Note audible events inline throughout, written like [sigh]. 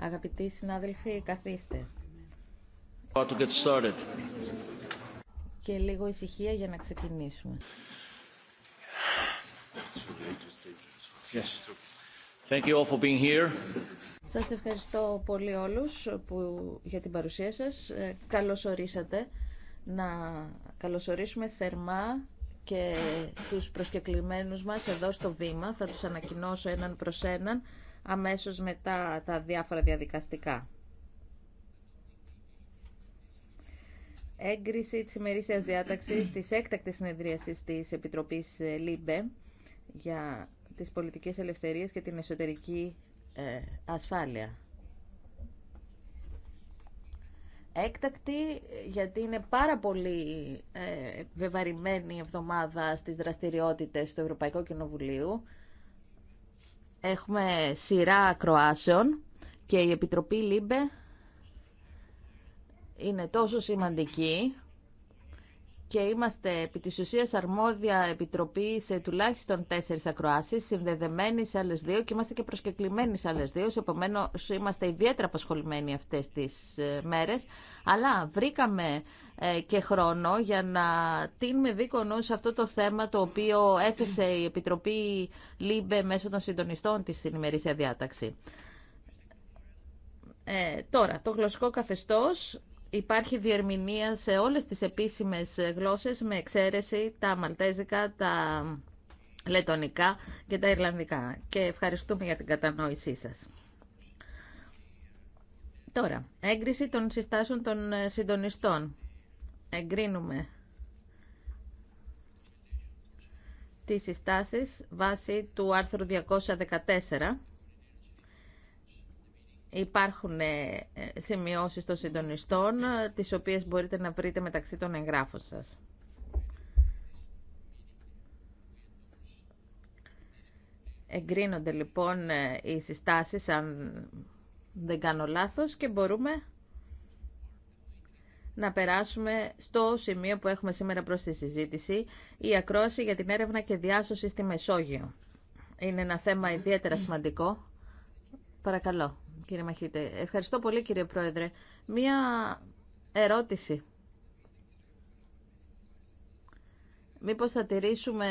Αγαπητοί συνάδελφοι, καθίστε. Και λίγο ησυχία για να ξεκινήσουμε. Yes. Σας ευχαριστώ πολύ όλους που, για την παρουσία σας. Ε, Καλώς ορίσατε. Να καλωσορίσουμε θερμά και τους προσκεκλημένους μας εδώ στο βήμα. Θα τους ανακοινώσω έναν προς έναν αμέσως μετά τα διάφορα διαδικαστικά. Έγκριση της ημερήσιας διάταξης της έκτακτης συνεδρίασης της Επιτροπής ε, ΛΥΜΠΕ για τις πολιτικές ελευθερίες και την εσωτερική ε, ασφάλεια έκτακτη γιατί είναι πάρα πολύ ε, βεβαρημένη η εβδομάδα στις δραστηριότητες του Ευρωπαϊκού Κοινοβουλίου. Έχουμε σειρά ακροάσεων και η Επιτροπή Λίμπε είναι τόσο σημαντική και είμαστε επί της ουσίας αρμόδια επιτροπή σε τουλάχιστον τέσσερις ακροάσεις, συνδεδεμένοι σε άλλες δύο και είμαστε και προσκεκλημένοι σε άλλες δύο, επομένω είμαστε ιδιαίτερα απασχολημένοι αυτές τις ε, μέρες, αλλά βρήκαμε ε, και χρόνο για να τίνουμε δίκονο σε αυτό το θέμα το οποίο έθεσε η Επιτροπή ΛΥΜΠΕ μέσω των συντονιστών της στην διάταξη. Ε, τώρα, το γλωσσικό καθεστώς υπάρχει διερμηνία σε όλες τις επίσημες γλώσσες με εξαίρεση τα μαλτέζικα, τα λετονικά και τα ιρλανδικά. Και ευχαριστούμε για την κατανόησή σας. Τώρα, έγκριση των συστάσεων των συντονιστών. Εγκρίνουμε τις συστάσεις βάσει του άρθρου 214 Υπάρχουν ε, ε, σημειώσεις των συντονιστών, ε, τις οποίες μπορείτε να βρείτε μεταξύ των εγγράφων σας. Εγκρίνονται λοιπόν οι συστάσεις, αν δεν κάνω λάθος, και μπορούμε να περάσουμε στο σημείο που έχουμε σήμερα προς τη συζήτηση, η ακρόαση για την έρευνα και διάσωση στη Μεσόγειο. Είναι ένα θέμα ιδιαίτερα σημαντικό. Παρακαλώ κύριε Μαχίτε. Ευχαριστώ πολύ, κύριε Πρόεδρε. Μία ερώτηση. Μήπως θα τηρήσουμε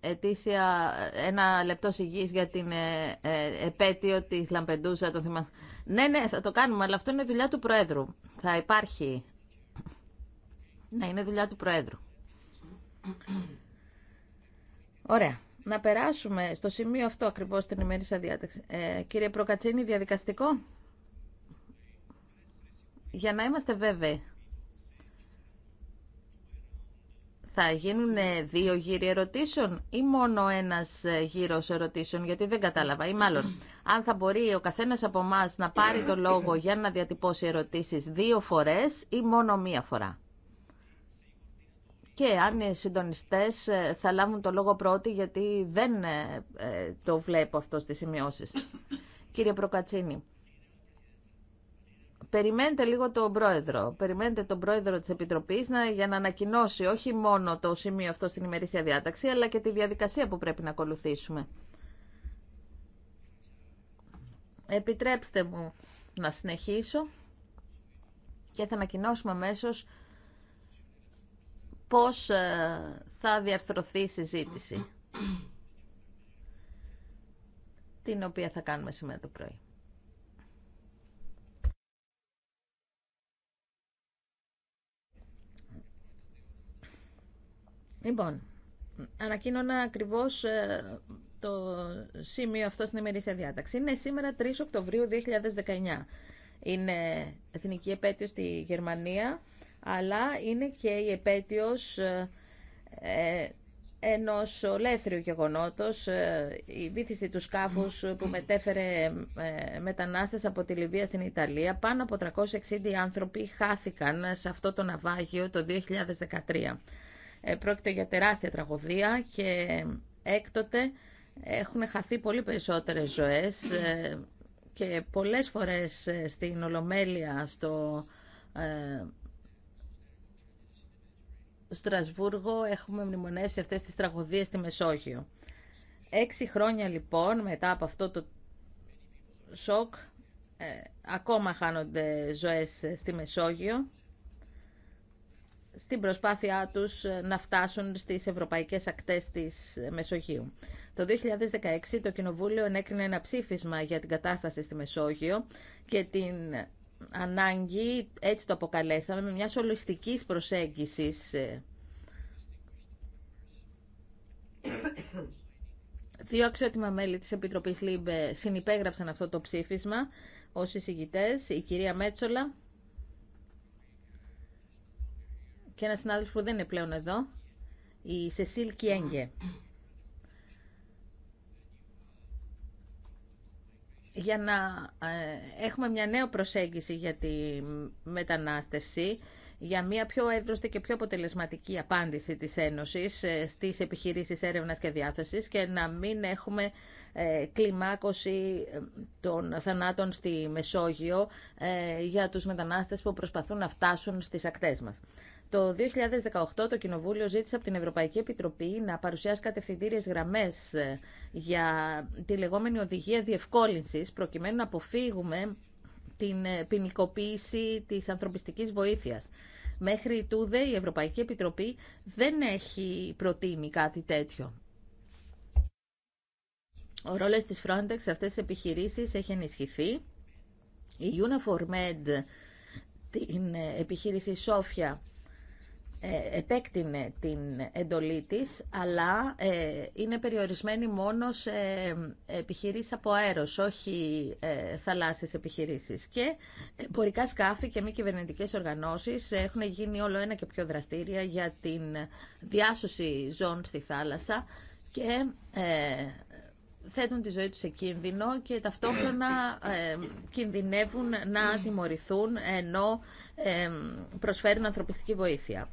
ετήσια ένα λεπτό σιγής για την ε, ε, επέτειο της λαμπεντούσα Το θυμα... Ναι, ναι, θα το κάνουμε, αλλά αυτό είναι δουλειά του Προέδρου. Θα υπάρχει. Ναι, είναι δουλειά του Προέδρου. Ωραία να περάσουμε στο σημείο αυτό ακριβώς την ημέρησα διάταξη. Ε, κύριε Προκατσίνη, διαδικαστικό. Για να είμαστε βέβαιοι. Θα γίνουν δύο γύροι ερωτήσεων ή μόνο ένας γύρος ερωτήσεων, γιατί δεν κατάλαβα. Ή μάλλον, αν θα μπορεί ο καθένας από εμά να πάρει το λόγο για να διατυπώσει ερωτήσεις δύο φορές ή μόνο μία φορά και αν οι συντονιστέ ε, θα λάβουν το λόγο πρώτοι γιατί δεν ε, ε, το βλέπω αυτό στι σημειώσει. Κύριε Προκατσίνη, περιμένετε λίγο τον πρόεδρο. Περιμένετε τον πρόεδρο της Επιτροπής να, για να ανακοινώσει όχι μόνο το σημείο αυτό στην ημερήσια διάταξη, αλλά και τη διαδικασία που πρέπει να ακολουθήσουμε. Επιτρέψτε μου να συνεχίσω και θα ανακοινώσουμε αμέσως πώς ε, θα διαρθρωθεί η συζήτηση την οποία θα κάνουμε σήμερα το πρωί. Λοιπόν, ανακοίνωνα ακριβώς ε, το σημείο αυτό στην ημερήσια διάταξη. Είναι σήμερα 3 Οκτωβρίου 2019. Είναι εθνική επέτειο στη Γερμανία αλλά είναι και η επέτειος ε, ε ενός ολέθριου γεγονότος, ε, η βήθηση του σκάφους που μετέφερε ε, μετανάστες από τη Λιβύα στην Ιταλία. Πάνω από 360 άνθρωποι χάθηκαν σε αυτό το ναυάγιο το 2013. Πρόκειται για τεράστια τραγωδία και έκτοτε έχουν χαθεί πολύ περισσότερες ζωές και πολλές φορές στην Ολομέλεια, στο Στρασβούργο έχουμε μνημονεύσει αυτές τις τραγωδίες στη Μεσόγειο. Έξι χρόνια λοιπόν μετά από αυτό το σοκ ε, ακόμα χάνονται ζωές ε, στη Μεσόγειο στην προσπάθειά τους ε, να φτάσουν στις ευρωπαϊκές ακτές της Μεσογείου. Το 2016 το Κοινοβούλιο ενέκρινε ένα ψήφισμα για την κατάσταση στη Μεσόγειο και την ανάγκη, έτσι το αποκαλέσαμε, με μια ολιστική προσέγγισης ε, Δύο αξιότιμα μέλη της Επιτροπής ΛΥΜΠΕ συνυπέγραψαν αυτό το ψήφισμα ω εισηγητές, η κυρία Μέτσολα και ένα συνάδελφο που δεν είναι πλέον εδώ, η Σεσίλ Κιέγγε. για να ε, έχουμε μια νέα προσέγγιση για τη μετανάστευση, για μια πιο εύρωστη και πιο αποτελεσματική απάντηση της Ένωσης ε, στις επιχειρήσεις έρευνας και διάθεσης και να μην έχουμε ε, κλιμάκωση των θανάτων στη Μεσόγειο για τους μετανάστες που προσπαθούν να φτάσουν στις ακτές μας. Το 2018 το Κοινοβούλιο ζήτησε από την Ευρωπαϊκή Επιτροπή να παρουσιάσει κατευθυντήριες γραμμές ε, για τη λεγόμενη οδηγία διευκόλυνσης προκειμένου να αποφύγουμε την ε, ποινικοποίηση της ανθρωπιστικής βοήθειας. Μέχρι τούδε η Ευρωπαϊκή Επιτροπή δεν έχει προτείνει κάτι τέτοιο. Ο ρόλος της Frontex σε αυτές τις επιχειρήσεις έχει ενισχυθεί. Η Uniformed, την ε, επιχείρηση Σόφια, ε, επέκτηνε την εντολή της, αλλά ε, είναι περιορισμένη μόνο σε ε, επιχειρήσεις από αέρος, όχι θαλάσσιες επιχειρήσεις. Και πορικά σκάφη και μη κυβερνητικέ οργανώσεις έχουν γίνει όλο ένα και πιο δραστήρια για την διάσωση ζών στη θάλασσα και θέτουν τη ζωή τους σε κίνδυνο και ταυτόχρονα ε, κινδυνεύουν να τιμωρηθούν ενώ ε, προσφέρουν ανθρωπιστική βοήθεια.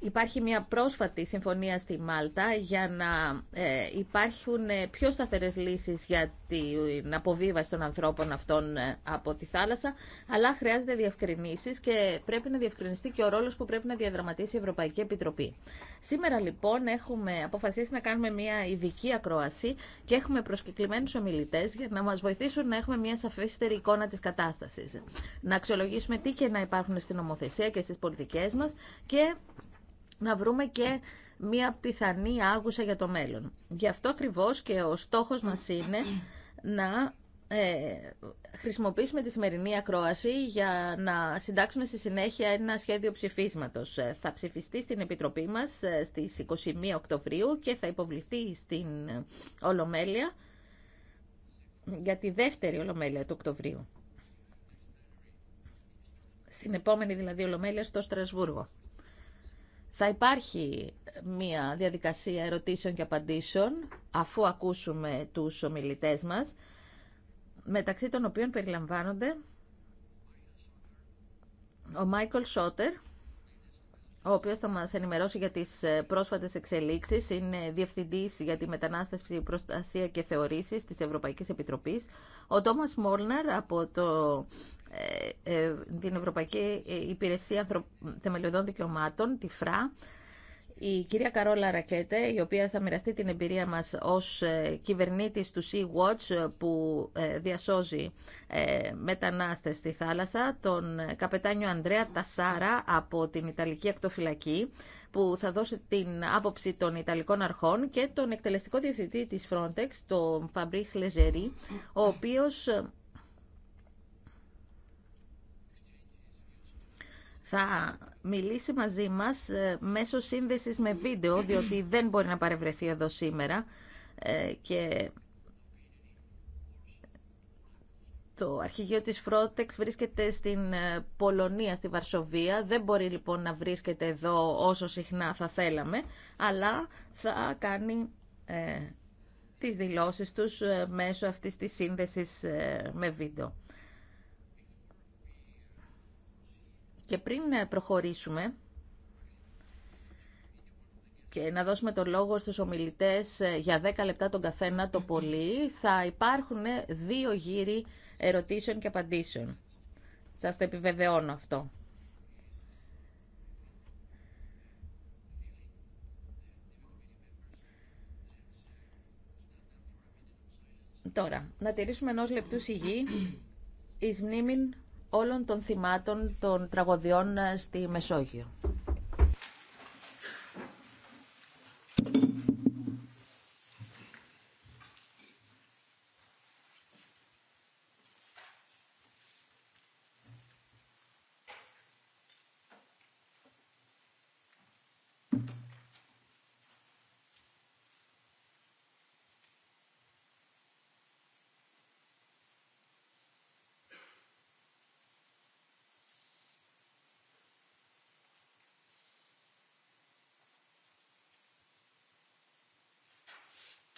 Υπάρχει μια πρόσφατη συμφωνία στη Μάλτα για να ε, υπάρχουν ε, πιο σταθερές λύσεις για την αποβίβαση των ανθρώπων αυτών ε, από τη θάλασσα, αλλά χρειάζεται διευκρινήσεις και πρέπει να διευκρινιστεί και ο ρόλος που πρέπει να διαδραματίσει η Ευρωπαϊκή Επιτροπή. Σήμερα λοιπόν έχουμε αποφασίσει να κάνουμε μια ειδική ακρόαση και έχουμε προσκεκλημένους ομιλητές για να μας βοηθήσουν να έχουμε μια σαφέστερη εικόνα της κατάστασης. Να αξιολογήσουμε τι και να υπάρχουν στην νομοθεσία και στις πολιτικές μας και να βρούμε και μία πιθανή άγουσα για το μέλλον. Γι' αυτό ακριβώ και ο στόχος μας είναι να ε, χρησιμοποιήσουμε τη σημερινή ακρόαση για να συντάξουμε στη συνέχεια ένα σχέδιο ψηφίσματος. Ε, θα ψηφιστεί στην Επιτροπή μας ε, στις 21 Οκτωβρίου και θα υποβληθεί στην Ολομέλεια για τη δεύτερη Ολομέλεια του Οκτωβρίου. Στην επόμενη δηλαδή Ολομέλεια στο Στρασβούργο. Θα υπάρχει μια διαδικασία ερωτήσεων και απαντήσεων αφού ακούσουμε τους ομιλητές μας, μεταξύ των οποίων περιλαμβάνονται ο Μάικολ Σότερ, ο οποίος θα μας ενημερώσει για τις ε, πρόσφατες εξελίξεις, είναι διευθυντής για τη μετανάστευση, προστασία και θεωρήσεις της Ευρωπαϊκής Επιτροπής, ο Τόμας Μόλναρ από το ε, ε, την Ευρωπαϊκή Υπηρεσία Θεμελιωδών Δικαιωμάτων, τη ΦΡΑ, η κυρία Καρόλα Ρακέτε, η οποία θα μοιραστεί την εμπειρία μας ως ε, κυβερνήτης του Sea Watch που διασώζει μετανάστες στη θάλασσα, τον καπετάνιο Ανδρέα Τασάρα από την Ιταλική Ακτοφυλακή, που θα δώσει την άποψη των Ιταλικών αρχών και τον εκτελεστικό διευθυντή της Frontex, τον Φαμπρίς Λεζερή, ο οποίος θα μιλήσει μαζί μας ε, μέσω σύνδεσης με βίντεο, διότι δεν μπορεί να παρευρεθεί εδώ σήμερα ε, και το αρχηγείο της Frontex βρίσκεται στην ε, Πολωνία, στη Βαρσοβία. Δεν μπορεί λοιπόν να βρίσκεται εδώ όσο συχνά θα θέλαμε, αλλά θα κάνει τις δηλώσεις τους μέσω αυτής της σύνδεσης με βίντεο. Και πριν ε, προχωρήσουμε και να δώσουμε το λόγο στους ομιλητές ε, για 10 λεπτά τον καθένα το πολύ, θα υπάρχουν ε, δύο γύρι ερωτήσεων και απαντήσεων. Σας το επιβεβαιώνω αυτό. Τώρα, να τηρήσουμε ενός λεπτού σιγή εις μνήμην όλων των θυμάτων των τραγωδιών ε, στη Μεσόγειο.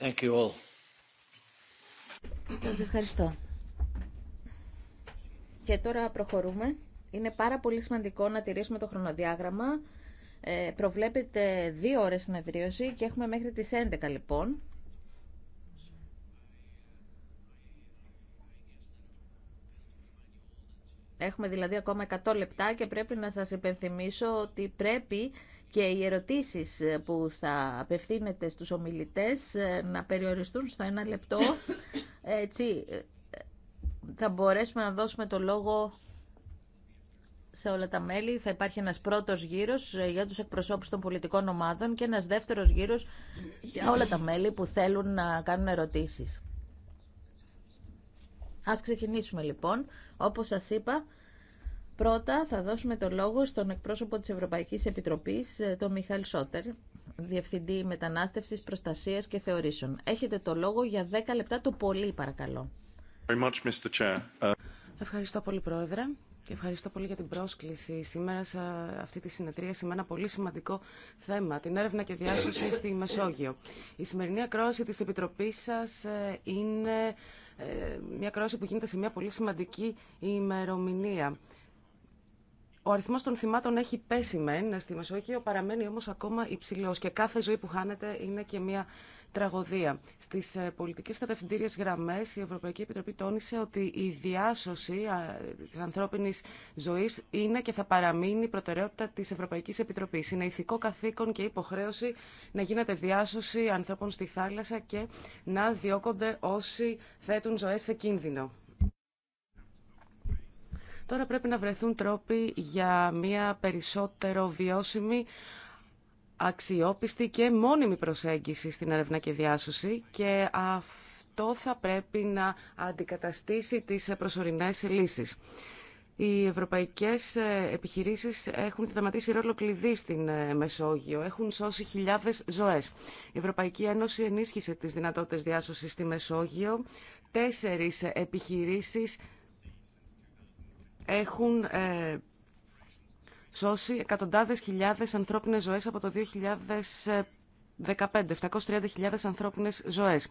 Thank ευχαριστώ. Και τώρα προχωρούμε. Είναι πάρα πολύ σημαντικό να τηρήσουμε το χρονοδιάγραμμα. Ε, προβλέπεται δύο ώρες συνεδρίωση και έχουμε μέχρι τις 11 λοιπόν. Έχουμε δηλαδή ακόμα 100 λεπτά και πρέπει να σας υπενθυμίσω ότι πρέπει και οι ερωτήσεις ε, που θα απευθύνετε στους ομιλητές ε, να περιοριστούν στο ένα λεπτό. Ε, έτσι θα μπορέσουμε να δώσουμε το λόγο σε όλα τα μέλη. Θα υπάρχει ένας πρώτος γύρος για τους εκπροσώπους των πολιτικών ομάδων και ένας δεύτερος γύρος για όλα τα μέλη που θέλουν να κάνουν ερωτήσεις. Ας ξεκινήσουμε λοιπόν. Όπως σας είπα, Πρώτα θα δώσουμε το λόγο στον εκπρόσωπο της Ευρωπαϊκής Επιτροπής, ε, τον Μιχαλ Σότερ, Διευθυντή Μετανάστευσης, Προστασίας και Θεωρήσεων. Έχετε το λόγο για 10 λεπτά το πολύ, παρακαλώ. Ε, ευχαριστώ πολύ, Πρόεδρε. Και ευχαριστώ πολύ για την πρόσκληση σήμερα σε αυτή τη συνεδρία σε ένα πολύ σημαντικό θέμα, την έρευνα και διάσωση στη Μεσόγειο. Η σημερινή ακρόαση της Επιτροπής σας ε, είναι μια ακρόαση που γίνεται σε μια πολύ σημαντική ημερομηνία. Ο αριθμό των θυμάτων έχει πέσει μεν στη Μεσόγειο, παραμένει όμως ακόμα υψηλό και κάθε ζωή που χάνεται είναι και μια τραγωδία. Στις ε, πολιτικές κατευθυντήριε γραμμές η Ευρωπαϊκή Επιτροπή τόνισε ότι η διάσωση τη ανθρώπινη ζωής είναι και θα παραμείνει προτεραιότητα της Ευρωπαϊκής Επιτροπής. Είναι ηθικό καθήκον και υποχρέωση να γίνεται διάσωση ανθρώπων στη θάλασσα και να διώκονται όσοι θέτουν ζωέ σε κίνδυνο. Τώρα πρέπει να βρεθούν τρόποι για μια περισσότερο βιώσιμη, αξιόπιστη και μόνιμη προσέγγιση στην έρευνα και διάσωση και αυτό θα πρέπει να αντικαταστήσει τις προσωρινές λύσεις. Οι ευρωπαϊκές επιχειρήσεις έχουν θεματίσει ρόλο κλειδί στην Μεσόγειο. Έχουν σώσει χιλιάδες ζωές. Η Ευρωπαϊκή Ένωση ενίσχυσε τις δυνατότητες διάσωσης στη Μεσόγειο. Τέσσερις επιχειρήσεις έχουν ε, σώσει εκατοντάδες χιλιάδες ανθρώπινες ζωές από το 2015, 730.000 ανθρώπινες ζωές.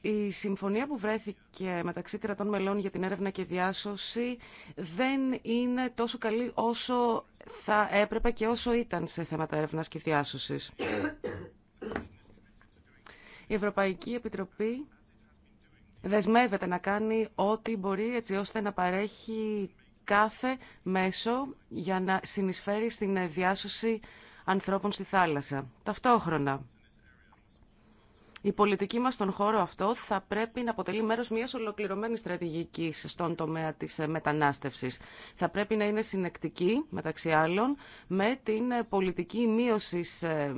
Η συμφωνία που βρέθηκε μεταξύ κρατών μελών για την έρευνα και διάσωση δεν είναι τόσο καλή όσο θα έπρεπε και όσο ήταν σε θέματα έρευνας και διάσωσης. Η Ευρωπαϊκή Επιτροπή δεσμεύεται να κάνει ό,τι μπορεί έτσι ώστε να παρέχει κάθε μέσο για να συνεισφέρει στην διάσωση ανθρώπων στη θάλασσα. Ταυτόχρονα, η πολιτική μας στον χώρο αυτό θα πρέπει να αποτελεί μέρος μιας ολοκληρωμένης στρατηγικής στον τομέα της ε, μετανάστευσης. Θα πρέπει να είναι συνεκτική, μεταξύ άλλων, με την ε, πολιτική μείωσης ε,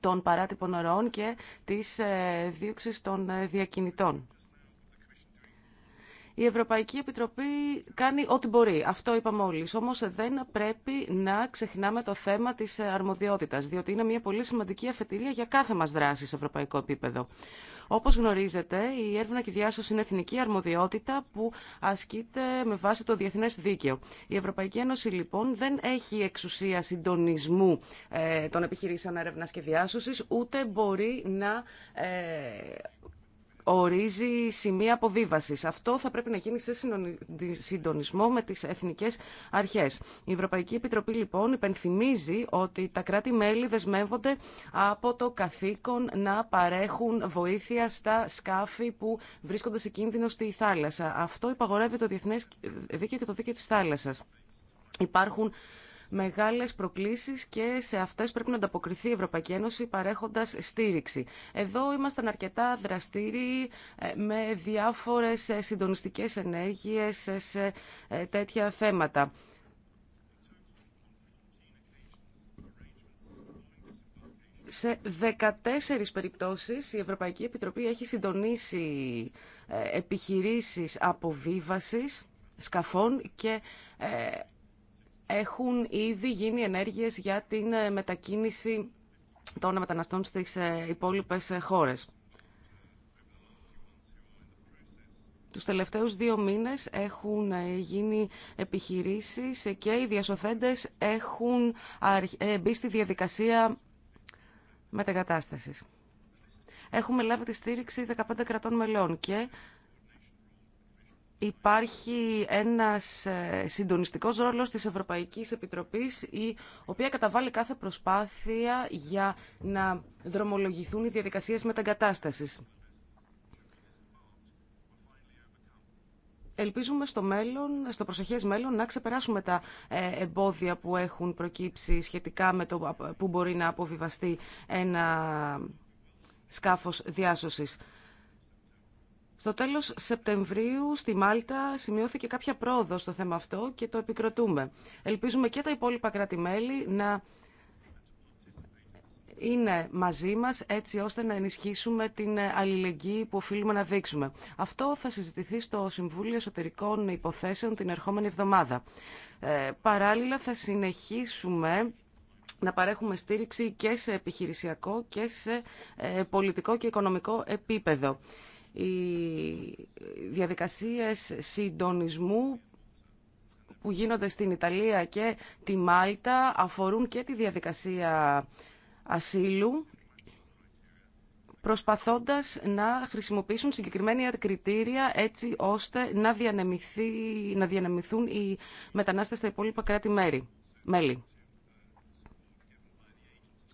των παράτυπων ροών και της ε, δίωξης των ε, διακινητών. Η Ευρωπαϊκή Επιτροπή κάνει ό,τι μπορεί. Αυτό είπα μόλι. Όμω δεν πρέπει να ξεχνάμε το θέμα τη ε, αρμοδιότητα, διότι είναι μια πολύ σημαντική αφετηρία για κάθε μα δράση σε ευρωπαϊκό επίπεδο. Όπως γνωρίζετε, η έρευνα και η διάσωση είναι εθνική αρμοδιότητα που ασκείται με βάση το διεθνές δίκαιο. Η Ευρωπαϊκή Ένωση, λοιπόν, δεν έχει εξουσία συντονισμού ε, των επιχειρήσεων έρευνα και διάσωση, ούτε μπορεί να ε, ορίζει σημεία αποβίβαση. Αυτό θα πρέπει να γίνει σε συντονισμό με τις εθνικές αρχές. Η Ευρωπαϊκή Επιτροπή λοιπόν υπενθυμίζει ότι τα κράτη-μέλη δεσμεύονται από το καθήκον να παρέχουν βοήθεια στα σκάφη που βρίσκονται σε κίνδυνο στη θάλασσα. Αυτό υπαγορεύει το διεθνέ Δίκαιο και το Δίκαιο τη θάλασσα. Υπάρχουν μεγάλες προκλήσεις και σε αυτές πρέπει να ανταποκριθεί η Ευρωπαϊκή Ένωση παρέχοντα στήριξη. Εδώ ήμασταν αρκετά δραστήριοι ε, με διάφορες ε, συντονιστικέ ενέργειες ε, σε τέτοια θέματα. σε 14 περιπτώσεις η Ευρωπαϊκή Επιτροπή έχει συντονίσει επιχειρήσεις αποβίβασης σκαφών και έχουν ήδη γίνει ενέργειες για την ε, μετακίνηση των μεταναστών στις ε, υπόλοιπες ε, χώρες. Τους τελευταίους δύο μήνες έχουν γίνει επιχειρήσεις και οι διασωθέντες έχουν μπει στη διαδικασία μετεγκατάστασης. Έχουμε λάβει τη στήριξη 15 κρατών μελών και υπάρχει ένας ε, συντονιστικός ρόλος της Ευρωπαϊκής Επιτροπής η οποία καταβάλει κάθε προσπάθεια για να δρομολογηθούν οι διαδικασίες μεταγκατάστασης. Ελπίζουμε στο μέλλον, στο προσεχές μέλλον να ξεπεράσουμε τα ε, εμπόδια που έχουν προκύψει σχετικά με το που μπορεί να αποβιβαστεί ένα σκάφος διάσωσης. Στο τέλος Σεπτεμβρίου στη Μάλτα σημειώθηκε κάποια πρόοδο στο θέμα αυτό και το επικροτούμε. Ελπίζουμε και τα υπόλοιπα κράτη-μέλη να είναι μαζί μας έτσι ώστε να ενισχύσουμε την αλληλεγγύη που οφείλουμε να δείξουμε. Αυτό θα συζητηθεί στο Συμβούλιο Εσωτερικών Υποθέσεων την ερχόμενη εβδομάδα. Ε, παράλληλα θα συνεχίσουμε να παρέχουμε στήριξη και σε επιχειρησιακό και σε ε, πολιτικό και οικονομικό επίπεδο οι διαδικασίες συντονισμού που γίνονται στην Ιταλία και τη Μάλτα αφορούν και τη διαδικασία ασύλου προσπαθώντας να χρησιμοποιήσουν συγκεκριμένα κριτήρια έτσι ώστε να, διανεμηθεί, να διανεμηθούν οι μετανάστες στα υπόλοιπα κράτη-μέλη.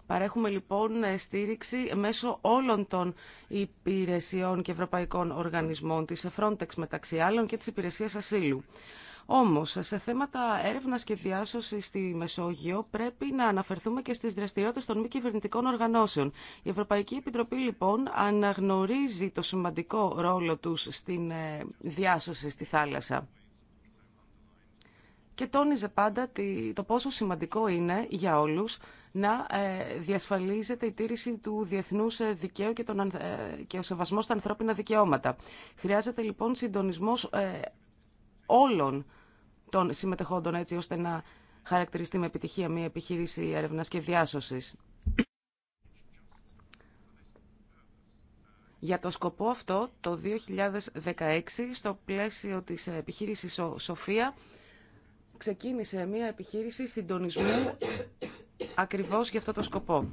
Παρέχουμε λοιπόν στήριξη μέσω όλων των υπηρεσιών και ευρωπαϊκών οργανισμών, της Frontex μεταξύ άλλων και της Υπηρεσίας Ασύλου. Όμως, σε θέματα έρευνας και διάσωση στη Μεσόγειο πρέπει να αναφερθούμε και στις δραστηριότητες των μη κυβερνητικών οργανώσεων. Η Ευρωπαϊκή Επιτροπή, λοιπόν, αναγνωρίζει το σημαντικό ρόλο τους στην ε, διάσωση στη θάλασσα και τόνιζε πάντα το πόσο σημαντικό είναι για όλους να ε, διασφαλίζεται η τήρηση του διεθνού ε, δικαίου και, τον, ε, και ο σεβασμό στα ανθρώπινα δικαιώματα. Χρειάζεται λοιπόν συντονισμό όλων των συμμετεχόντων έτσι ώστε να χαρακτηριστεί με επιτυχία μια επιχείρηση έρευνα και διάσωση. Για το σκοπό αυτό, το 2016, στο πλαίσιο της επιχείρησης Σοφία, ξεκίνησε μια επιχείρηση συντονισμού ακριβώς για αυτό το σκοπό.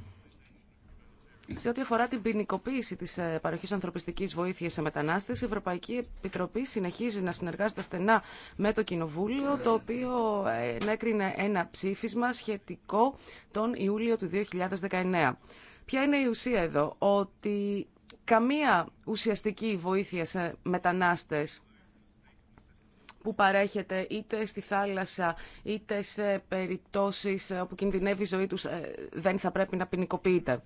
Σε ό,τι αφορά την ποινικοποίηση τη ε, παροχή ανθρωπιστική βοήθεια σε μετανάστε, η Ευρωπαϊκή Επιτροπή συνεχίζει να συνεργάζεται στενά με το Κοινοβούλιο, το οποίο ε, ενέκρινε ένα ψήφισμα σχετικό τον Ιούλιο του 2019. Ποια είναι η ουσία εδώ, ότι καμία ουσιαστική βοήθεια σε μετανάστες που παρέχεται είτε στη θάλασσα είτε σε περιπτώσεις όπου κινδυνεύει η ζωή τους ε, δεν θα πρέπει να ποινικοποιείται.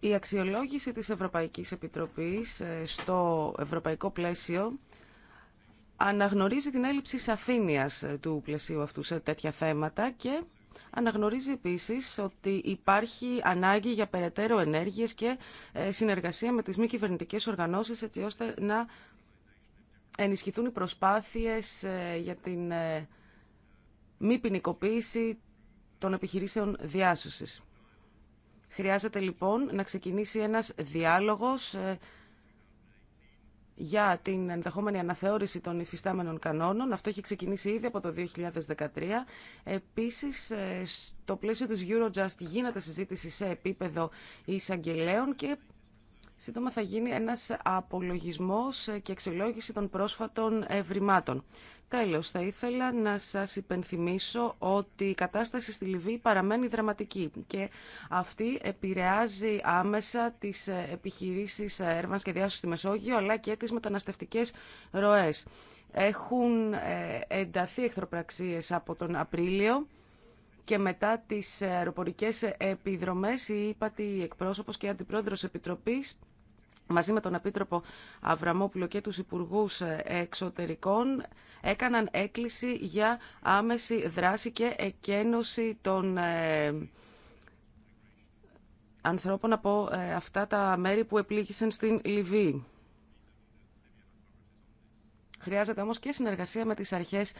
Η αξιολόγηση της Ευρωπαϊκής Επιτροπής ε, στο ευρωπαϊκό πλαίσιο αναγνωρίζει την έλλειψη σαφήνειας ε, του πλαισίου αυτού σε τέτοια θέματα και Αναγνωρίζει επίσης ότι υπάρχει ανάγκη για περαιτέρω ενέργειες και ε, συνεργασία με τις μη κυβερνητικέ οργανώσεις έτσι ώστε να ενισχυθούν οι προσπάθειες ε, για την ε, μη ποινικοποίηση των επιχειρήσεων διάσωση. Χρειάζεται λοιπόν να ξεκινήσει ένας διάλογος για την ενδεχόμενη αναθεώρηση των υφιστάμενων κανόνων. Αυτό έχει ξεκινήσει ήδη από το 2013. Επίσης, ε, στο πλαίσιο της Eurojust γίνεται συζήτηση σε επίπεδο εισαγγελέων και σύντομα θα γίνει ένας απολογισμός και εξελόγηση των πρόσφατων ευρημάτων. Τέλος, θα ήθελα να σας υπενθυμίσω ότι η κατάσταση στη Λιβύη παραμένει δραματική και αυτή επηρεάζει άμεσα τις ε, επιχειρήσεις ε, έρευνας και διάσωσης στη Μεσόγειο αλλά και τις μεταναστευτικές ροές. Έχουν ε, ενταθεί εχθροπραξίες από τον Απρίλιο και μετά τις αεροπορικές επιδρομές η ΥΠΑΤΗ εκπρόσωπος και αντιπρόεδρος Επιτροπής μαζί με τον Επίτροπο Αβραμόπουλο και τους Υπουργούς Εξωτερικών έκαναν έκκληση για άμεση δράση και εκένωση των ε, ανθρώπων από ε, αυτά τα μέρη που επλήγησαν στην Λιβύη. Χρειάζεται όμως και συνεργασία με τις αρχές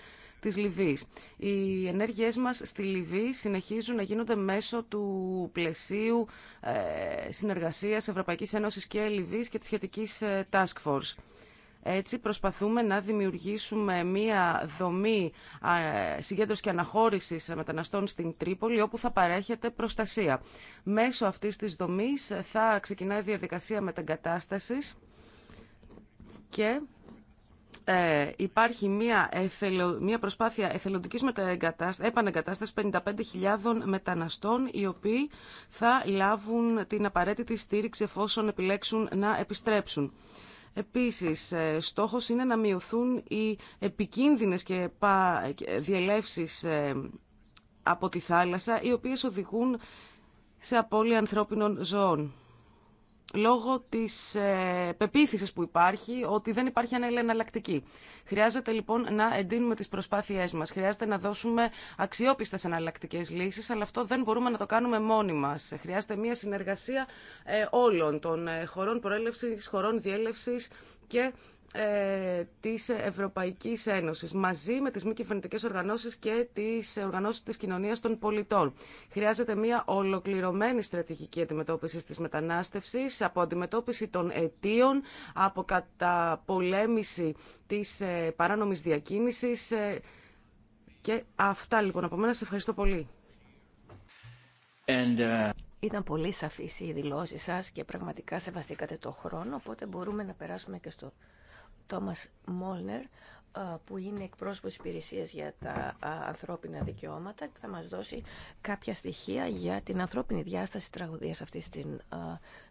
τη Λιβύη. Οι ενέργειές μας στη Λιβύη συνεχίζουν να γίνονται μέσω του πλαισίου ε, συνεργασία Ευρωπαϊκής Ένωση και Λιβύης και της σχετικής ε, Task Force. Έτσι προσπαθούμε να δημιουργήσουμε μία δομή συγκέντρωση και αναχώρησης μεταναστών στην Τρίπολη όπου θα παρέχεται προστασία. Μέσω αυτής της δομής θα ξεκινάει η διαδικασία μεταγκατάστασης και ε, υπάρχει μια, εθελο, μια προσπάθεια εθελοντική επανεγκατάσταση 55.000 μεταναστών οι οποίοι θα λάβουν την απαραίτητη στήριξη εφόσον επιλέξουν να επιστρέψουν. Επίσης, ε, στόχος είναι να μειωθούν οι επικίνδυνες και διελεύσεις ε, από τη θάλασσα, οι οποίες οδηγούν σε απώλεια ανθρώπινων ζώων λόγω της ε, πεποίθησης που υπάρχει ότι δεν υπάρχει εναλλακτική. Χρειάζεται λοιπόν να εντείνουμε τις προσπάθειές μας, χρειάζεται να δώσουμε αξιόπιστες εναλλακτικέ λύσεις, αλλά αυτό δεν μπορούμε να το κάνουμε μόνοι μας. Χρειάζεται μια συνεργασία ε, όλων των ε, χωρών προέλευσης, χωρών διέλευσης και ε, της Ευρωπαϊκής Ένωσης μαζί με τις μη κυβερνητικέ οργανώσεις και τις οργανώσεις της κοινωνίας των πολιτών. Χρειάζεται μια ολοκληρωμένη στρατηγική αντιμετώπιση της μετανάστευσης από αντιμετώπιση των αιτίων, από καταπολέμηση της ε, παράνομης διακίνησης ε, και αυτά λοιπόν. Από μένα σε ευχαριστώ πολύ. And, uh... Ήταν πολύ σαφής οι δηλώσεις σας και πραγματικά σεβαστήκατε το χρόνο, οπότε μπορούμε να περάσουμε και στο Τόμας Μόλνερ που είναι εκπρόσωπος υπηρεσίας για τα ανθρώπινα δικαιώματα που θα μας δώσει κάποια στοιχεία για την ανθρώπινη διάσταση τραγωδίας αυτή στην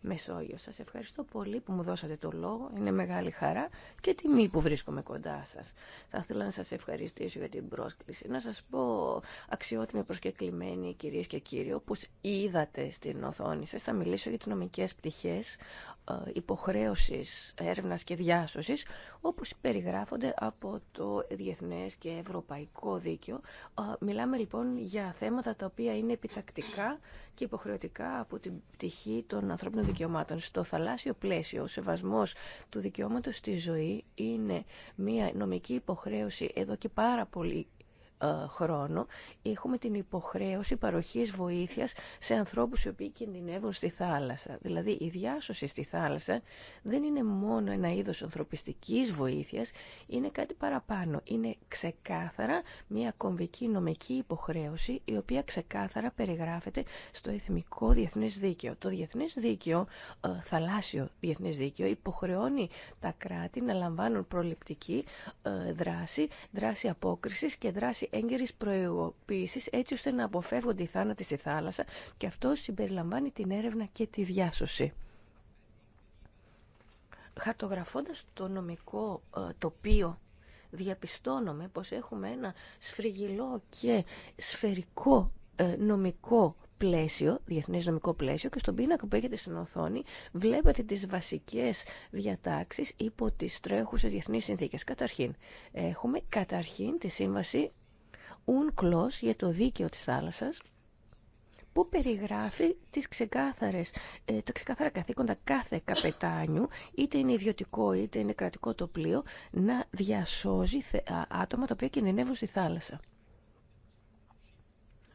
Μεσόγειο. Σας ευχαριστώ πολύ που μου δώσατε το λόγο. Είναι μεγάλη χαρά και τιμή που βρίσκομαι κοντά σας. Θα ήθελα να σας ευχαριστήσω για την πρόσκληση. Να σας πω αξιότιμοι προσκεκλημένοι κυρίες και κύριοι, όπως είδατε στην οθόνη σας, θα μιλήσω για τις νομικές πτυχές υποχρέωσης έρευνα και διάσωσης, όπως περιγράφονται από το διεθνές και ευρωπαϊκό δίκαιο. Μιλάμε λοιπόν για θέματα τα οποία είναι επιτακτικά και υποχρεωτικά από την πτυχή των ανθρώπινων δικαιωμάτων. Στο θαλάσσιο πλαίσιο, ο σεβασμός του δικαιώματος στη ζωή είναι μια νομική υποχρέωση εδώ και πάρα πολύ ε, χρόνο έχουμε την υποχρέωση παροχής βοήθειας σε ανθρώπους οι οποίοι κινδυνεύουν στη θάλασσα. Δηλαδή η διάσωση στη θάλασσα δεν είναι μόνο ένα είδος ανθρωπιστικής βοήθειας, είναι κάτι παραπάνω. Είναι ξεκάθαρα μια κομβική νομική υποχρέωση η οποία ξεκάθαρα περιγράφεται στο εθνικό διεθνές δίκαιο. Το διεθνές δίκαιο, ε, θαλάσσιο διεθνές δίκαιο, υποχρεώνει τα κράτη να λαμβάνουν προληπτική ε, δράση, δράση απόκρισης και δράση έγκαιρη προειδοποίηση έτσι ώστε να αποφεύγονται οι θάνατοι στη θάλασσα και αυτό συμπεριλαμβάνει την έρευνα και τη διάσωση. Χαρτογραφώντας το νομικό ε, τοπίο διαπιστώνουμε πως έχουμε ένα σφριγιλό και σφαιρικό ε, νομικό πλαίσιο, διεθνές νομικό πλαίσιο και στον πίνακα που έχετε στην οθόνη βλέπετε τις βασικές διατάξεις υπό τις τρέχουσες διεθνείς συνθήκες. Καταρχήν, έχουμε καταρχήν τη σύμβαση κλος για το δίκαιο της θάλασσας που περιγράφει τις ξεκάθαρες, ε, τα ξεκάθαρα καθήκοντα κάθε καπετάνιου, είτε είναι ιδιωτικό είτε είναι κρατικό το πλοίο, να διασώζει άτομα τα οποία κινδυνεύουν στη θάλασσα.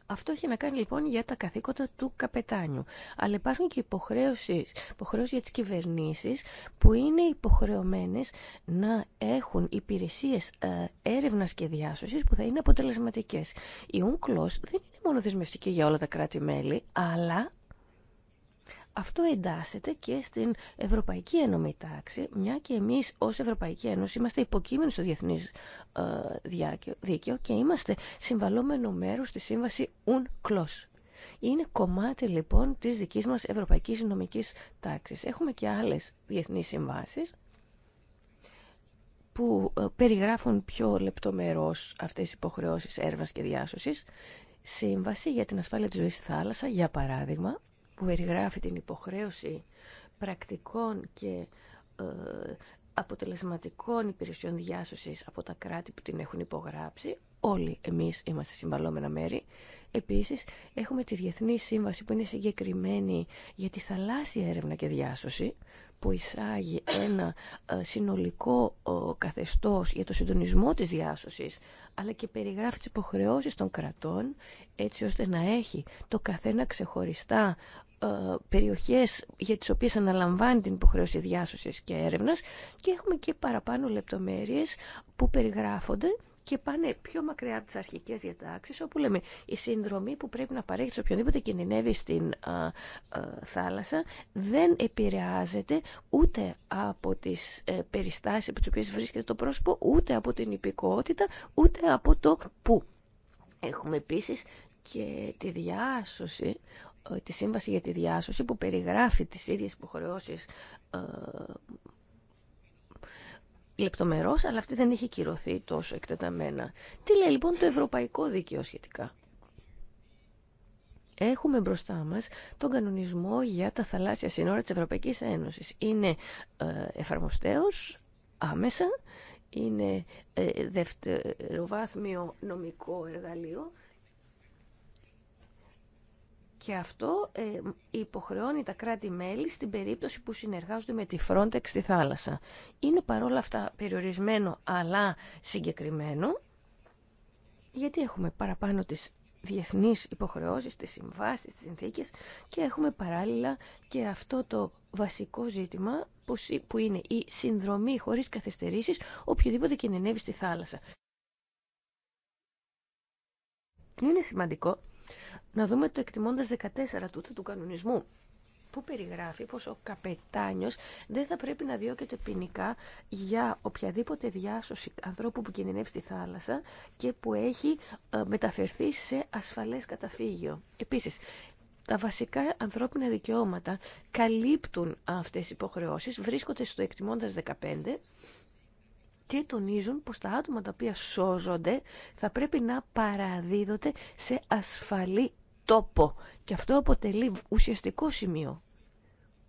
Αυτό έχει να κάνει λοιπόν για τα καθήκοντα του καπετάνιου. Αλλά υπάρχουν και υποχρέωσεις, υποχρέωσεις για τις κυβερνήσεις που είναι υποχρεωμένες να έχουν υπηρεσίες ε, έρευνας και διάσωσης που θα είναι αποτελεσματικές. Η UNCLOS δεν είναι μόνο δεσμευτική για όλα τα κράτη-μέλη, αλλά αυτό εντάσσεται και στην Ευρωπαϊκή Ένωμη Τάξη, μια και εμείς ως Ευρωπαϊκή Ένωση είμαστε υποκείμενοι στο διεθνής ε, δίκαιο και είμαστε συμβαλόμενο μέρος στη σύμβαση UNCLOS. Είναι κομμάτι λοιπόν της δικής μας ευρωπαϊκής νομικής τάξης. Έχουμε και άλλες διεθνείς συμβάσεις που ε, περιγράφουν πιο λεπτομερώς αυτές τις υποχρεώσεις έρευνας και διάσωσης. Σύμβαση για την ασφάλεια της ζωής στη θάλασσα, για παράδειγμα, που περιγράφει την υποχρέωση πρακτικών και ε, αποτελεσματικών υπηρεσιών διάσωσης από τα κράτη που την έχουν υπογράψει. Όλοι εμείς είμαστε συμβαλόμενα μέρη. Επίσης, έχουμε τη Διεθνή Σύμβαση που είναι συγκεκριμένη για τη θαλάσσια έρευνα και διάσωση, που εισάγει ένα ε, συνολικό ε, καθεστώς για το συντονισμό της διάσωσης, αλλά και περιγράφει τις υποχρεώσεις των κρατών, έτσι ώστε να έχει το καθένα ξεχωριστά ε, περιοχές για τις οποίες αναλαμβάνει την υποχρέωση διάσωσης και έρευνας και έχουμε και παραπάνω λεπτομέρειες που περιγράφονται και πάνε πιο μακριά από τι αρχικέ διατάξει, όπου λέμε η συνδρομή που πρέπει να παρέχει σε οποιονδήποτε κινδυνεύει στην α, ε, ε, θάλασσα δεν επηρεάζεται ούτε από τι ε, περιστάσει από τι οποίε βρίσκεται το πρόσωπο, ούτε από την υπηκότητα, ούτε από το που. Έχουμε επίση και τη διάσωση τη Σύμβαση για τη Διάσωση που περιγράφει τις ίδιες υποχρεώσεις ε, λεπτομερώς, αλλά αυτή δεν έχει κυρωθεί τόσο εκτεταμένα. Τι λέει λοιπόν το ευρωπαϊκό δίκαιο σχετικά. Έχουμε μπροστά μας τον κανονισμό για τα θαλάσσια σύνορα της Ευρωπαϊκής Ένωσης. Είναι ε, εφαρμοστέος άμεσα, είναι ε, δευτεροβάθμιο νομικό εργαλείο και αυτό ε, υποχρεώνει τα κράτη-μέλη στην περίπτωση που συνεργάζονται με τη Frontex στη θάλασσα. Είναι παρόλα αυτά περιορισμένο αλλά συγκεκριμένο, γιατί έχουμε παραπάνω τις διεθνείς υποχρεώσεις, τις συμβάσεις, τις συνθήκες και έχουμε παράλληλα και αυτό το βασικό ζήτημα που είναι η συνδρομή χωρίς καθυστερήσεις οποιοδήποτε κινενεύει στη θάλασσα. Είναι σημαντικό να δούμε το εκτιμώντα 14 τούτου του κανονισμού που περιγράφει πως ο καπετάνιος δεν θα πρέπει να διώκεται ποινικά για οποιαδήποτε διάσωση ανθρώπου που κινδυνεύει στη θάλασσα και που έχει ε, μεταφερθεί σε ασφαλές καταφύγιο. Επίσης, τα βασικά ανθρώπινα δικαιώματα καλύπτουν αυτές οι υποχρεώσεις, βρίσκονται στο εκτιμώντας 15 και τονίζουν πως τα άτομα τα οποία σώζονται θα πρέπει να παραδίδονται σε ασφαλή τόπο. Και αυτό αποτελεί ουσιαστικό σημείο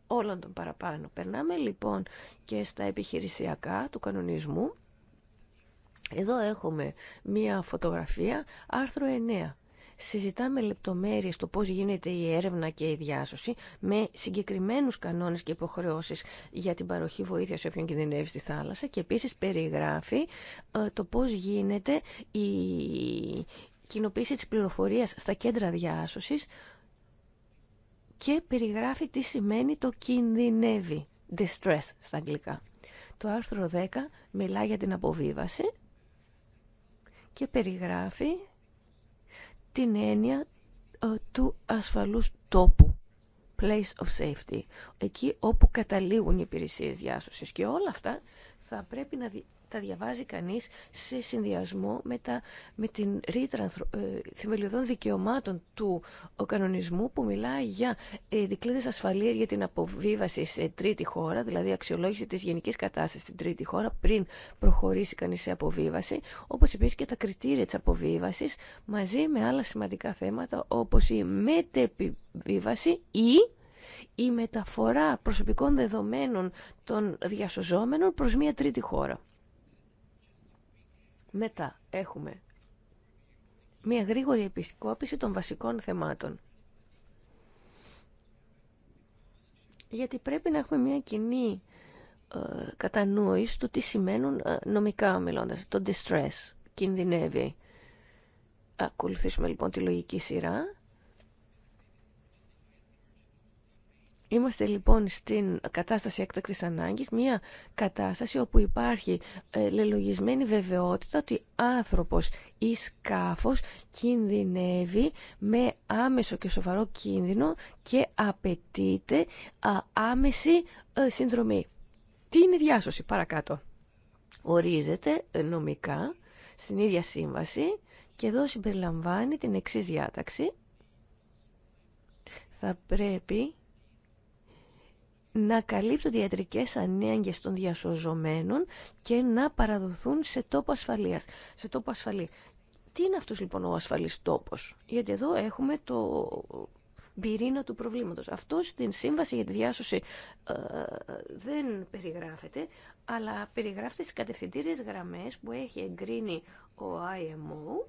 όλων των παραπάνω. Περνάμε λοιπόν και στα επιχειρησιακά του κανονισμού. Εδώ έχουμε μία φωτογραφία, άρθρο 9. Συζητάμε λεπτομέρειες το πώς γίνεται η έρευνα και η διάσωση με συγκεκριμένους κανόνες και υποχρεώσεις για την παροχή βοήθειας σε όποιον κινδυνεύει στη θάλασσα και επίσης περιγράφει ε, το πώς γίνεται η κοινοποίηση της πληροφορίας στα κέντρα διάσωσης και περιγράφει τι σημαίνει το κινδυνεύει, distress στα αγγλικά. Το άρθρο 10 μιλά για την αποβίβαση και περιγράφει την έννοια ε, του ασφαλούς τόπου, place of safety, εκεί όπου καταλήγουν οι υπηρεσίες διάσωσης. Και όλα αυτά θα πρέπει να τα διαβάζει κανείς σε συνδυασμό με, τα, με την ρήτρα ε, θεμελιωδών δικαιωμάτων του ο κανονισμού που μιλάει για ε, δικλείδες ασφαλείας για την αποβίβαση σε τρίτη χώρα, δηλαδή αξιολόγηση της γενικής κατάστασης στην τρίτη χώρα πριν προχωρήσει κανείς σε αποβίβαση, όπως επίσης και τα κριτήρια της αποβίβασης μαζί με άλλα σημαντικά θέματα όπως η μετεπιβίβαση ή η μεταφορά προσωπικών δεδομένων των διασωζόμενων προς μια τρίτη χώρα. Μετά έχουμε μια γρήγορη επισκόπηση των βασικών θεμάτων. Γιατί πρέπει να έχουμε μια κοινή ε, κατανόηση του τι σημαίνουν ε, νομικά μιλώντας. Το distress κινδυνεύει. Ακολουθήσουμε λοιπόν τη λογική σειρά Είμαστε λοιπόν στην κατάσταση έκτακτης ανάγκης, μια κατάσταση όπου υπάρχει ε, λελογισμένη βεβαιότητα ότι άνθρωπος ή σκάφος κινδυνεύει με άμεσο και σοβαρό κίνδυνο και απαιτείται άμεση ε, συνδρομή. Τι είναι διάσωση παρακάτω. Ορίζεται ε, νομικά στην ίδια σύμβαση και εδώ συμπεριλαμβάνει την εξής διάταξη. Θα πρέπει να καλύπτουν οι ιατρικές των διασωζομένων και να παραδοθούν σε τόπο ασφαλείας, σε τόπο ασφαλή. Τι είναι αυτός λοιπόν ο ασφαλής τόπος, γιατί εδώ έχουμε το πυρήνα του προβλήματος. Αυτό στην σύμβαση για τη διάσωση ε, δεν περιγράφεται, αλλά περιγράφεται στις κατευθυντήριες γραμμές που έχει εγκρίνει ο IMO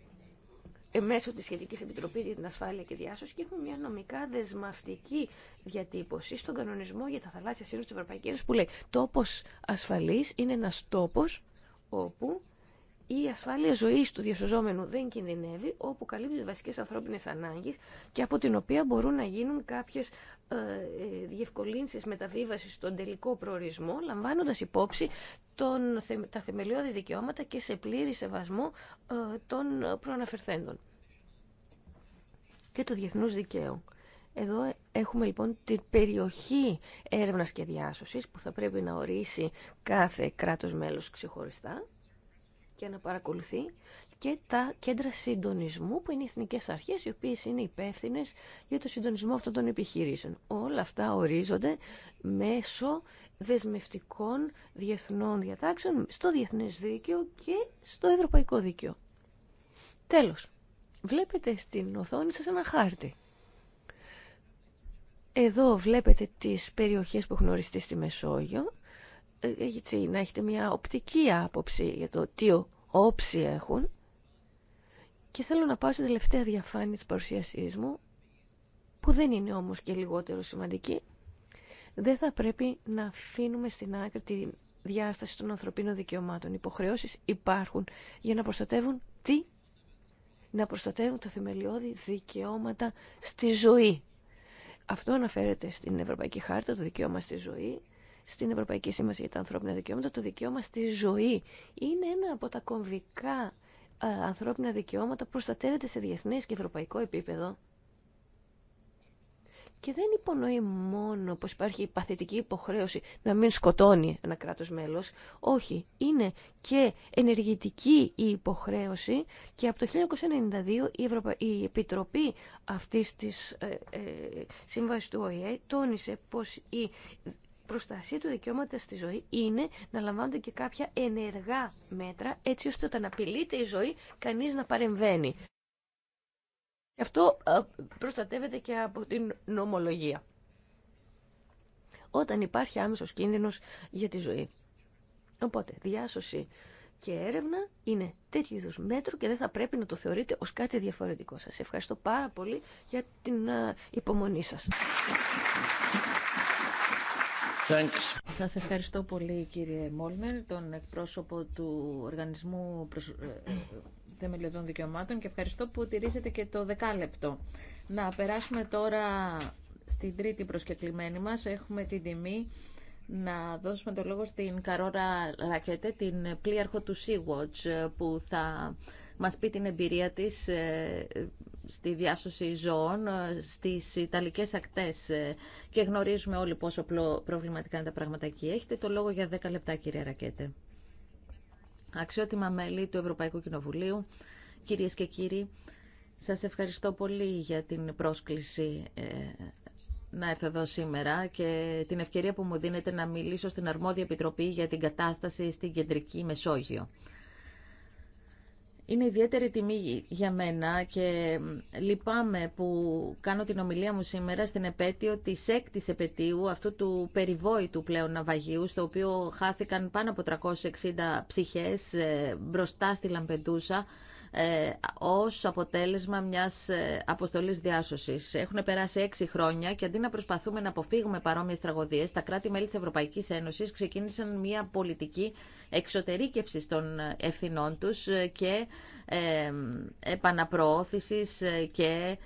μέσω της Σχετικής Επιτροπής για την Ασφάλεια και Διάσωση και έχουμε μια νομικά δεσμαυτική διατύπωση στον κανονισμό για τα θαλάσσια σύνορα της Ευρωπαϊκής Ένωσης που λέει τόπος ασφαλής είναι ένας τόπος όπου η ασφάλεια ζωή του διασωζόμενου δεν κινδυνεύει, όπου καλύπτει βασικέ ανθρώπινε ανάγκε και από την οποία μπορούν να γίνουν κάποιε διευκολύνσει διευκολύνσεις στον τελικό προορισμό, λαμβάνοντας υπόψη τον, τα θεμελιώδη δικαιώματα και σε πλήρη σεβασμό ε, των προαναφερθέντων και του διεθνούς δικαίου. Εδώ έχουμε λοιπόν την περιοχή έρευνας και διάσωσης που θα πρέπει να ορίσει κάθε κράτος μέλος ξεχωριστά και να παρακολουθεί και τα κέντρα συντονισμού που είναι οι εθνικές αρχές οι οποίες είναι υπεύθυνε για το συντονισμό αυτών των επιχειρήσεων. Όλα αυτά ορίζονται μέσω δεσμευτικών διεθνών διατάξεων στο διεθνές δίκαιο και στο ευρωπαϊκό δίκαιο. Τέλος, βλέπετε στην οθόνη σας ένα χάρτη. Εδώ βλέπετε τις περιοχές που έχουν οριστεί στη Μεσόγειο ε, έτσι, να έχετε μια οπτική άποψη για το τι όψη έχουν. Και θέλω να πάω στην τελευταία διαφάνεια της παρουσίασής μου, που δεν είναι όμως και λιγότερο σημαντική. Δεν θα πρέπει να αφήνουμε στην άκρη τη διάσταση των ανθρωπίνων δικαιωμάτων. Οι υποχρεώσεις υπάρχουν για να προστατεύουν τι? Να προστατεύουν τα θεμελιώδη δικαιώματα στη ζωή. Αυτό αναφέρεται στην Ευρωπαϊκή Χάρτα, το δικαίωμα στη ζωή, στην Ευρωπαϊκή Σύμβαση για τα Ανθρώπινα Δικαιώματα, το δικαίωμα στη ζωή. Είναι ένα από τα κομβικά ε, ανθρώπινα δικαιώματα που προστατεύεται σε διεθνές και ευρωπαϊκό επίπεδο. Και δεν υπονοεί μόνο πως υπάρχει η παθητική υποχρέωση να μην σκοτώνει ένα κράτος μέλος. Όχι, είναι και ενεργητική η υποχρέωση και από το 1992 η, Επιτροπή αυτής της ε, ε, Σύμβασης του ΟΗΕ τόνισε πως η προστασία του δικαιώματο στη ζωή είναι να λαμβάνονται και κάποια ενεργά μέτρα έτσι ώστε όταν απειλείται η ζωή κανείς να παρεμβαίνει. αυτό ε, προστατεύεται και από την νομολογία. Όταν υπάρχει άμεσος κίνδυνος για τη ζωή. Οπότε, διάσωση και έρευνα είναι τέτοιου είδου μέτρο και δεν θα πρέπει να το θεωρείτε ως κάτι διαφορετικό. Σας ευχαριστώ πάρα πολύ για την ε, υπομονή σας. Σας ευχαριστώ πολύ κύριε Μόλμερ, τον εκπρόσωπο του Οργανισμού ε, Θεμελιωδών Δικαιωμάτων και ευχαριστώ που τηρήσετε και το δεκάλεπτο. Να περάσουμε τώρα στην τρίτη προσκεκλημένη μας. Έχουμε την τιμή να δώσουμε το λόγο στην Καρόρα Ρακέτε, την πλήρχο του Sea-Watch, που θα μας πει την εμπειρία της ε, στη διάσωση ζώων ε, στις Ιταλικές ακτές ε, και γνωρίζουμε όλοι πόσο προβληματικά είναι τα πράγματα εκεί. Έχετε το λόγο για 10 λεπτά κύριε Ρακέτε. Αξιότιμα μέλη του Ευρωπαϊκού Κοινοβουλίου, κυρίες και κύριοι, σας ευχαριστώ πολύ για την πρόσκληση ε, να έρθω εδώ σήμερα και την ευκαιρία που μου δίνετε να μιλήσω στην Αρμόδια Επιτροπή για την κατάσταση στην Κεντρική Μεσόγειο. Είναι ιδιαίτερη τιμή για μένα και λυπάμαι που κάνω την ομιλία μου σήμερα στην επέτειο της έκτης επαιτίου αυτού του περιβόητου πλέον ναυαγίου στο οποίο χάθηκαν πάνω από 360 ψυχές ε, μπροστά στη Λαμπεντούσα ε, ως αποτέλεσμα μιας ε, αποστολής διάσωσης. Έχουν περάσει έξι χρόνια και αντί να προσπαθούμε να αποφύγουμε παρόμοιες τραγωδίες, τα κράτη-μέλη της Ευρωπαϊκής Ένωσης ξεκίνησαν μια πολιτική εξωτερήκευσης των ευθυνών τους ε, και επαναπροώθησης και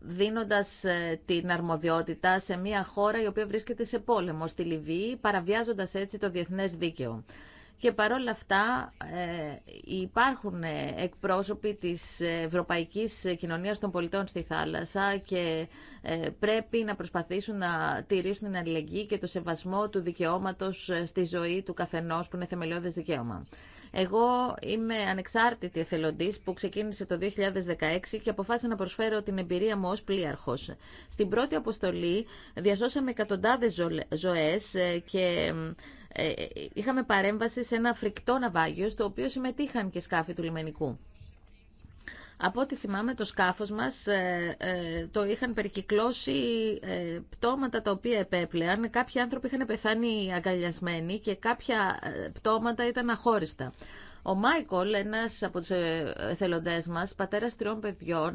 δίνοντας την αρμοδιότητα σε μια χώρα η οποία βρίσκεται σε πόλεμο, στη Λιβύη, παραβιάζοντας έτσι το διεθνές δίκαιο και παρόλα αυτά ε, υπάρχουν εκπρόσωποι της Ευρωπαϊκής Κοινωνίας των Πολιτών στη θάλασσα και ε, πρέπει να προσπαθήσουν να τηρήσουν την αλληλεγγύη και το σεβασμό του δικαιώματος ε, στη ζωή του καθενός που είναι θεμελιώδες δικαίωμα. Εγώ είμαι ανεξάρτητη εθελοντή που ξεκίνησε το 2016 και αποφάσισα να προσφέρω την εμπειρία μου ω πλοίαρχο. Στην πρώτη αποστολή διασώσαμε εκατοντάδε ζωέ και ε, ε, είχαμε παρέμβαση σε ένα φρικτό ναυάγιο στο οποίο συμμετείχαν και σκάφη του λιμενικού. Από ό,τι θυμάμαι το σκάφος μας ε, το είχαν περικυκλώσει πτώματα τα οποία επέπλεαν. Κάποιοι άνθρωποι είχαν πεθάνει αγκαλιασμένοι και κάποια πτώματα ήταν αχώριστα. Ο Μάικολ, ένας από τους εθελοντές μας, πατέρας τριών παιδιών,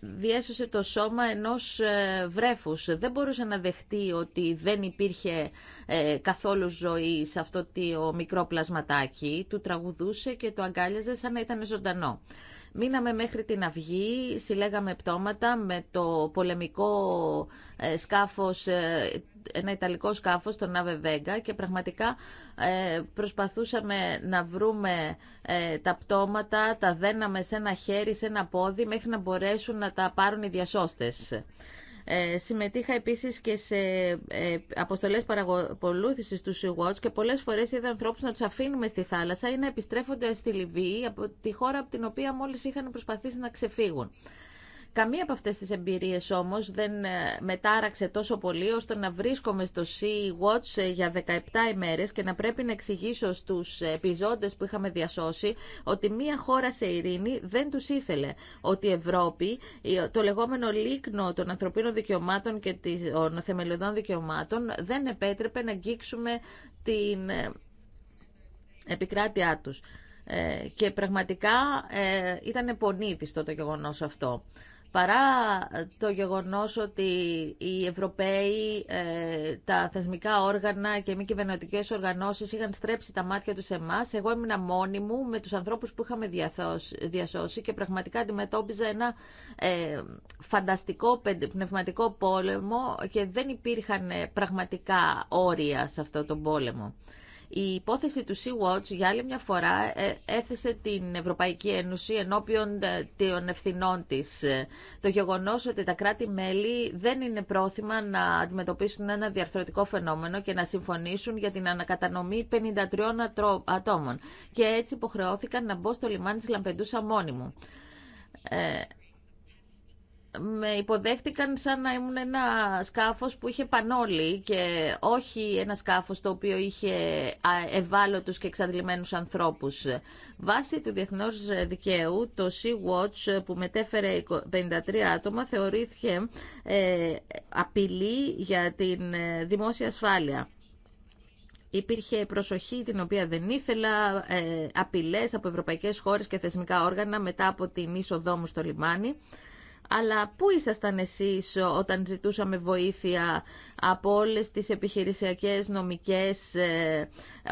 διέσωσε το σώμα ενός ε, βρέφους. Δεν μπορούσε να δεχτεί ότι δεν υπήρχε ε, καθόλου ζωή σε αυτό το μικρό πλασματάκι. Του τραγουδούσε και το αγκάλιαζε σαν να ήταν ζωντανό. Μείναμε μέχρι την αυγή, συλλέγαμε πτώματα με το πολεμικό ε, σκάφος, ε, ένα ιταλικό σκάφος, τον Ave Vega και πραγματικά ε, προσπαθούσαμε να βρούμε τα πτώματα, τα δέναμε σε ένα χέρι, σε ένα πόδι μέχρι να μπορέσουν να τα πάρουν οι διασώστες. Ε, συμμετείχα επίσης και σε ε, αποστολές παρακολούθηση του Sea Watch και πολλές φορές είδα ανθρώπους να του αφήνουμε στη θάλασσα ή να επιστρέφονται στη Λιβύη από τη χώρα από την οποία μόλις είχαν προσπαθήσει να ξεφύγουν. Καμία από αυτές τις εμπειρίες όμως δεν ε, μετάραξε τόσο πολύ ώστε να βρίσκομαι στο Sea-Watch ε, για 17 ημέρες και να πρέπει να εξηγήσω στους επιζώντες που είχαμε διασώσει ότι μία χώρα σε ειρήνη δεν τους ήθελε. Ότι η Ευρώπη, το λεγόμενο λίκνο των ανθρωπίνων δικαιωμάτων και των θεμελιωδών δικαιωμάτων δεν επέτρεπε να αγγίξουμε την ε, επικράτειά τους. Και πραγματικά ήταν πονίδιστο το γεγονός αυτό παρά ε, το γεγονός ότι οι Ευρωπαίοι, ε, τα θεσμικά όργανα και μη κυβερνητικέ οργανώσεις είχαν στρέψει τα μάτια τους σε εμάς, εγώ ήμουν μόνη μου με τους ανθρώπους που είχαμε διασώσει και πραγματικά αντιμετώπιζα ένα ε, φανταστικό πνευματικό πόλεμο και δεν υπήρχαν πραγματικά όρια σε αυτό τον πόλεμο. Η υπόθεση του Sea-Watch για άλλη μια φορά ε, έθεσε την Ευρωπαϊκή Ένωση ενώπιον ε, των ευθυνών της. Ε, το γεγονός ότι τα κράτη-μέλη δεν είναι πρόθυμα να αντιμετωπίσουν ένα διαρθρωτικό φαινόμενο και να συμφωνήσουν για την ανακατανομή 53 ατόμων. Και έτσι υποχρεώθηκαν να μπω στο λιμάνι της Λαμπεντούσα μόνιμου με υποδέχτηκαν σαν να ήμουν ένα σκάφος που είχε πανόλι και όχι ένα σκάφος το οποίο είχε ευάλωτους και εξαντλημένους ανθρώπους. Βάσει του διεθνώς δικαίου, το Sea-Watch που μετέφερε 53 άτομα θεωρήθηκε ε, απειλή για την ε, δημόσια ασφάλεια. Υπήρχε προσοχή την οποία δεν ήθελα, ε, απειλές από ευρωπαϊκές χώρες και θεσμικά όργανα μετά από την είσοδό μου στο λιμάνι αλλά πού ήσασταν εσείς όταν ζητούσαμε βοήθεια από όλες τις επιχειρησιακές νομικές ε,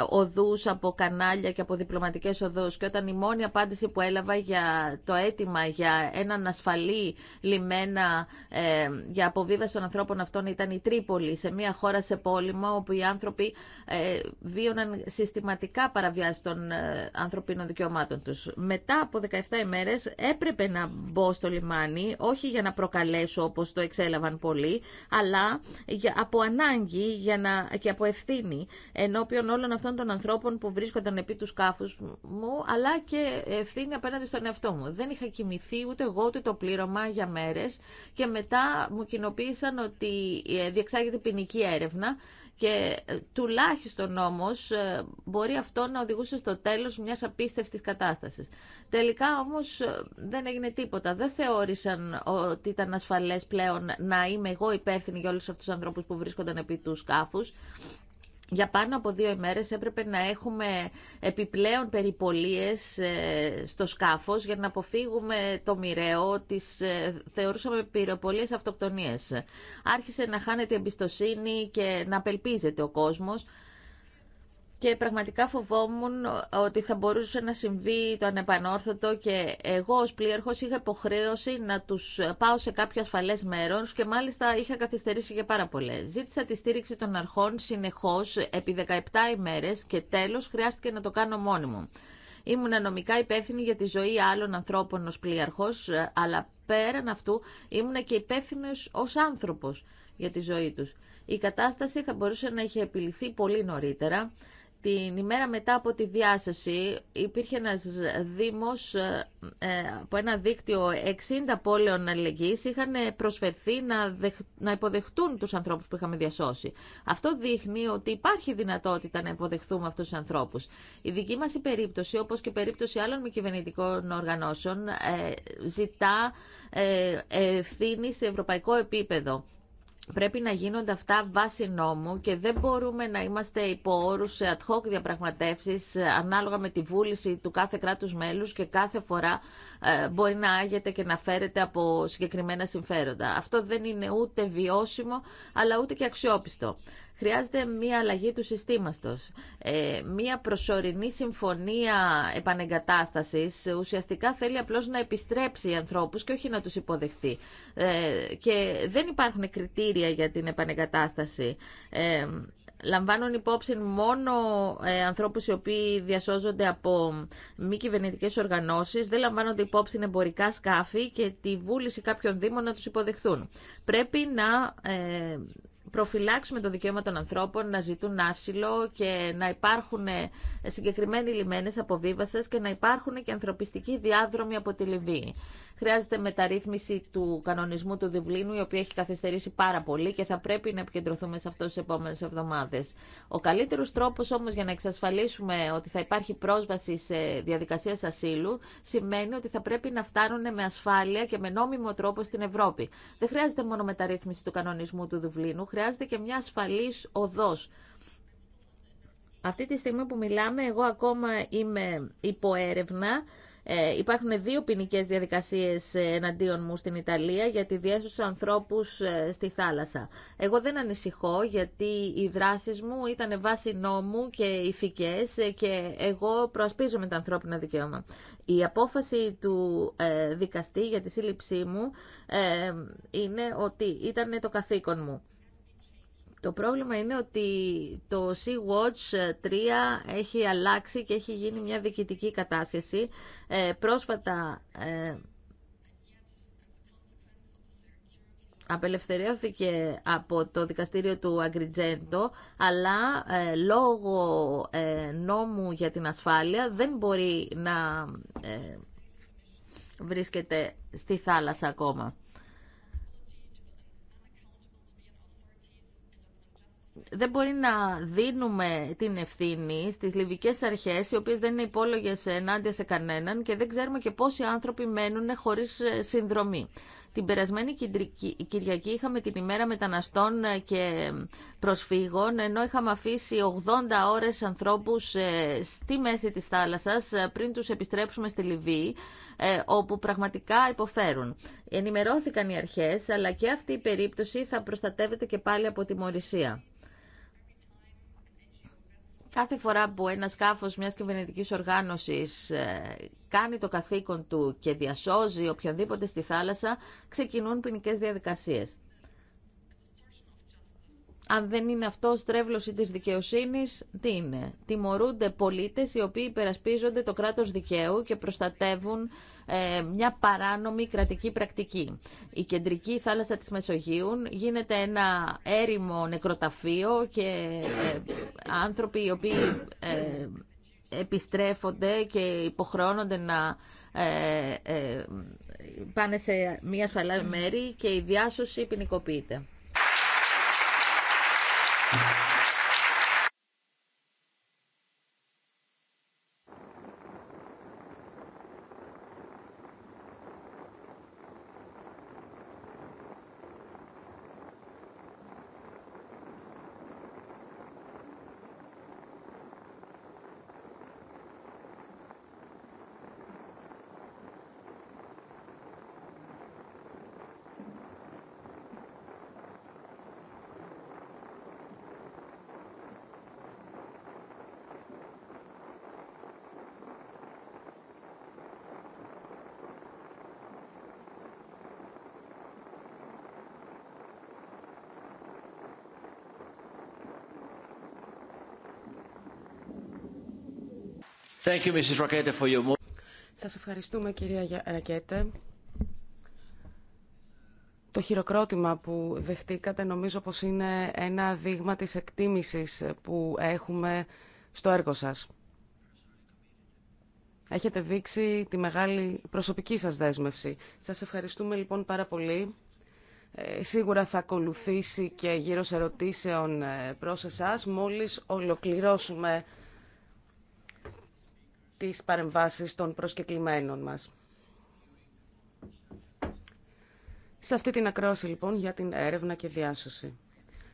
οδούς, από κανάλια και από διπλωματικές οδούς και όταν η μόνη απάντηση που έλαβα για το αίτημα για έναν ασφαλή λιμένα ε, για αποβίβαση των ανθρώπων αυτών ήταν η Τρίπολη, σε μια χώρα σε πόλεμο όπου οι άνθρωποι ε, βίωναν συστηματικά παραβιάσει των ανθρωπίνων δικαιωμάτων τους. Μετά από 17 ημέρες έπρεπε να μπω στο λιμάνι όχι για να προκαλέσω όπως το εξέλαβαν πολλοί, αλλά από ανάγκη για να, και από ευθύνη ενώπιον όλων αυτών των ανθρώπων που βρίσκονταν επί του σκάφους μου, αλλά και ευθύνη απέναντι στον εαυτό μου. Δεν είχα κοιμηθεί ούτε εγώ ούτε το πλήρωμα για μέρες και μετά μου κοινοποίησαν ότι ε, διεξάγεται ποινική έρευνα και τουλάχιστον όμω ε, μπορεί αυτό να οδηγούσε στο τέλος μια απίστευτη κατάστασης. Τελικά όμως ε, δεν έγινε τίποτα. Δεν θεώρησαν ότι ήταν ασφαλέ πλέον να είμαι εγώ υπεύθυνη για όλου αυτού του ανθρώπου που βρίσκονταν επί του σκάφου για πάνω από δύο ημέρες έπρεπε να έχουμε επιπλέον περιπολίες ε, στο σκάφος για να αποφύγουμε το μοιραίο, τις ε, θεωρούσαμε περιπολίες αυτοκτονίες. Άρχισε να χάνεται η εμπιστοσύνη και να απελπίζεται ο κόσμος και πραγματικά φοβόμουν ότι θα μπορούσε να συμβεί το ανεπανόρθωτο και εγώ ως πλήρχος είχα υποχρέωση να τους πάω σε κάποιο ασφαλές μέρος και μάλιστα είχα καθυστερήσει για πάρα πολλές. Ζήτησα τη στήριξη των αρχών συνεχώς επί 17 ημέρες και τέλος χρειάστηκε να το κάνω μόνη μου. Ήμουν νομικά υπεύθυνη για τη ζωή άλλων ανθρώπων ως πλήρχος, αλλά πέραν αυτού ήμουν και υπεύθυνο ως άνθρωπος για τη ζωή τους. Η κατάσταση θα μπορούσε να είχε επιληθεί πολύ νωρίτερα την ημέρα μετά από τη διάσωση υπήρχε ένας δήμος ε, από ένα δίκτυο 60 πόλεων αλληλεγγύης είχαν προσφερθεί να, δεχ, να υποδεχτούν τους ανθρώπους που είχαμε διασώσει. Αυτό δείχνει ότι υπάρχει δυνατότητα να υποδεχθούμε αυτούς τους ανθρώπους. Η δική μας περίπτωση, όπως και η περίπτωση άλλων μη κυβερνητικών οργανώσεων, ε, ζητά ε, ευθύνη σε ευρωπαϊκό επίπεδο. Πρέπει να γίνονται αυτά βάσει νόμου και δεν μπορούμε να είμαστε υπό όρου σε ad hoc διαπραγματεύσεις ε, ανάλογα με τη βούληση του κάθε κράτους μέλους και κάθε φορά ε, μπορεί να άγεται και να φέρεται από συγκεκριμένα συμφέροντα. Αυτό δεν είναι ούτε βιώσιμο αλλά ούτε και αξιόπιστο. Χρειάζεται μία αλλαγή του συστήματος. Ε, μία προσωρινή συμφωνία επανεγκατάστασης ουσιαστικά θέλει απλώς να επιστρέψει οι ανθρώπους και όχι να τους υποδεχθεί. Ε, και δεν υπάρχουν κριτήρια για την επανεγκατάσταση. Ε, λαμβάνουν υπόψη μόνο ε, ανθρώπους οι οποίοι διασώζονται από μη κυβερνητικέ οργανώσεις, δεν λαμβάνονται υπόψη εμπορικά σκάφη και τη βούληση κάποιων δήμων να τους υποδεχθούν. Πρέπει να ε, προφυλάξουμε το δικαίωμα των ανθρώπων να ζητούν άσυλο και να υπάρχουν συγκεκριμένοι λιμένες αποβίβασες και να υπάρχουν και ανθρωπιστικοί διάδρομοι από τη Λιβύη. Χρειάζεται μεταρρύθμιση του κανονισμού του Διβλίνου, η οποία έχει καθυστερήσει πάρα πολύ και θα πρέπει να επικεντρωθούμε σε αυτό στι επόμενε εβδομάδε. Ο καλύτερο τρόπο όμω για να εξασφαλίσουμε ότι θα υπάρχει πρόσβαση σε διαδικασίε ασύλου σημαίνει ότι θα πρέπει να φτάνουν με ασφάλεια και με νόμιμο τρόπο στην Ευρώπη. Δεν χρειάζεται μόνο μεταρρύθμιση του κανονισμού του Διβλίνου, χρειάζεται και μια ασφαλής οδός. Αυτή τη στιγμή που μιλάμε, εγώ ακόμα είμαι υποέρευνα. Ε, υπάρχουν δύο ποινικέ διαδικασίες ε, εναντίον μου στην Ιταλία για τη διέσωση ανθρώπου ε, στη θάλασσα. Εγώ δεν ανησυχώ γιατί οι δράσεις μου ήταν βάση νόμου και ηθικές ε, και εγώ προασπίζομαι τα ανθρώπινα δικαιώμα. Η απόφαση του δικαστή για τη σύλληψή μου είναι ότι ήταν το καθήκον μου. Το πρόβλημα είναι ότι το Sea-Watch 3 έχει αλλάξει και έχει γίνει μια διοικητική κατάσχεση. Ε, πρόσφατα ε, απελευθερώθηκε από το δικαστήριο του Αγκριτζέντο, αλλά ε, λόγω ε, νόμου για την ασφάλεια δεν μπορεί να βρίσκεται στη θάλασσα ακόμα. δεν μπορεί να δίνουμε την ευθύνη στις λιβικές αρχές, οι οποίες δεν είναι υπόλογες ενάντια σε κανέναν και δεν ξέρουμε και πόσοι άνθρωποι μένουν χωρίς ε, συνδρομή. Την περασμένη Κυριακή είχαμε την ημέρα μεταναστών ε, και προσφύγων, ενώ είχαμε αφήσει 80 ώρες ανθρώπους ε, στη μέση της θάλασσας πριν τους επιστρέψουμε στη Λιβύη, όπου πραγματικά υποφέρουν. Ενημερώθηκαν οι αρχές, αλλά και αυτή η περίπτωση θα προστατεύεται και πάλι από τη μορισία. Κάθε φορά που ένα σκάφος μιας κυβερνητική οργάνωση ε, κάνει το καθήκον του και διασώζει οποιονδήποτε στη θάλασσα, ξεκινούν ποινικέ διαδικασίε αν δεν είναι αυτό στρέβλωση της δικαιοσύνης, τι είναι. Τιμωρούνται πολίτες οι οποίοι υπερασπίζονται το κράτος δικαίου και προστατεύουν ε, μια παράνομη κρατική πρακτική. Η κεντρική θάλασσα της Μεσογείου γίνεται ένα έρημο νεκροταφείο και ε, άνθρωποι οι οποίοι ε, επιστρέφονται και υποχρεώνονται να πάνε σε μια ασφαλά μέρη και η διάσωση ποινικοποιείται. Thank you. Thank Σας ευχαριστούμε κυρία Ρακέτε. Το χειροκρότημα που δεχτήκατε νομίζω πως είναι ένα δείγμα της εκτίμησης που έχουμε στο έργο σας. Έχετε δείξει τη μεγάλη προσωπική σας δέσμευση. Σας ευχαριστούμε λοιπόν πάρα πολύ. Ε, σίγουρα θα ακολουθήσει και γύρω ερωτήσεων ε, προς εσάς μόλις ολοκληρώσουμε τις παρεμβάσεις των προσκεκλημένων μας. Σε αυτή την ακρόαση λοιπόν για την έρευνα και διάσωση.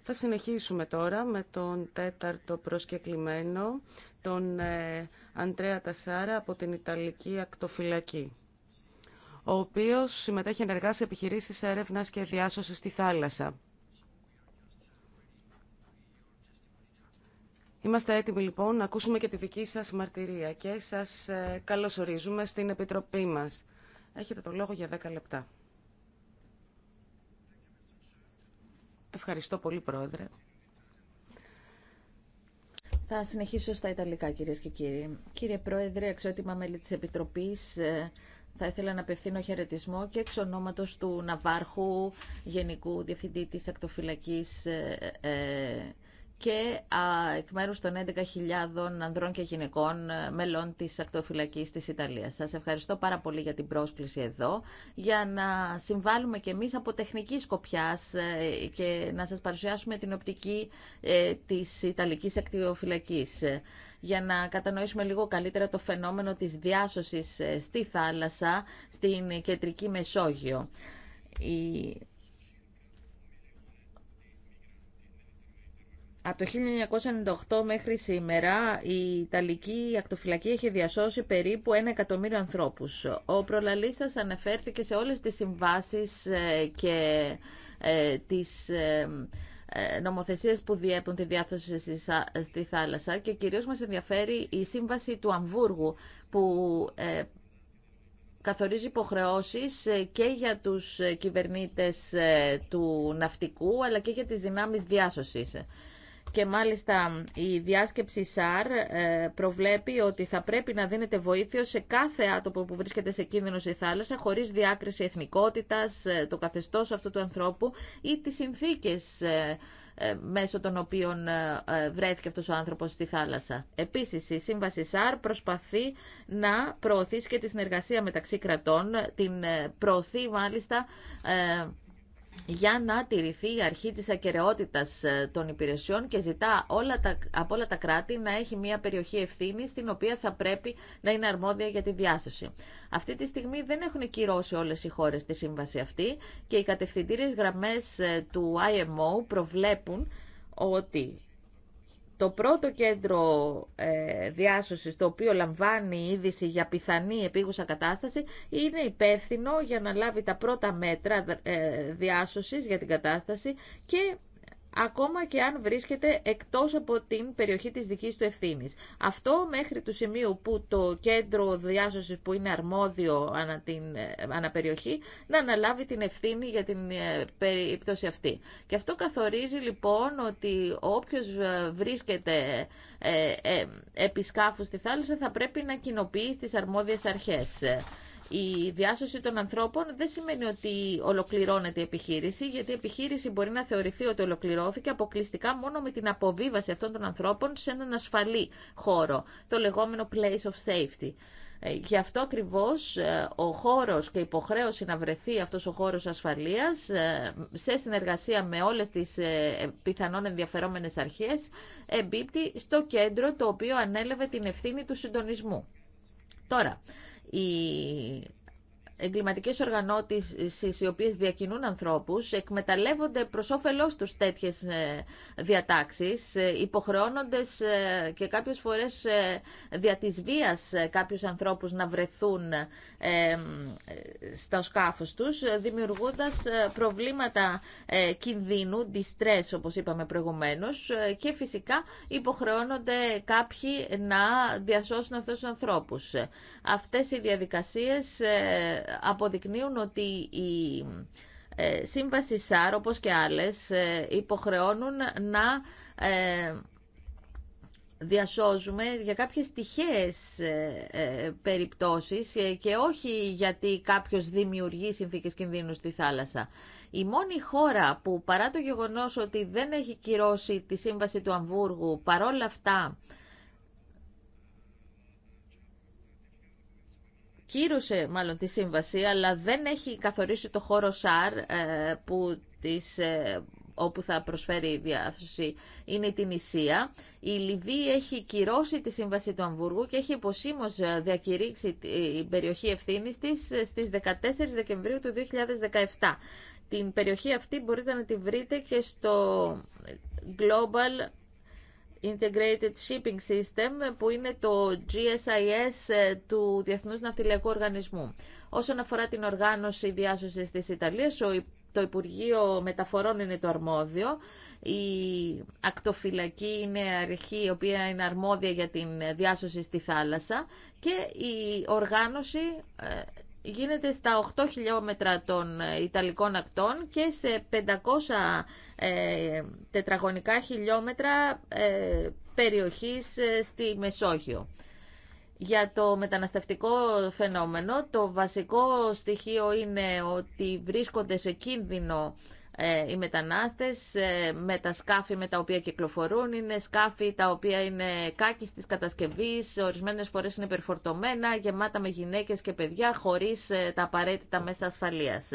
Θα συνεχίσουμε τώρα με τον τέταρτο προσκεκλημένο, τον ε, Αντρέα Τασάρα από την Ιταλική Ακτοφυλακή, ο οποίος συμμετέχει ενεργά σε επιχειρήσεις έρευνας και διάσωσης στη θάλασσα. Είμαστε έτοιμοι λοιπόν να ακούσουμε και τη δική σας μαρτυρία και σας ε, καλωσορίζουμε στην Επιτροπή μας. Έχετε το λόγο για 10 λεπτά. Ευχαριστώ πολύ, Πρόεδρε. Θα συνεχίσω στα Ιταλικά, κυρίε και κύριοι. Κύριε Πρόεδρε, εξότιμα μέλη τη Επιτροπής, ε, θα ήθελα να απευθύνω χαιρετισμό και εξ ονόματος του Ναβάρχου Γενικού Διευθυντή της Ακτοφυλακής ε, και α, εκ μέρους των 11.000 ανδρών και γυναικών ε, μελών της ακτοφυλακής της Ιταλίας. Σας ευχαριστώ πάρα πολύ για την πρόσκληση εδώ, για να συμβάλλουμε και εμείς από τεχνική σκοπιάς ε, και να σας παρουσιάσουμε την οπτική ε, της Ιταλικής ακτοφυλακής ε, για να κατανοήσουμε λίγο καλύτερα το φαινόμενο της διάσωσης στη θάλασσα, στην κεντρική Μεσόγειο. Η Από το 1998 μέχρι σήμερα η Ιταλική ακτοφυλακή έχει διασώσει περίπου ένα εκατομμύριο ανθρώπους. Ο προλαλής αναφέρθηκε σε όλες τις συμβάσεις ε, και ε, τις ε, νομοθεσίες που διέπουν τη διάθεση στη θάλασσα και κυρίως μας ενδιαφέρει η σύμβαση του Αμβούργου που καθορίζει υποχρεώσεις και για τους κυβερνήτες του ναυτικού αλλά και για τις δυνάμεις διάσωσης και μάλιστα η διάσκεψη ΣΑΡ ε, προβλέπει ότι θα πρέπει να δίνεται βοήθεια σε κάθε άτομο που βρίσκεται σε κίνδυνο στη θάλασσα χωρίς διάκριση εθνικότητας, ε, το καθεστώς αυτού του ανθρώπου ή τις συνθήκες ε, μέσω των οποίων βρέθηκε αυτός ο άνθρωπος στη θάλασσα. Επίσης, η Σύμβαση ΣΑΡ προσπαθεί να προωθήσει και τη συνεργασία μεταξύ κρατών, την προωθεί μάλιστα για να τηρηθεί η αρχή της ακαιρεότητας ε, των υπηρεσιών και ζητά όλα τα, από όλα τα κράτη να έχει μια περιοχή ευθύνη στην οποία θα πρέπει να είναι αρμόδια για τη διάσωση. Αυτή τη στιγμή δεν έχουν κυρώσει όλες οι χώρες τη σύμβαση αυτή και οι κατευθυντήριες γραμμές ε, του IMO προβλέπουν ότι το πρώτο κέντρο ε, διάσωσης το οποίο λαμβάνει είδηση για πιθανή επίγουσα κατάσταση είναι υπεύθυνο για να λάβει τα πρώτα μέτρα ε, διάσωσης για την κατάσταση και ακόμα και αν βρίσκεται εκτός από την περιοχή της δικής του ευθύνης. Αυτό μέχρι του σημείο που το κέντρο διάσωσης που είναι αρμόδιο ανα, την, ε, να αναλάβει την ευθύνη για την ε, περίπτωση αυτή. Και αυτό καθορίζει λοιπόν ότι όποιος ε, βρίσκεται ε, επί στη θάλασσα θα πρέπει να κοινοποιεί στις αρμόδιες αρχές η διάσωση των ανθρώπων δεν σημαίνει ότι ολοκληρώνεται η επιχείρηση, γιατί η επιχείρηση μπορεί να θεωρηθεί ότι ολοκληρώθηκε αποκλειστικά μόνο με την αποβίβαση αυτών των ανθρώπων σε έναν ασφαλή χώρο, το λεγόμενο place of safety. Ε, γι' αυτό ακριβώς ε, ο χώρος και η υποχρέωση να βρεθεί αυτός ο χώρος ασφαλείας ε, σε συνεργασία με όλες τις πιθανόν ενδιαφερόμενες αρχές εμπίπτει στο κέντρο το οποίο ανέλαβε την ευθύνη του συντονισμού. Τώρα, οι εγκληματικές οργανώσεις οι οποίες διακινούν ανθρώπους εκμεταλλεύονται προς όφελός τους τέτοιες ε, διατάξεις, ε, υποχρεώνοντας ε, και κάποιες φορές δια της βίας κάποιους ανθρώπους να βρεθούν στα σκάφους τους, δημιουργώντας ε, προβλήματα ε, κινδύνου, distress όπως είπαμε προηγουμένως ε, και φυσικά υποχρεώνονται κάποιοι να διασώσουν αυτούς τους ανθρώπους. Αυτές οι διαδικασίες αποδεικνύουν ότι η σύμβαση ΣΑΡ όπως και άλλες υποχρεώνουν να διασώζουμε για κάποιες τυχαίες ε, ε περιπτώσεις ε, και όχι γιατί κάποιος δημιουργεί συνθήκες κινδύνου στη θάλασσα. Η μόνη χώρα που παρά το γεγονός ότι δεν έχει κυρώσει τη σύμβαση του Αμβούργου, παρόλα αυτά κύρωσε μάλλον τη σύμβαση, αλλά δεν έχει καθορίσει το χώρο ΣΑΡ ε, που τις όπου θα προσφέρει η διάσωση είναι η Τινησία. Η Λιβύη έχει κυρώσει τη Σύμβαση του Αμβούργου και έχει υποσήμως ε, διακηρύξει την περιοχή Ευθύνη τη ε, στις 14 Δεκεμβρίου του 2017. Την περιοχή αυτή μπορείτε να τη βρείτε και στο Global Integrated Shipping System που είναι το GSIS ε, του Διεθνούς Ναυτιλιακού Οργανισμού. Όσον αφορά την οργάνωση διάσωσης της Ιταλίας, ο το Υπουργείο Μεταφορών είναι το αρμόδιο. Η ακτοφυλακή είναι αρχή η οποία είναι αρμόδια για την διάσωση στη θάλασσα και η οργάνωση ε, γίνεται στα 8 χιλιόμετρα των ε, Ιταλικών ακτών και σε 500 ε, τετραγωνικά χιλιόμετρα περιοχής στη Μεσόγειο. Για το μεταναστευτικό φαινόμενο, το βασικό στοιχείο είναι ότι βρίσκονται σε κίνδυνο ε, οι μετανάστες ε, με τα σκάφη με τα οποία κυκλοφορούν. Είναι σκάφη τα οποία είναι κάκης της κατασκευής, ορισμένες φορές είναι υπερφορτωμένα, γεμάτα με γυναίκες και παιδιά, χωρίς ε, τα απαραίτητα μέσα ασφαλείας.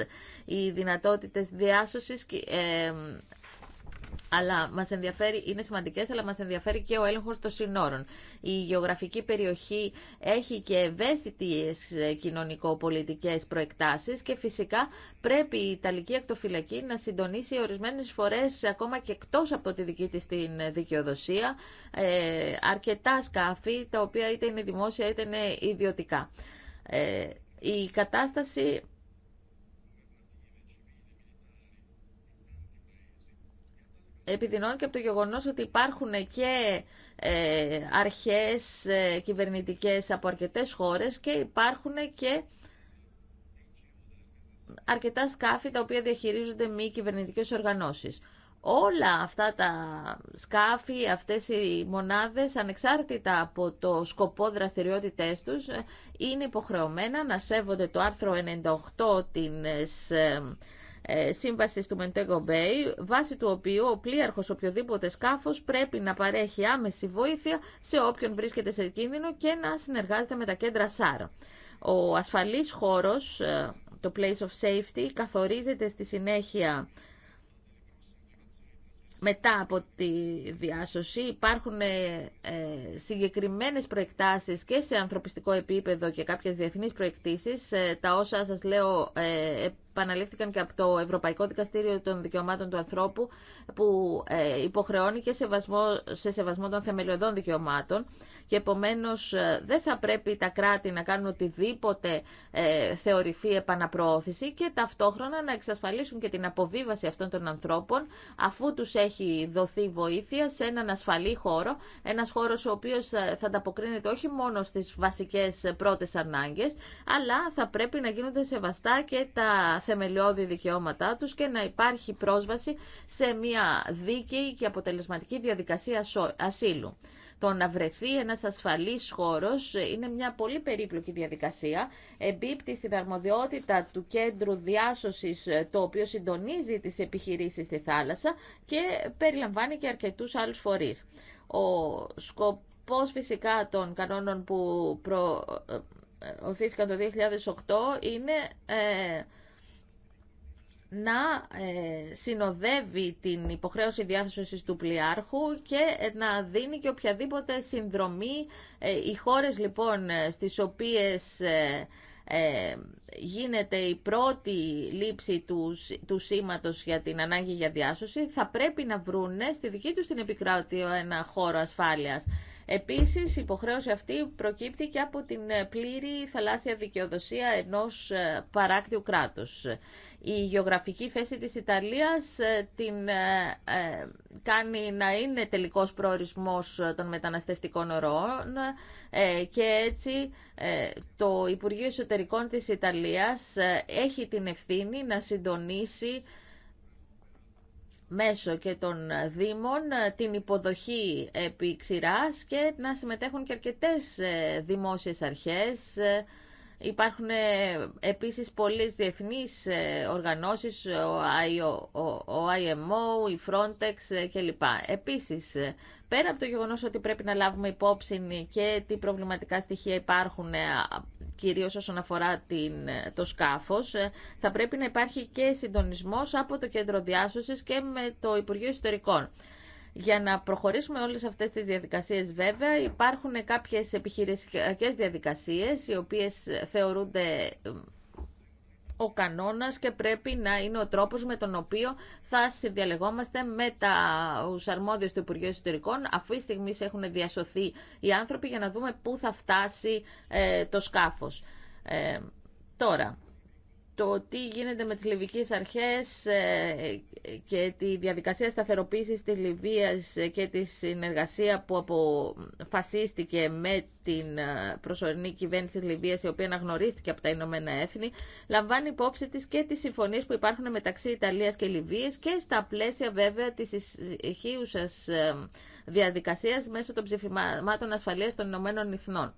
Οι δυνατότητες διάσωσης αλλά μας ενδιαφέρει, είναι σημαντικές, αλλά μας ενδιαφέρει και ο έλεγχος των συνόρων. Η γεωγραφική περιοχή έχει και ευαίσθητες ε, κοινωνικοπολιτικές προεκτάσεις και φυσικά πρέπει η Ιταλική Ακτοφυλακή να συντονίσει ορισμένες φορές ακόμα και εκτός από τη δική της την δικαιοδοσία ε, αρκετά σκάφη τα οποία είτε είναι δημόσια είτε είναι ιδιωτικά. Ε, η κατάσταση επιδεινώνει και από το γεγονός ότι υπάρχουν και ε, αρχές ε, κυβερνητικές από αρκετές χώρες και υπάρχουν και αρκετά σκάφη τα οποία διαχειρίζονται μη κυβερνητικές οργανώσεις. Όλα αυτά τα σκάφη, αυτές οι μονάδες, ανεξάρτητα από το σκοπό δραστηριότητές τους, ε, είναι υποχρεωμένα να σέβονται το άρθρο 98 της ε, σύμβαση του Μεντέγκο Μπέι, βάσει του οποίου ο πλοίαρχο οποιοδήποτε σκάφο πρέπει να παρέχει άμεση βοήθεια σε όποιον βρίσκεται σε κίνδυνο και να συνεργάζεται με τα κέντρα ΣΑΡ. Ο ασφαλής χώρος, ε, το place of safety, καθορίζεται στη συνέχεια μετά από τη διάσωση. Υπάρχουν ε, ε, συγκεκριμένες προεκτάσεις και σε ανθρωπιστικό επίπεδο και κάποιες διεθνείς προεκτήσεις. Ε, τα όσα σας λέω ε, επαναλήφθηκαν και από το Ευρωπαϊκό Δικαστήριο των Δικαιωμάτων του Ανθρώπου που ε, υποχρεώνει και σεβασμό, σε σεβασμό των θεμελιωδών δικαιωμάτων και επομένως ε, δεν θα πρέπει τα κράτη να κάνουν οτιδήποτε ε, θεωρηθεί επαναπροώθηση και ταυτόχρονα να εξασφαλίσουν και την αποβίβαση αυτών των ανθρώπων αφού τους έχει δοθεί βοήθεια σε έναν ασφαλή χώρο, ένας χώρος ο οποίος ε, θα ανταποκρίνεται όχι μόνο στις βασικές πρώτες ανάγκες, αλλά θα πρέπει να γίνονται σεβαστά και τα θεμελιώδη δικαιώματά τους και να υπάρχει πρόσβαση σε μια δίκαιη και αποτελεσματική διαδικασία ασύλου. Το να βρεθεί ένας ασφαλής χώρος είναι μια πολύ περίπλοκη διαδικασία. Εμπίπτει στην αρμοδιότητα του κέντρου διάσωσης, ε, το οποίο συντονίζει τις επιχειρήσεις στη θάλασσα και περιλαμβάνει και αρκετούς άλλους φορείς. Ο σκοπός φυσικά των κανόνων που προωθήθηκαν ε, ε, το 2008 είναι να ε, συνοδεύει την υποχρέωση διάθεσης του πλοιάρχου και ε, να δίνει και οποιαδήποτε συνδρομή. Ε, οι χώρες λοιπόν στις οποίες γίνεται η πρώτη λήψη του, του σήματος για την ανάγκη για διάσωση θα πρέπει να βρούνε στη δική τους την επικράτεια ένα χώρο ασφάλειας. Επίσης, η υποχρέωση αυτή προκύπτει και από την ε, πλήρη θαλάσσια δικαιοδοσία ενός ε, παράκτιου κράτους. Η γεωγραφική θέση της Ιταλίας ε, την κάνει να είναι τελικός προορισμός των μεταναστευτικών ορών και έτσι το Υπουργείο Εσωτερικών της Ιταλίας έχει την ευθύνη να συντονίσει μέσω και των Δήμων ε, την υποδοχή επί ξηράς και να συμμετέχουν και αρκετές ε, δημόσιες αρχές. Ε, υπάρχουν επίσης πολλές διεθνείς οργανώσεις, ο IMO, η Frontex κλπ. Επίσης, πέρα από το γεγονός ότι πρέπει να λάβουμε υπόψη και τι προβληματικά στοιχεία υπάρχουν κυρίως όσον αφορά την, το σκάφος, ε, θα πρέπει να υπάρχει και συντονισμός από το Κέντρο Διάσωσης και με το Υπουργείο Ιστορικών. Για να προχωρήσουμε όλες αυτές τις διαδικασίες βέβαια υπάρχουν κάποιες επιχειρησιακές διαδικασίες οι οποίες θεωρούνται ο κανόνας και πρέπει να είναι ο τρόπος με τον οποίο θα συνδιαλεγόμαστε με τα, τους αρμόδιους του Υπουργείου Εσωτερικών. αφού οι στιγμή έχουν διασωθεί οι άνθρωποι για να δούμε πού θα φτάσει ε, το σκάφος. Ε, τώρα, το τι γίνεται με τις λιβικές αρχές ε, και τη διαδικασία σταθεροποίησης της Λιβύας ε, και τη συνεργασία που αποφασίστηκε με την ε, προσωρινή κυβέρνηση της Λιβύας η οποία αναγνωρίστηκε από τα Ηνωμένα Έθνη λαμβάνει υπόψη της και τις συμφωνίες που υπάρχουν μεταξύ Ιταλίας και Λιβύης και στα πλαίσια βέβαια της ισχύουσας διαδικασίας μέσω των ψηφιμάτων ασφαλείας των Ηνωμένων Εθνών.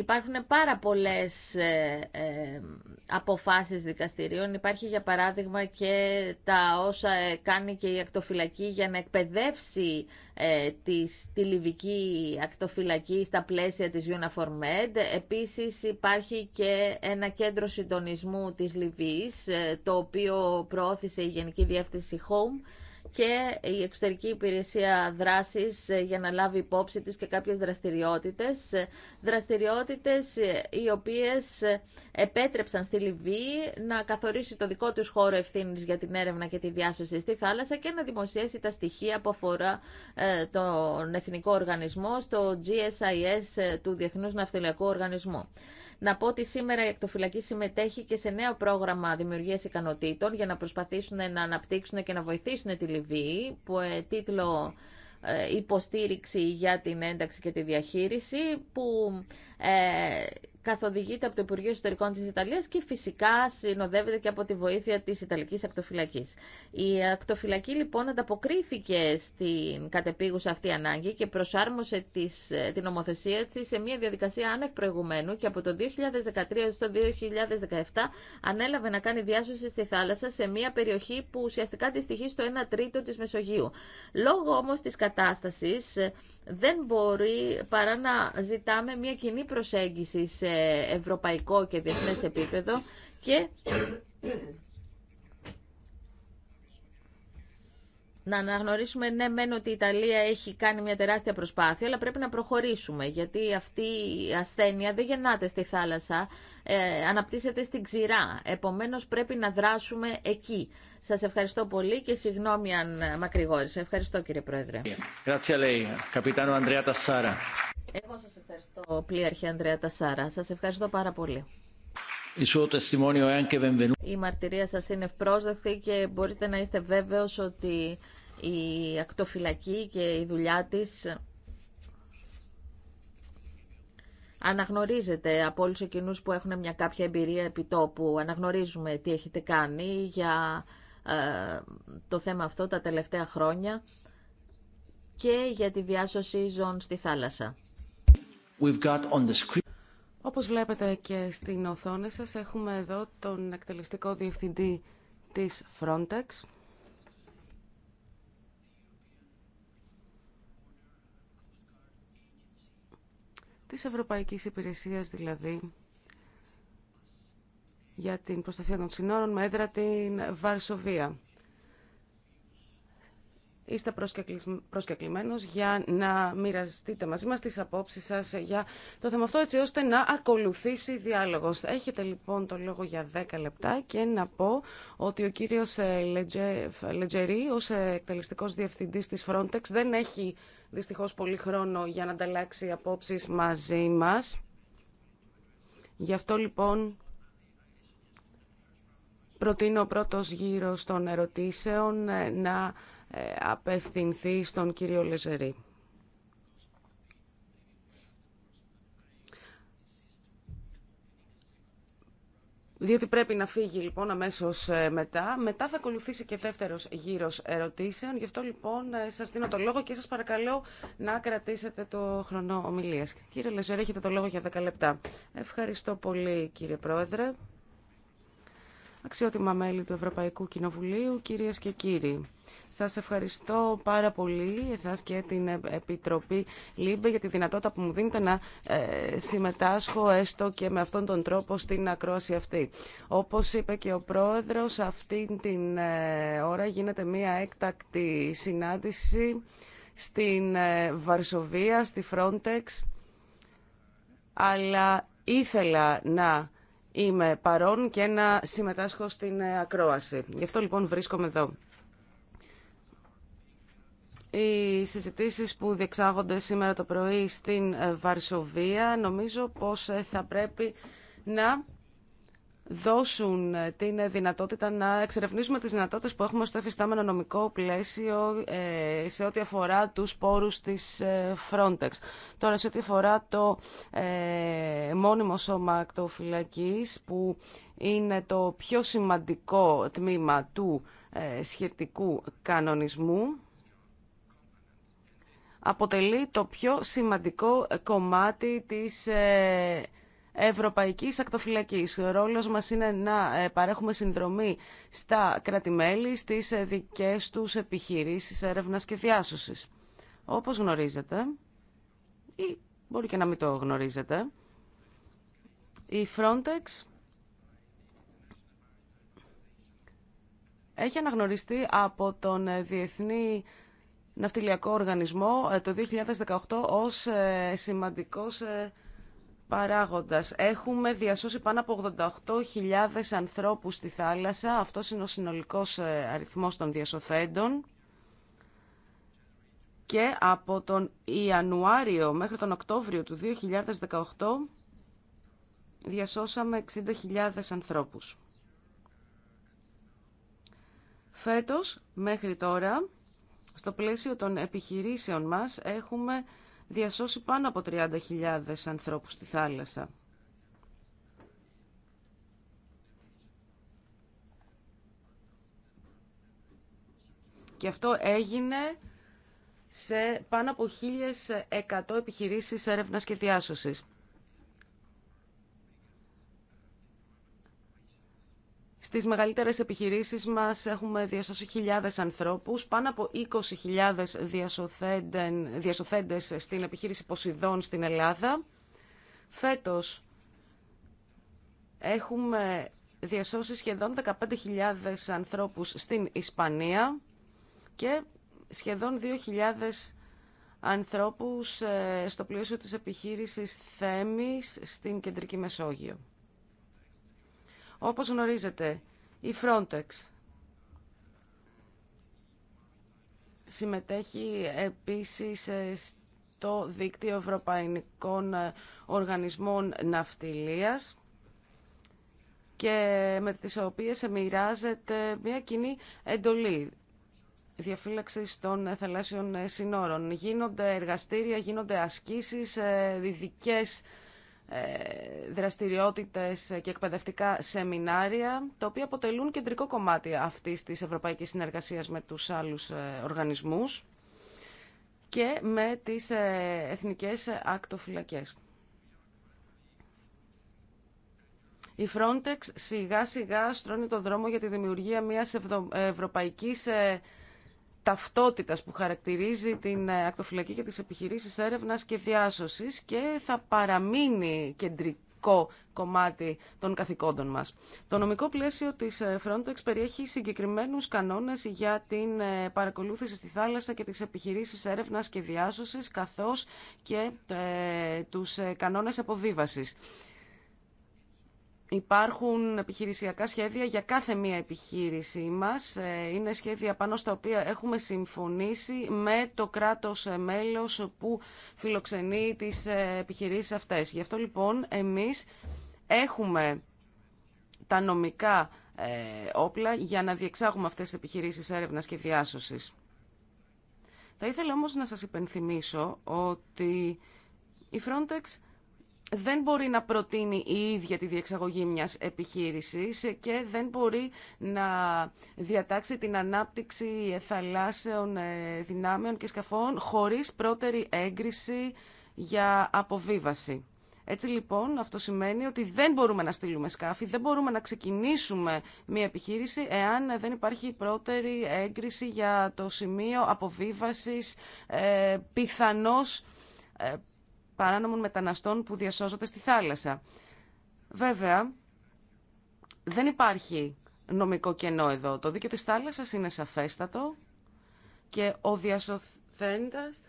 Υπάρχουν πάρα πολλές ε, ε, αποφάσεις δικαστηρίων. Υπάρχει, για παράδειγμα, και τα όσα ε, κάνει και η ακτοφυλακή για να εκπαιδεύσει ε, της, τη λιβική ακτοφυλακή στα πλαίσια της Uniformed. Επίσης, υπάρχει και ένα κέντρο συντονισμού της Λιβύης, το οποίο προώθησε η Γενική Διεύθυνση HOME και η εξωτερική υπηρεσία δράσης ε, για να λάβει υπόψη της και κάποιες δραστηριότητες. Ε, δραστηριότητες ε, οι οποίες επέτρεψαν στη Λιβύη να καθορίσει το δικό τους χώρο ευθύνης για την έρευνα και τη διάσωση στη θάλασσα και να δημοσιεύσει τα στοιχεία που αφορά τον Εθνικό Οργανισμό στο GSIS του Διεθνούς Ναυτιλιακού Οργανισμού. Να πω ότι σήμερα η εκτοφυλακή συμμετέχει και σε νέο πρόγραμμα δημιουργία ικανοτήτων για να προσπαθήσουν να αναπτύξουν και να βοηθήσουν τη Λιβύη, που ε, τίτλο ε, υποστήριξη για την ένταξη και τη διαχείριση που ε, καθοδηγείται από το Υπουργείο Ιστορικών της Ιταλίας και φυσικά συνοδεύεται και από τη βοήθεια της Ιταλικής Ακτοφυλακής. Η Ακτοφυλακή λοιπόν ανταποκρίθηκε στην κατεπίγουσα αυτή ανάγκη και προσάρμοσε την ομοθεσία της σε μια διαδικασία άνευ προηγουμένου και από το 2013 στο 2017 ανέλαβε να κάνει διάσωση στη θάλασσα σε μια περιοχή που ουσιαστικά αντιστοιχεί στο 1 τρίτο της Μεσογείου. Λόγω όμως της κατάστασης δεν μπορεί παρά να ζητάμε μια κοινή προσέγγιση σε ευρωπαϊκό και διεθνές επίπεδο και να αναγνωρίσουμε ναι μεν ότι η Ιταλία έχει κάνει μια τεράστια προσπάθεια αλλά πρέπει να προχωρήσουμε γιατί αυτή η ασθένεια δεν γεννάται στη θάλασσα ε, αναπτύσσεται στην ξηρά. Επομένως πρέπει να δράσουμε εκεί. Σας ευχαριστώ πολύ και συγγνώμη αν μακρηγόρησα. Ευχαριστώ κύριε Πρόεδρε. Εγώ σας ευχαριστώ, πλήρχε Ανδρέα Τασάρα. Σας ευχαριστώ πάρα πολύ. Η μαρτυρία σας είναι ευπρόσδεκτη και μπορείτε να είστε βέβαιος ότι η ακτοφυλακή και η δουλειά της αναγνωρίζετε από όλους εκείνους που έχουν μια κάποια εμπειρία επιτόπου, αναγνωρίζουμε τι έχετε κάνει για ε, το θέμα αυτό τα τελευταία χρόνια και για τη διάσωση ζών στη θάλασσα. Όπως βλέπετε και στην οθόνη σας έχουμε εδώ τον εκτελεστικό διευθυντή της Frontex. της Ευρωπαϊκής Υπηρεσίας δηλαδή για την προστασία των συνόρων με έδρα την Βαρσοβία. Είστε προσκεκλημένος για να μοιραστείτε μαζί μας τις απόψεις σας για το θέμα αυτό έτσι ώστε να ακολουθήσει διάλογος. Έχετε λοιπόν το λόγο για 10 λεπτά και να πω ότι ο κύριος ε, Λετζερή ως ε, εκτελεστικός διευθυντής της Frontex δεν έχει δυστυχώς πολύ χρόνο για να ανταλλάξει απόψεις μαζί μας. Γι' αυτό λοιπόν προτείνω ο πρώτος γύρος των ερωτήσεων ε, να ε, απευθυνθεί στον κύριο Λεζερή. Διότι πρέπει να φύγει λοιπόν αμέσω ε, μετά. Μετά θα ακολουθήσει και δεύτερο γύρο ερωτήσεων. Γι' αυτό λοιπόν ε, σα δίνω το λόγο και σα παρακαλώ να κρατήσετε το χρονό ομιλία. Κύριε Λεζέρε, έχετε το λόγο για 10 λεπτά. Ευχαριστώ πολύ κύριε Πρόεδρε αξιότιμα μέλη του Ευρωπαϊκού Κοινοβουλίου, κυρίες και κύριοι. Σας ευχαριστώ πάρα πολύ εσάς και την Επιτροπή ΛΥΜΠΕ για τη δυνατότητα που μου δίνετε να ε, συμμετάσχω έστω και με αυτόν τον τρόπο στην ακρόαση αυτή. Όπως είπε και ο Πρόεδρος, αυτή την ε, ώρα γίνεται μία έκτακτη συνάντηση στην ε, Βαρσοβία, στη Frontex, αλλά ήθελα να είμαι παρόν και να συμμετάσχω στην ε, ακρόαση. Γι' αυτό λοιπόν βρίσκομαι εδώ. Οι συζητήσεις που διεξάγονται σήμερα το πρωί στην ε, Βαρσοβία νομίζω πως ε, θα πρέπει να δώσουν την δυνατότητα να εξερευνήσουμε τις δυνατότητες που έχουμε στο εφιστάμενο νομικό πλαίσιο ε, σε ό,τι αφορά τους πόρους της ε, Frontex. Τώρα, σε ό,τι αφορά το ε, μόνιμο σώμα ακτοφυλακής, που είναι το πιο σημαντικό τμήμα του σχετικού κανονισμού, αποτελεί το πιο σημαντικό κομμάτι της Ευρωπαϊκής Ακτοφυλακή. Ο ρόλος μας είναι να ε, παρέχουμε συνδρομή στα κρατημέλη στις ε, δικές τους επιχειρήσεις έρευνα και διάσωση. Όπως γνωρίζετε, ή μπορεί και να μην το γνωρίζετε, η Frontex έχει αναγνωριστεί από τον ε, Διεθνή Ναυτιλιακό Οργανισμό το 2018 ως σημαντικός παράγοντας. Έχουμε διασώσει πάνω από 88.000 ανθρώπους στη θάλασσα. Αυτός είναι ο συνολικός ε, αριθμός των διασωθέντων. Και από τον Ιανουάριο μέχρι τον Οκτώβριο του 2018 διασώσαμε 60.000 ανθρώπους. Φέτος, μέχρι τώρα, στο πλαίσιο των επιχειρήσεων μας, έχουμε διασώσει πάνω από 30.000 ανθρώπους στη θάλασσα. Και αυτό έγινε σε πάνω από 1.100 επιχειρήσεις έρευνας και διάσωσης. Στις μεγαλύτερες επιχειρήσεις μας έχουμε διασώσει χιλιάδες ανθρώπους, πάνω από 20.000 διασωθέντες στην επιχείρηση Ποσειδών στην Ελλάδα. Φέτος έχουμε διασώσει σχεδόν 15.000 ανθρώπους στην Ισπανία και σχεδόν 2.000 ανθρώπους ε, στο πλαίσιο της επιχείρησης Θέμης στην Κεντρική Μεσόγειο. Όπως γνωρίζετε, η Frontex συμμετέχει επίσης ε, στο δίκτυο Ευρωπαϊκών ε, Οργανισμών Ναυτιλίας και με τις οποίες μοιράζεται μια κοινή εντολή διαφύλαξη των θαλάσσιων συνόρων. Γίνονται εργαστήρια, γίνονται ασκήσεις, ειδικές ε, δραστηριότητες και εκπαιδευτικά σεμινάρια, τα οποία αποτελούν κεντρικό κομμάτι αυτής της ευρωπαϊκής συνεργασίας με τους άλλους ε, οργανισμούς και με τις ε, εθνικές ακτοφυλακές. Η Frontex σιγά σιγά στρώνει το δρόμο για τη δημιουργία μιας ευρωπαϊκής Ταυτότητα που χαρακτηρίζει την ε, ακτοφυλακή και τι επιχειρήσει έρευνα και διάσωση και θα παραμείνει κεντρικό κομμάτι των καθηκόντων μας. Το νομικό πλαίσιο της ε, Frontex περιέχει συγκεκριμένους κανόνες για την ε, παρακολούθηση στη θάλασσα και τις επιχειρήσεις έρευνας και διάσωσης καθώς και τους κανόνες αποβίβασης. Υπάρχουν επιχειρησιακά σχέδια για κάθε μία επιχείρηση μας. Ε, είναι σχέδια πάνω στα οποία έχουμε συμφωνήσει με το κράτος ε, μέλος που φιλοξενεί τις ε, επιχειρήσεις αυτές. Γι' αυτό λοιπόν εμείς έχουμε τα νομικά όπλα για να διεξάγουμε αυτές τις επιχειρήσεις έρευνας και διάσωσης. Θα ήθελα όμως να σας υπενθυμίσω ότι η Frontex δεν μπορεί να προτείνει η ίδια τη διεξαγωγή μιας επιχείρησης και δεν μπορεί να διατάξει την ανάπτυξη θαλάσσεων ε, δυνάμεων και σκαφών χωρίς πρώτερη έγκριση για αποβίβαση. Έτσι λοιπόν αυτό σημαίνει ότι δεν μπορούμε να στείλουμε σκάφη, δεν μπορούμε να ξεκινήσουμε μια επιχείρηση εάν δεν υπάρχει πρώτερη έγκριση για το σημείο αποβίβασης, ε, πιθανώς ε, παράνομων μεταναστών που διασώζονται στη θάλασσα. Βέβαια, δεν υπάρχει νομικό κενό εδώ. Το δίκαιο της θάλασσας είναι σαφέστατο και ο διασωθέντας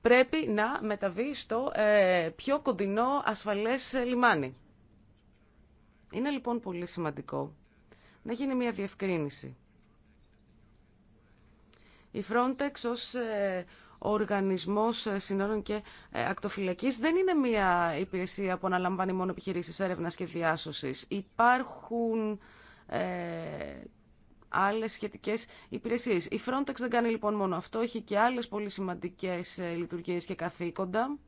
πρέπει να μεταβεί στο ε, πιο κοντινό ασφαλές ε, λιμάνι. Είναι λοιπόν πολύ σημαντικό να γίνει μια διευκρίνηση. Η Frontex ως ε, Οργανισμός ε, Συνόρων και ε, Ακτοφυλακής δεν είναι μια υπηρεσία που αναλαμβάνει μόνο επιχειρήσεις έρευνας και διάσωσης. Υπάρχουν ε, άλλες σχετικές υπηρεσίες. Η Frontex δεν κάνει λοιπόν μόνο αυτό, έχει και άλλες πολύ σημαντικές ε, λειτουργίες και καθήκοντα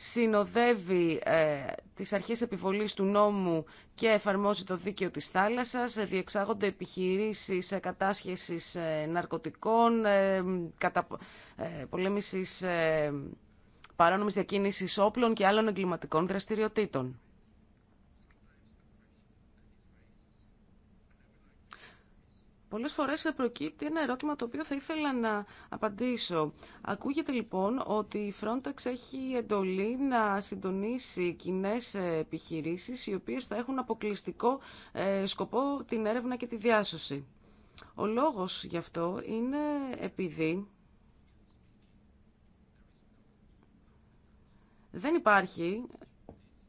συνοδεύει ε, τις αρχές επιβολής του νόμου και εφαρμόζει το δίκαιο της θάλασσας, ε, διεξάγονται επιχειρήσεις κατάσχεση κατάσχεσης ε, ναρκωτικών, ε, κατα, πολέμησης παράνομης διακίνησης όπλων και άλλων εγκληματικών δραστηριοτήτων. Πολλές φορές προκύπτει ένα ερώτημα το οποίο θα ήθελα να απαντήσω. Ακούγεται λοιπόν ότι η Frontex έχει εντολή να συντονίσει κοινέ επιχειρήσεις οι οποίες θα έχουν αποκλειστικό ε, σκοπό την έρευνα και τη διάσωση. Ο λόγος γι' αυτό είναι επειδή δεν υπάρχει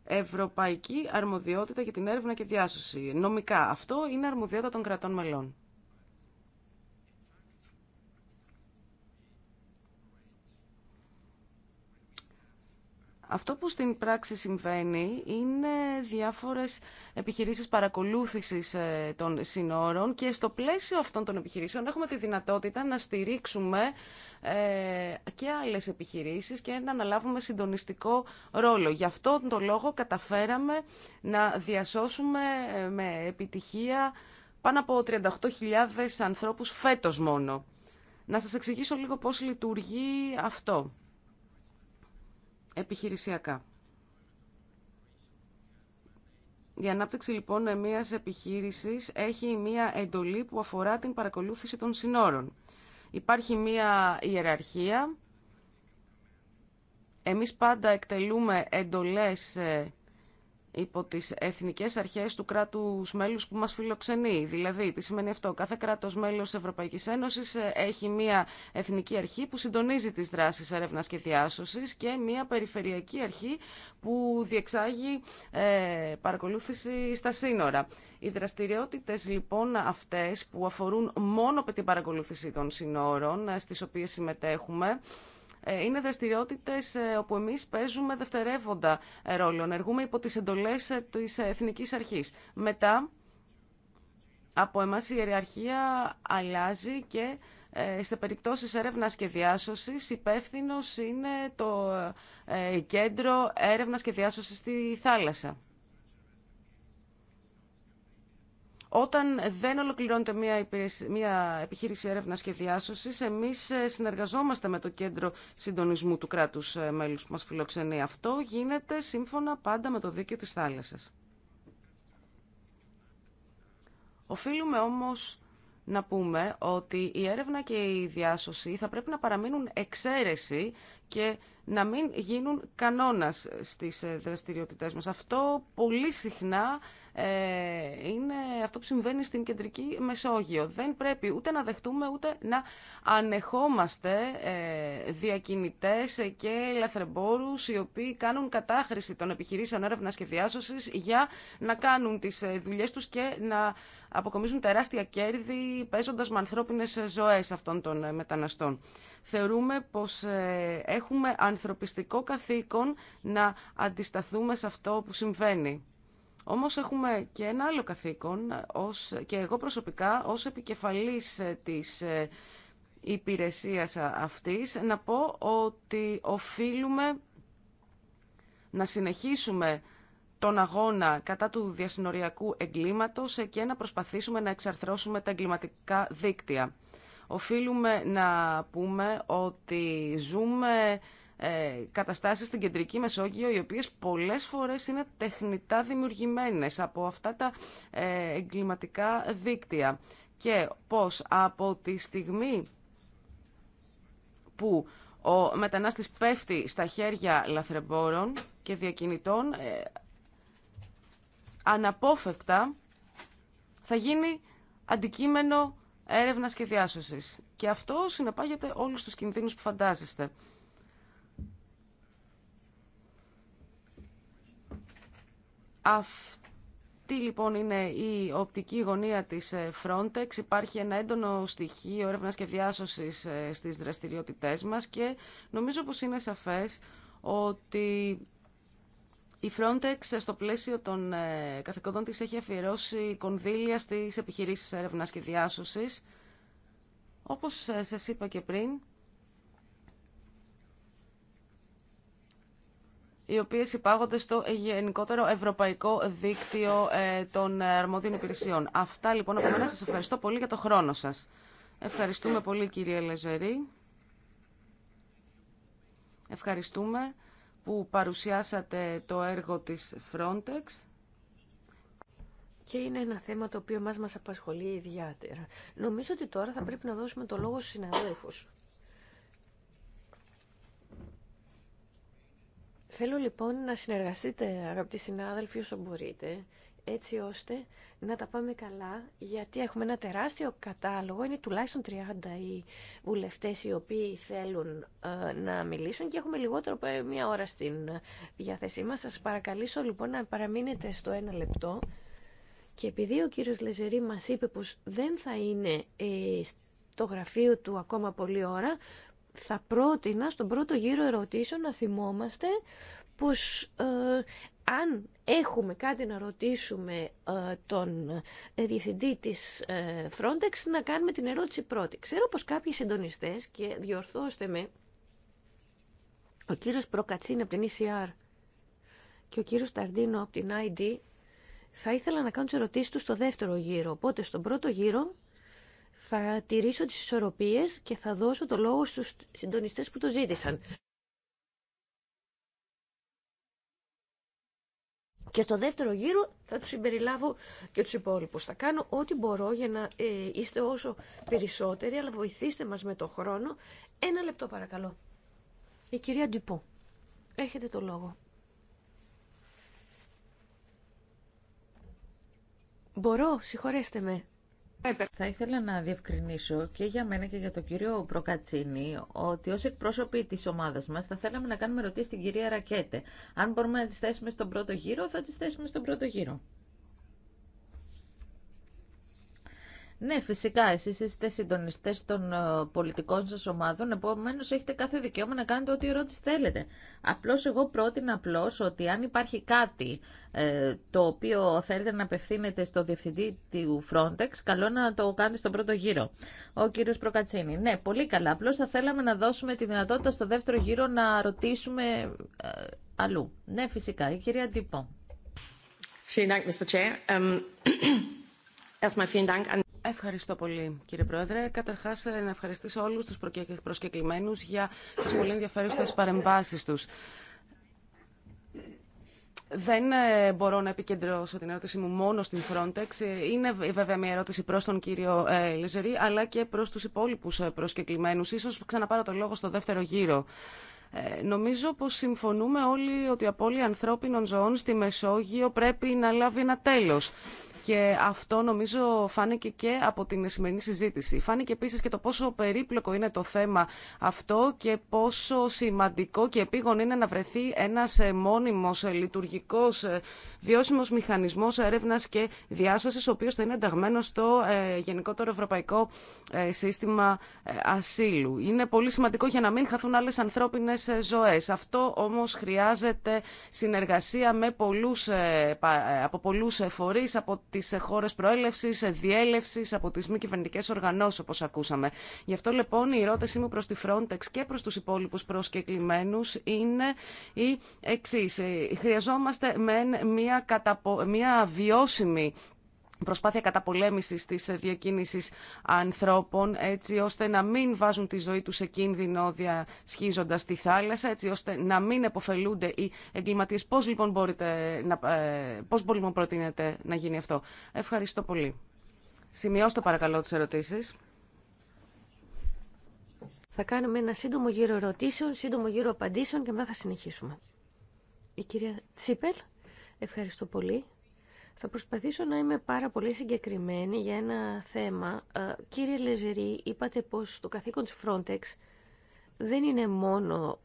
ευρωπαϊκή αρμοδιότητα για την έρευνα και διάσωση. Νομικά αυτό είναι αρμοδιότητα των κρατών μελών. Αυτό που στην πράξη συμβαίνει είναι διάφορες επιχειρήσεις παρακολούθησης ε, των συνόρων και στο πλαίσιο αυτών των επιχειρήσεων έχουμε τη δυνατότητα να στηρίξουμε ε, και άλλες επιχειρήσεις και να αναλάβουμε συντονιστικό ρόλο. Γι' αυτό τον λόγο καταφέραμε να διασώσουμε ε, με επιτυχία πάνω από 38.000 ανθρώπους φέτος μόνο. Να σας εξηγήσω λίγο πώς λειτουργεί αυτό επιχειρησιακά. Η ανάπτυξη λοιπόν μία επιχείρησης έχει μια εντολή που αφορά την παρακολούθηση των συνόρων. Υπάρχει μια ιεραρχία. Εμείς πάντα εκτελούμε εντολές ε, υπό τις εθνικές αρχές του κράτους μέλους που μας φιλοξενεί. Δηλαδή, τι σημαίνει αυτό. Κάθε κράτος μέλος Ευρωπαϊκής Ένωσης ε, έχει μία εθνική αρχή που συντονίζει τις δράσεις έρευνας και διάσωσης και μία περιφερειακή αρχή που διεξάγει ε, παρακολούθηση στα σύνορα. Οι δραστηριότητες λοιπόν αυτές που αφορούν μόνο την παρακολούθηση των σύνορων ε, στις οποίες συμμετέχουμε ε, είναι δραστηριότητες ε, όπου εμείς παίζουμε δευτερεύοντα ρόλο. Ενεργούμε υπό τις εντολές ε, της Εθνικής Αρχής. Μετά, από εμά η ιεραρχία αλλάζει και σε περιπτώσει έρευνα και διάσωση, υπεύθυνο είναι το κέντρο έρευνα και διάσωση στη θάλασσα. Όταν δεν ολοκληρώνεται μια, μια επιχείρηση έρευνα και διάσωση, εμεί ε, συνεργαζόμαστε με το κέντρο συντονισμού του κράτου ε, μέλου που μα φιλοξενεί. Αυτό γίνεται σύμφωνα πάντα με το δίκαιο τη θάλασσα. Οφείλουμε όμως να πούμε ότι η έρευνα και η διάσωση θα πρέπει να παραμείνουν εξαίρεση και να μην γίνουν κανόνας στις ε, δραστηριότητές μας. Αυτό πολύ συχνά ε, είναι αυτό που συμβαίνει στην κεντρική Μεσόγειο. Δεν πρέπει ούτε να δεχτούμε ούτε να ανεχόμαστε ε, διακινητές και λαθρεμπόρους οι οποίοι κάνουν κατάχρηση των επιχειρήσεων έρευνας και διάσωσης για να κάνουν τις ε, δουλειές τους και να αποκομίζουν τεράστια κέρδη παίζοντας με ανθρώπινες ζωές αυτών των μεταναστών. Θεωρούμε πως έχουμε ανθρωπιστικό καθήκον να αντισταθούμε σε αυτό που συμβαίνει. Όμως έχουμε και ένα άλλο καθήκον ε, ως, και εγώ προσωπικά ως επικεφαλής ε, της ε, υπηρεσίας αυτής να πω ότι οφείλουμε να συνεχίσουμε τον αγώνα κατά του διασυνοριακού εγκλήματος και να προσπαθήσουμε να εξαρθρώσουμε τα εγκληματικά δίκτυα. Οφείλουμε να πούμε ότι ζούμε ε, καταστάσεις στην κεντρική Μεσόγειο, οι οποίες πολλές φορές είναι τεχνητά δημιουργημένες από αυτά τα ε, εγκληματικά δίκτυα. Και πώς από τη στιγμή που ο μετανάστης πέφτει στα χέρια λαθρεμπόρων και διακινητών, ε, αναπόφευκτα θα γίνει αντικείμενο έρευνας και διάσωσης. Και αυτό συνεπάγεται όλους τους κινδύνους που φαντάζεστε. Αυτή λοιπόν είναι η οπτική γωνία της ε, Frontex. Υπάρχει ένα έντονο στοιχείο έρευνας και διάσωσης ε, στις δραστηριότητές μας και νομίζω πως είναι σαφές ότι η Frontex ε, στο πλαίσιο των καθηκόντων της έχει αφιερώσει κονδύλια στις επιχειρήσεις έρευνας και διάσωσης. Όπως σας είπα και πριν, οι οποίε υπάγονται στο γενικότερο ευρωπαϊκό δίκτυο ε, των αρμοδίων υπηρεσιών. Αυτά λοιπόν από μένα σας ευχαριστώ πολύ για το χρόνο σας. Ευχαριστούμε πολύ κύριε Λεζερή. Ευχαριστούμε που παρουσιάσατε το έργο της Frontex. Και είναι ένα θέμα το οποίο μας μας απασχολεί ιδιαίτερα. Νομίζω ότι τώρα θα πρέπει να δώσουμε το λόγο στους συναδέλφους. Θέλω λοιπόν να συνεργαστείτε αγαπητοί συνάδελφοι όσο μπορείτε έτσι ώστε να τα πάμε καλά, γιατί έχουμε ένα τεράστιο κατάλογο, είναι τουλάχιστον 30 οι βουλευτές οι οποίοι θέλουν ε, να μιλήσουν και έχουμε λιγότερο από μία ώρα στην διάθεσή μας. Σας παρακαλήσω λοιπόν να παραμείνετε στο ένα λεπτό και επειδή ο κύριος Λεζερή μας είπε πως δεν θα είναι ε, στο γραφείο του ακόμα πολλή ώρα, θα πρότεινα στον πρώτο γύρο ερωτήσεων να θυμόμαστε πως ε, αν έχουμε κάτι να ρωτήσουμε ε, τον ε, διευθυντή της ε, Frontex, να κάνουμε την ερώτηση πρώτη. Ξέρω πως κάποιοι συντονιστές, και διορθώστε με, ο κύριος Προκατσίνη από την ECR και ο κύριος Ταρντίνο από την ID, θα ήθελα να κάνω τις ερωτήσεις του στο δεύτερο γύρο. Οπότε στον πρώτο γύρο θα τηρήσω τις ισορροπίες και θα δώσω το λόγο στους συντονιστές που το ζήτησαν. Και στο δεύτερο γύρο θα τους συμπεριλάβω και τους υπόλοιπους. Θα κάνω ό,τι μπορώ για να ε, είστε όσο περισσότεροι, αλλά βοηθήστε μας με το χρόνο. Ένα λεπτό παρακαλώ. Η κυρία Ντυπού, έχετε το λόγο. Μπορώ, συγχωρέστε με. Θα ήθελα να διευκρινίσω και για μένα και για τον κύριο Προκατσίνη ότι ως εκπρόσωποι της ομάδας μας θα θέλαμε να κάνουμε ρωτή στην κυρία Ρακέτε. Αν μπορούμε να τις θέσουμε στον πρώτο γύρο, θα τις θέσουμε στον πρώτο γύρο. Ναι, φυσικά, εσείς είστε συντονιστέ των ε, πολιτικών σα ομάδων, επομένως έχετε κάθε δικαίωμα να κάνετε ό,τι ερώτηση θέλετε. Απλώς εγώ πρότεινα απλώς ότι αν υπάρχει κάτι ε, το οποίο θέλετε να απευθύνετε στο διευθυντή του Frontex, καλό να το κάνετε στον πρώτο γύρο. Ο κύριος Προκατσίνη. Ναι, πολύ καλά. Απλώς θα θέλαμε να δώσουμε τη δυνατότητα στο δεύτερο γύρο να ρωτήσουμε ε, αλλού. Ναι, φυσικά. Η κυρία Ντύπο. [clears throat] Ευχαριστώ πολύ κύριε Πρόεδρε. Καταρχάς ε, να ευχαριστήσω όλους τους προσκεκλημένου για τις πολύ ενδιαφέρουσε παρεμβάσει τους. Δεν ε, μπορώ να επικεντρώσω την ερώτησή μου μόνο στην Frontex. Ε, είναι βέβαια μια ερώτηση προς τον κύριο Λεζερή, αλλά και προς τους υπόλοιπου προσκεκλημένου. Ίσως ξαναπάρω το λόγο στο δεύτερο γύρο. νομίζω πως συμφωνούμε όλοι ότι η απώλεια ανθρώπινων ζωών στη Μεσόγειο πρέπει να λάβει ένα τέλος. Και αυτό νομίζω φάνηκε και από την σημερινή συζήτηση. Φάνηκε επίση και το πόσο περίπλοκο είναι το θέμα αυτό και πόσο σημαντικό και επίγον είναι να βρεθεί ένα ε, μόνιμο ε, λειτουργικό ε, βιώσιμο μηχανισμό έρευνα και διάσωση, ο οποίο θα είναι ενταγμένο στο ε, γενικότερο ευρωπαϊκό ε, σύστημα ε, ασύλου. Είναι πολύ σημαντικό για να μην χαθούν άλλε ανθρώπινε ζωέ. Αυτό όμω χρειάζεται συνεργασία με πολλούς, από πολλού φορεί, από τι χώρε προέλευση, διέλευση, από τι μη κυβερνητικέ οργανώσει, όπω ακούσαμε. Γι' αυτό λοιπόν η ερώτησή μου προ τη Frontex και προ του υπόλοιπου προσκεκλημένου είναι η εξή. Χρειαζόμαστε μεν μία μια, καταπο... μια βιώσιμη προσπάθεια καταπολέμησης της διακίνησης ανθρώπων, έτσι ώστε να μην βάζουν τη ζωή τους σε κίνδυνο διασχίζοντας τη θάλασσα, έτσι ώστε να μην εποφελούνται οι εγκληματίες. Πώς λοιπόν, μπορείτε να... Ε, πώς μπορεί, λοιπόν, προτείνετε να γίνει αυτό. Ευχαριστώ πολύ. Σημειώστε παρακαλώ τις ερωτήσεις. Θα κάνουμε ένα σύντομο γύρο ερωτήσεων, σύντομο γύρο απαντήσεων και μετά θα συνεχίσουμε. Η κυρία Τσίπελ. Ευχαριστώ πολύ. Θα προσπαθήσω να είμαι πάρα πολύ συγκεκριμένη για ένα θέμα. Ε, κύριε Λεζερή, είπατε πως το καθήκον της Frontex δεν είναι μόνο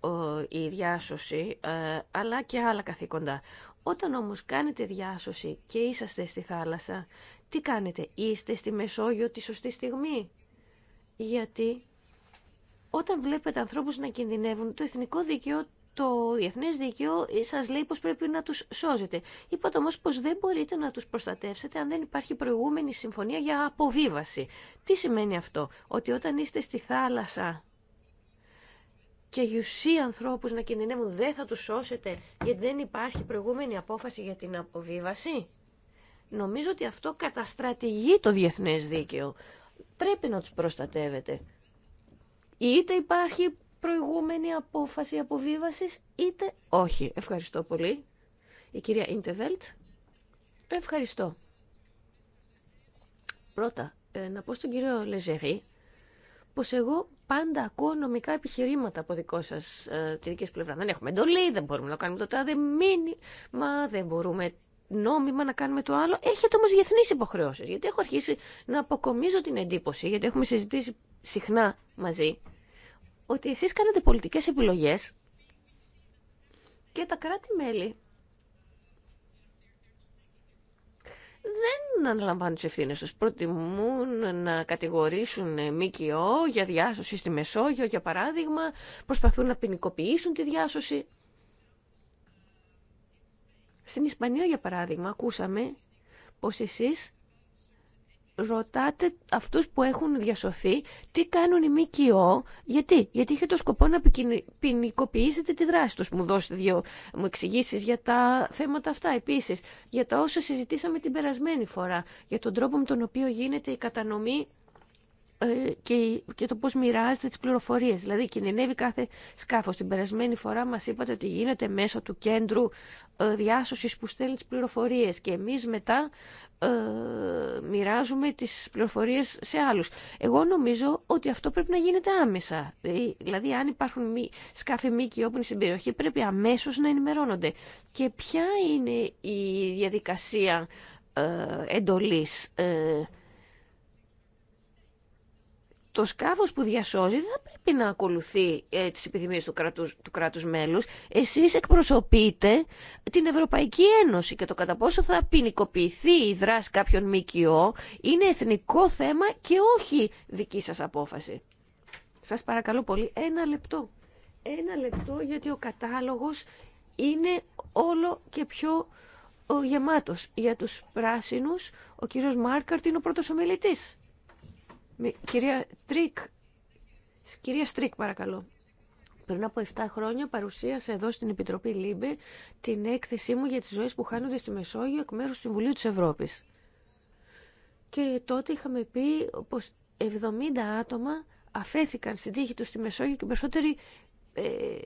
ε, η διάσωση, ε, αλλά και άλλα καθήκοντα. Όταν όμως κάνετε διάσωση και είσαστε στη θάλασσα, τι κάνετε, είστε στη Μεσόγειο τη σωστή στιγμή. Γιατί όταν βλέπετε ανθρώπους να κινδυνεύουν, το εθνικό δίκαιο το διεθνέ δίκαιο ε, σα λέει πω πρέπει να του σώζετε. Είπατε όμω πω δεν μπορείτε να του προστατεύσετε αν δεν υπάρχει προηγούμενη συμφωνία για αποβίβαση. Τι σημαίνει αυτό, ότι όταν είστε στη θάλασσα και γιουσί ανθρώπους να κινδυνεύουν δεν θα τους σώσετε γιατί δεν υπάρχει προηγούμενη απόφαση για την αποβίβαση. Νομίζω ότι αυτό καταστρατηγεί το διεθνές δίκαιο. Πρέπει να τους προστατεύετε. Είτε υπάρχει προηγούμενη απόφαση αποβίβασης είτε όχι. Ευχαριστώ πολύ. Η κυρία Ιντεβέλτ. Ευχαριστώ. Πρώτα, ε, να πω στον κύριο Λεζερή πως εγώ πάντα ακούω νομικά επιχειρήματα από δικό σας, ε, τη δική πλευρά. Δεν έχουμε εντολή, δεν μπορούμε να κάνουμε το τάδε μήνυμα, δεν μπορούμε νόμιμα να κάνουμε το άλλο. Έχετε όμως διεθνεί υποχρεώσεις. Γιατί έχω αρχίσει να αποκομίζω την εντύπωση, γιατί έχουμε συζητήσει συχνά μαζί, ότι εσείς κάνετε πολιτικές επιλογές και τα κράτη-μέλη δεν αναλαμβάνουν τι ευθύνε τους. Προτιμούν να κατηγορήσουν ΜΚΟ για διάσωση στη Μεσόγειο, για παράδειγμα. Προσπαθούν να ποινικοποιήσουν τη διάσωση. Στην Ισπανία, για παράδειγμα, ακούσαμε πως εσείς ρωτάτε αυτούς που έχουν διασωθεί τι κάνουν οι ΜΚΟ, γιατί, γιατί είχε το σκοπό να ποινικοποιήσετε τη δράση τους. Μου δώσετε δύο μου εξηγήσει για τα θέματα αυτά επίσης, για τα όσα συζητήσαμε την περασμένη φορά, για τον τρόπο με τον οποίο γίνεται η κατανομή ε, και, και το πώς μοιράζεται τις πληροφορίες. Δηλαδή κινδυνεύει κάθε σκάφος. Την περασμένη φορά μας είπατε ότι γίνεται μέσω του κέντρου ε, διάσωσης που στέλνει τις πληροφορίες και εμείς μετά ε, μοιράζουμε τις πληροφορίες σε άλλους. Εγώ νομίζω ότι αυτό πρέπει να γίνεται άμεσα. Ε, δηλαδή αν υπάρχουν μη, σκάφη μήκη όπου στην περιοχή πρέπει αμέσως να ενημερώνονται. Και ποια είναι η διαδικασία ε, εντολής ε, το σκάφος που διασώζει δεν θα πρέπει να ακολουθεί ε, τις επιθυμίες του κράτους, του κράτους μέλους. Εσείς εκπροσωπείτε την Ευρωπαϊκή Ένωση και το κατά πόσο θα ποινικοποιηθεί η δράση κάποιων ΜΚΟ είναι εθνικό θέμα και όχι δική σας απόφαση. Σας παρακαλώ πολύ ένα λεπτό. Ένα λεπτό γιατί ο κατάλογος είναι όλο και πιο γεμάτος. Για τους πράσινους ο κύριος Μάρκαρτ είναι ο πρώτος ομιλητής. Κυρία Τρίκ, κυρία Στρίκ παρακαλώ. Πριν από 7 χρόνια παρουσίασα εδώ στην Επιτροπή ΛΥΜΠΕ την έκθεσή μου για τις ζωές που χάνονται στη Μεσόγειο εκ μέρους του Συμβουλίου της Ευρώπης. Και τότε είχαμε πει πως 70 άτομα αφέθηκαν στην τύχη τους στη Μεσόγειο και περισσότεροι ε,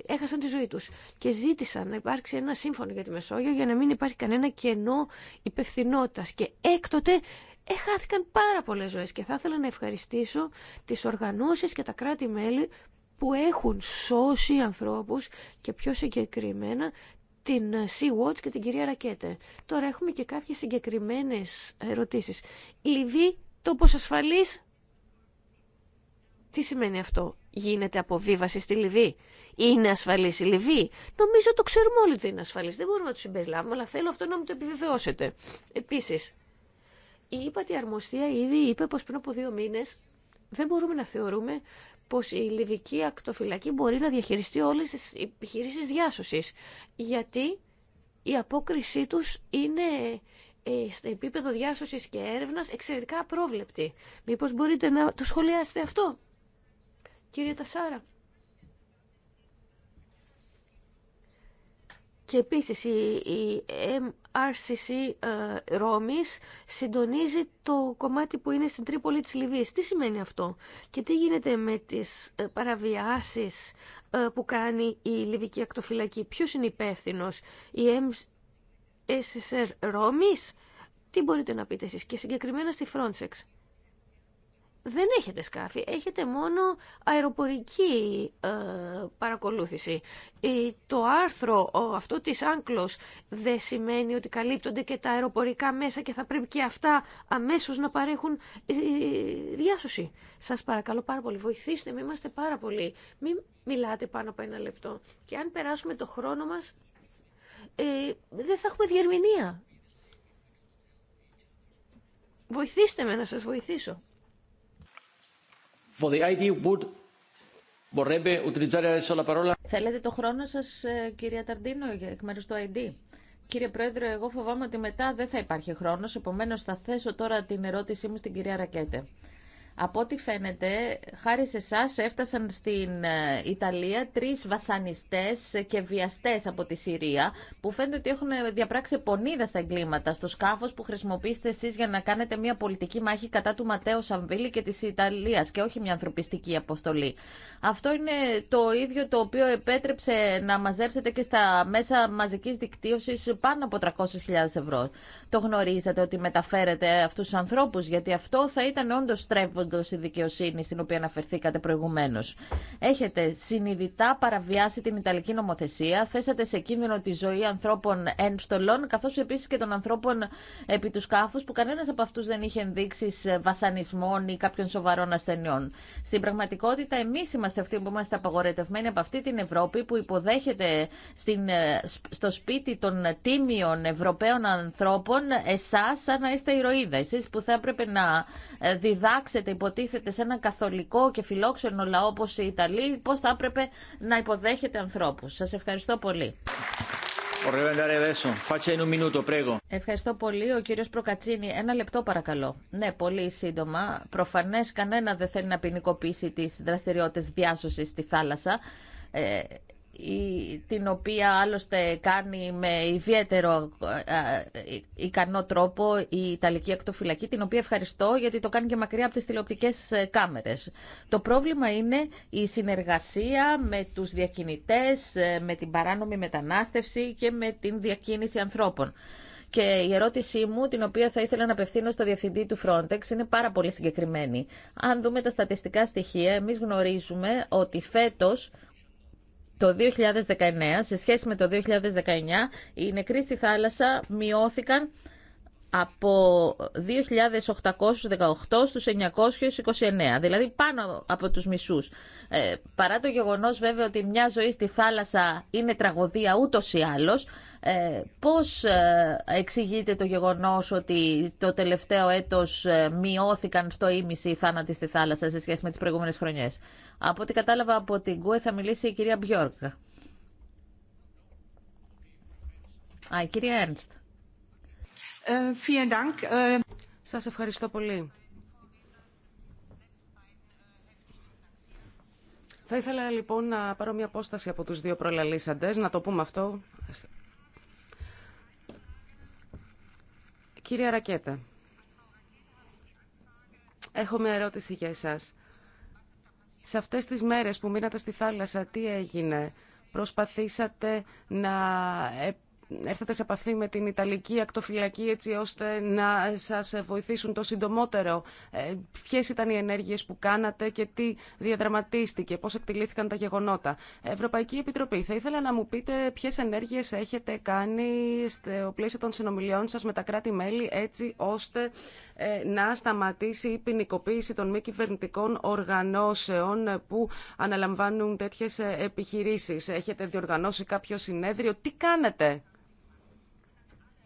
έχασαν τη ζωή τους και ζήτησαν να υπάρξει ένα σύμφωνο για τη Μεσόγειο για να μην υπάρχει κανένα κενό υπευθυνότητα. Και έκτοτε Εχάθηκαν πάρα πολλές ζωές και θα ήθελα να ευχαριστήσω τις οργανώσεις και τα κράτη-μέλη που έχουν σώσει ανθρώπους και πιο συγκεκριμένα την Sea-Watch και την κυρία Ρακέτε. Τώρα έχουμε και κάποιες συγκεκριμένες ερωτήσεις. το τόπος ασφαλής, τι σημαίνει αυτό, γίνεται αποβίβαση στη Λιβύ. Είναι ασφαλή η Λιβύη. Νομίζω το ξέρουμε όλοι ότι είναι ασφαλή. Δεν μπορούμε να το συμπεριλάβουμε, αλλά θέλω αυτό να μου το επιβεβαιώσετε. Επίση, η ύπατη αρμοστία ήδη είπε πως πριν από δύο μήνες δεν μπορούμε να θεωρούμε πως η Λιβική ακτοφυλακή μπορεί να διαχειριστεί όλες τις επιχειρήσεις διάσωσης. Γιατί η απόκρισή τους είναι ε, στο επίπεδο διάσωσης και έρευνας εξαιρετικά απρόβλεπτη. Μήπως μπορείτε να το σχολιάσετε αυτό, κύριε Τασάρα. Και επίσης η MRCC ε, Ρώμης συντονίζει το κομμάτι που είναι στην Τρίπολη της Λιβύης. Τι σημαίνει αυτό και τι γίνεται με τις ε, παραβιάσεις ε, που κάνει η Λιβική Ακτοφυλακή. Ποιος είναι υπεύθυνο, η MSSR Ρώμης. Τι μπορείτε να πείτε εσείς και συγκεκριμένα στη Frontex δεν έχετε σκάφη, έχετε μόνο αεροπορική ε, παρακολούθηση. Ε, το άρθρο ο, αυτό της Άγκλος δεν σημαίνει ότι καλύπτονται και τα αεροπορικά μέσα και θα πρέπει και αυτά αμέσως να παρέχουν ε, διάσωση. Σας παρακαλώ πάρα πολύ, βοηθήστε με, είμαστε πάρα πολύ. Μην μιλάτε πάνω από ένα λεπτό. Και αν περάσουμε το χρόνο μας, δεν θα έχουμε διερμηνία. Βοηθήστε με να σας βοηθήσω. Θέλετε το χρόνο σας, ε, κυρία Ταρντίνο, εκ μέρους του ID. Κύριε Πρόεδρε, εγώ φοβάμαι ότι μετά δεν θα υπάρχει χρόνος, επομένως θα θέσω τώρα την ερώτησή μου στην κυρία Ρακέτε. Από ό,τι φαίνεται, χάρη σε εσά έφτασαν στην ε, Ιταλία τρει βασανιστέ και βιαστέ από τη Συρία, που φαίνεται ότι έχουν διαπράξει πονίδα στα εγκλήματα στο σκάφο που χρησιμοποιήσετε εσεί για να κάνετε μια πολιτική μάχη κατά του Ματέο Σαμβίλη και τη Ιταλία και όχι μια ανθρωπιστική αποστολή. Αυτό είναι το ίδιο το οποίο επέτρεψε να μαζέψετε και στα μέσα μαζική δικτύωση πάνω από 300.000 ευρώ. Το γνωρίζετε ότι μεταφέρετε αυτού του ανθρώπου, γιατί αυτό θα ήταν όντω στρέβον παράγοντο η δικαιοσύνη στην οποία αναφερθήκατε προηγουμένω. Έχετε συνειδητά παραβιάσει την Ιταλική νομοθεσία, θέσατε σε κίνδυνο τη ζωή ανθρώπων εν στολών, καθώ επίση και των ανθρώπων επί του σκάφου, που κανένα από αυτού δεν είχε ενδείξει βασανισμών ή κάποιων σοβαρών ασθενειών. Στην πραγματικότητα, εμεί είμαστε αυτοί που είμαστε απαγορετευμένοι από αυτή την Ευρώπη που υποδέχεται στην, ε, στο σπίτι των τίμιων Ευρωπαίων ανθρώπων εσά σαν να είστε ηρωίδε. Εσεί που θα έπρεπε να ε, διδάξετε υποτίθεται σε ένα καθολικό και φιλόξενο λαό όπως η Ιταλία πώς θα έπρεπε να υποδέχεται ανθρώπους. Σας ευχαριστώ πολύ. Ευχαριστώ πολύ. Ο κύριο Προκατσίνη, ένα λεπτό παρακαλώ. Ναι, πολύ σύντομα. Προφανέ κανένα δεν θέλει να ποινικοποιήσει τι δραστηριότητε διάσωση στη θάλασσα. Ε, την οποία άλλωστε κάνει με ιδιαίτερο ε, ε, ικανό τρόπο η Ιταλική Ακτοφυλακή, την οποία ευχαριστώ γιατί το κάνει και μακριά από τις τηλεοπτικές ε, κάμερες. Το πρόβλημα είναι η συνεργασία με τους διακινητές, με την παράνομη μετανάστευση και με την διακίνηση ανθρώπων. Και η ερώτησή μου, την οποία θα ήθελα να απευθύνω στο διευθυντή του Frontex, είναι πάρα πολύ συγκεκριμένη. Αν δούμε τα στατιστικά στοιχεία, εμείς γνωρίζουμε ότι φέτος το 2019 σε σχέση με το 2019 οι νεκροί στη θάλασσα μειώθηκαν από 2.818 στους 929, δηλαδή πάνω από τους μισούς. Ε, παρά το γεγονός βέβαια ότι μια ζωή στη θάλασσα είναι τραγωδία ούτως ή άλλως, ε, πώς ε, εξηγείται το γεγονός ότι το τελευταίο έτος ε, μειώθηκαν στο ίμιση οι θάνατοι στη θάλασσα σε σχέση με τις προηγούμενες χρονιές. Από ό,τι κατάλαβα από την ΚΟΕ θα μιλήσει η κυρία Μπιόρκα. Α, η κυρία Έρνστ. Ε, ε, Σας ευχαριστώ πολύ. Θα ήθελα λοιπόν να πάρω μια απόσταση από τους δύο προλαλήσαντες, να το πούμε αυτό. Κυρία Ρακέτα, έχω μια ερώτηση για εσάς. Σε αυτές τις μέρες που μείνατε στη θάλασσα, τι έγινε. Προσπαθήσατε να έρθετε σε επαφή με την Ιταλική ακτοφυλακή έτσι ώστε να σας βοηθήσουν το συντομότερο. Ε, ποιες ήταν οι ενέργειες που κάνατε και τι διαδραματίστηκε, πώς εκτελήθηκαν τα γεγονότα. Ευρωπαϊκή Επιτροπή, θα ήθελα να μου πείτε ποιες ενέργειες έχετε κάνει στο πλαίσιο των συνομιλιών σας με τα κράτη-μέλη έτσι ώστε ε, να σταματήσει η ποινικοποίηση των μη κυβερνητικών οργανώσεων που αναλαμβάνουν τέτοιες επιχειρήσεις. Έχετε διοργανώσει κάποιο συνέδριο. Τι κάνετε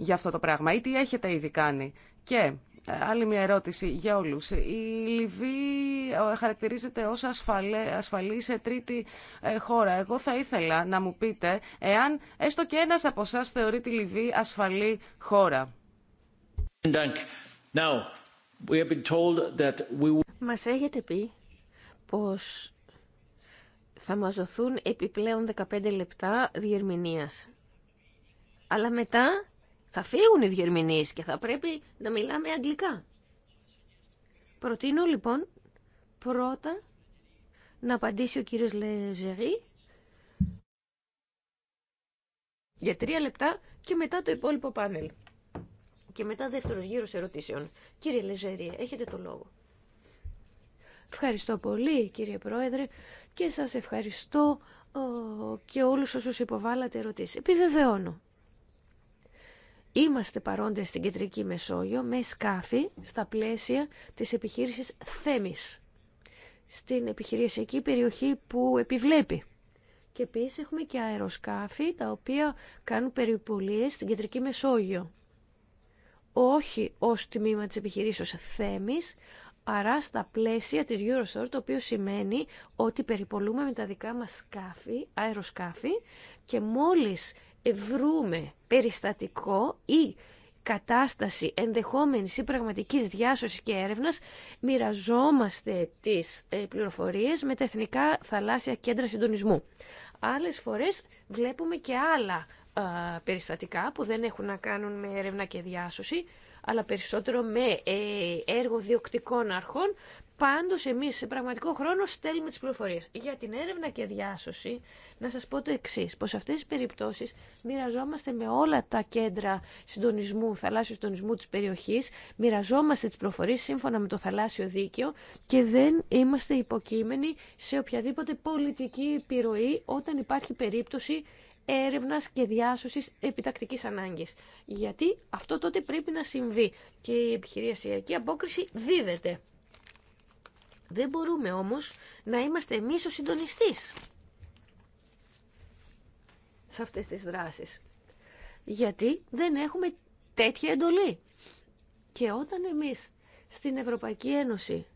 για αυτό το πράγμα ή τι έχετε ήδη κάνει. Και ε, άλλη μια ερώτηση για όλους. Η Λιβύη ε, χαρακτηρίζεται ως ασφαλή, σε τρίτη ε, χώρα. Εγώ θα ήθελα να μου πείτε εάν έστω και ένας από εσά θεωρεί τη Λιβύη ασφαλή χώρα. Μα έχετε πει πως θα μας δοθούν επιπλέον 15 λεπτά διερμηνίας. Αλλά μετά θα φύγουν οι διερμηνείς και θα πρέπει να μιλάμε αγγλικά. Προτείνω λοιπόν πρώτα να απαντήσει ο κύριος Λεζερή για τρία λεπτά και μετά το υπόλοιπο πάνελ. Και μετά δεύτερος γύρος ερωτήσεων. Κύριε Λεζερή, έχετε το λόγο. Ευχαριστώ πολύ κύριε Πρόεδρε και σας ευχαριστώ ε, και όλους όσους υποβάλατε ερωτήσεις. Επιβεβαιώνω Είμαστε παρόντες στην Κεντρική Μεσόγειο με σκάφη στα πλαίσια της επιχείρησης Θέμης στην επιχειρησιακή περιοχή που επιβλέπει. Και επίσης έχουμε και αεροσκάφη τα οποία κάνουν περιπολίες στην Κεντρική Μεσόγειο. Όχι ως τμήμα της επιχειρήσεως Θέμης, Άρα στα πλαίσια της Eurostore, το οποίο σημαίνει ότι περιπολούμε με τα δικά μας σκάφη, αεροσκάφη και μόλις βρούμε περιστατικό ή κατάσταση ενδεχόμενης ή πραγματικής διάσωσης και έρευνας, μοιραζόμαστε τις ε, πληροφορίες με τα Εθνικά Θαλάσσια Κέντρα Συντονισμού. Άλλες φορές βλέπουμε και άλλα περιστατικά που δεν έχουν να κάνουν με έρευνα και διάσωση, αλλά περισσότερο με ε, έργο διοκτικών αρχών Πάντω εμεί, σε πραγματικό χρόνο στέλνουμε τι πληροφορίε. Για την έρευνα και διάσωση, να σα πω το εξή, πω σε αυτές τι περιπτώσει μοιραζόμαστε με όλα τα κέντρα συντονισμού, θαλάσσιου συντονισμού τη περιοχή, μοιραζόμαστε τι πληροφορίε σύμφωνα με το θαλάσσιο δίκαιο και δεν είμαστε υποκείμενοι σε οποιαδήποτε πολιτική επιρροή όταν υπάρχει περίπτωση έρευνα και διάσωση επιτακτική ανάγκη. Γιατί αυτό τότε πρέπει να συμβεί και η επιχειρησιακή απόκριση δίδεται. Δεν μπορούμε όμως να είμαστε εμείς ο συντονιστής σε αυτές τις δράσεις. Γιατί δεν έχουμε τέτοια εντολή. Και όταν εμείς στην Ευρωπαϊκή Ένωση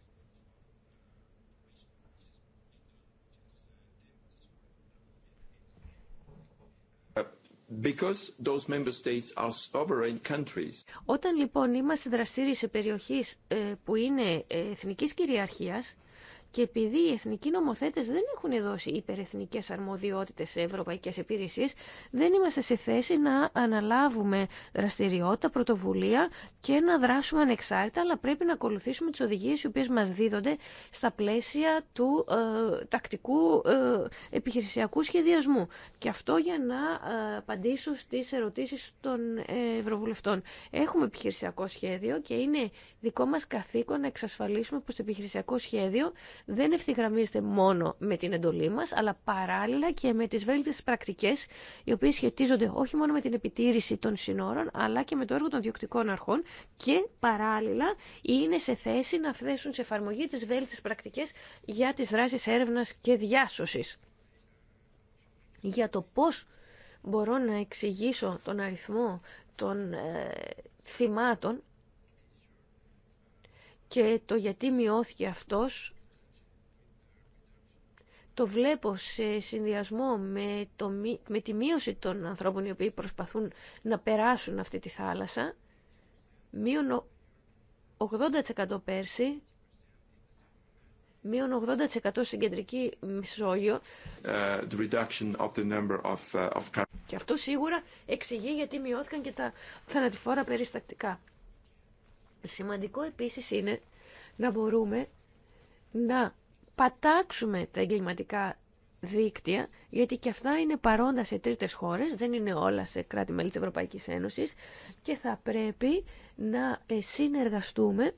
Όταν λοιπόν είμαστε δραστήριοι σε περιοχές ε, που είναι ε, εθνικής κυριαρχίας, και επειδή οι εθνικοί νομοθέτε δεν έχουν δώσει υπερεθνικές αρμοδιότητε σε ευρωπαϊκέ υπηρεσίες, δεν είμαστε σε θέση να αναλάβουμε δραστηριότητα, πρωτοβουλία και να δράσουμε ανεξάρτητα, αλλά πρέπει να ακολουθήσουμε τι οδηγίε, οι οποίε μα δίδονται στα πλαίσια του ε, τακτικού ε, επιχειρησιακού σχεδιασμού. Και αυτό για να ε, απαντήσω στις ερωτήσει των ε, ευρωβουλευτών. Έχουμε επιχειρησιακό σχέδιο και είναι δικό μα καθήκον να εξασφαλίσουμε πω το επιχειρησιακό σχέδιο δεν ευθυγραμμίζεται μόνο με την εντολή μας, αλλά παράλληλα και με τις βέλτιστες πρακτικές, οι οποίες σχετίζονται όχι μόνο με την επιτήρηση των συνόρων, αλλά και με το έργο των διοκτικών αρχών και παράλληλα είναι σε θέση να θέσουν σε εφαρμογή τις βέλτιστες πρακτικές για τις δράσει έρευνα και διάσωση. Για το πώ μπορώ να εξηγήσω τον αριθμό των ε, θυμάτων και το γιατί μειώθηκε αυτός το βλέπω σε συνδυασμό με, το, με τη μείωση των ανθρώπων οι οποίοι προσπαθούν να περάσουν αυτή τη θάλασσα, μείον 80% πέρσι, Μείωνο 80% στην κεντρική Μεσόγειο. Uh, of of, uh, of... Και αυτό σίγουρα εξηγεί γιατί μειώθηκαν και τα θανατηφόρα περιστακτικά. Σημαντικό επίσης είναι να μπορούμε να πατάξουμε τα εγκληματικά δίκτυα, γιατί και αυτά είναι παρόντα σε τρίτες χώρες, δεν είναι όλα σε κράτη-μέλη της Ευρωπαϊκής Ένωσης και θα πρέπει να ε, συνεργαστούμε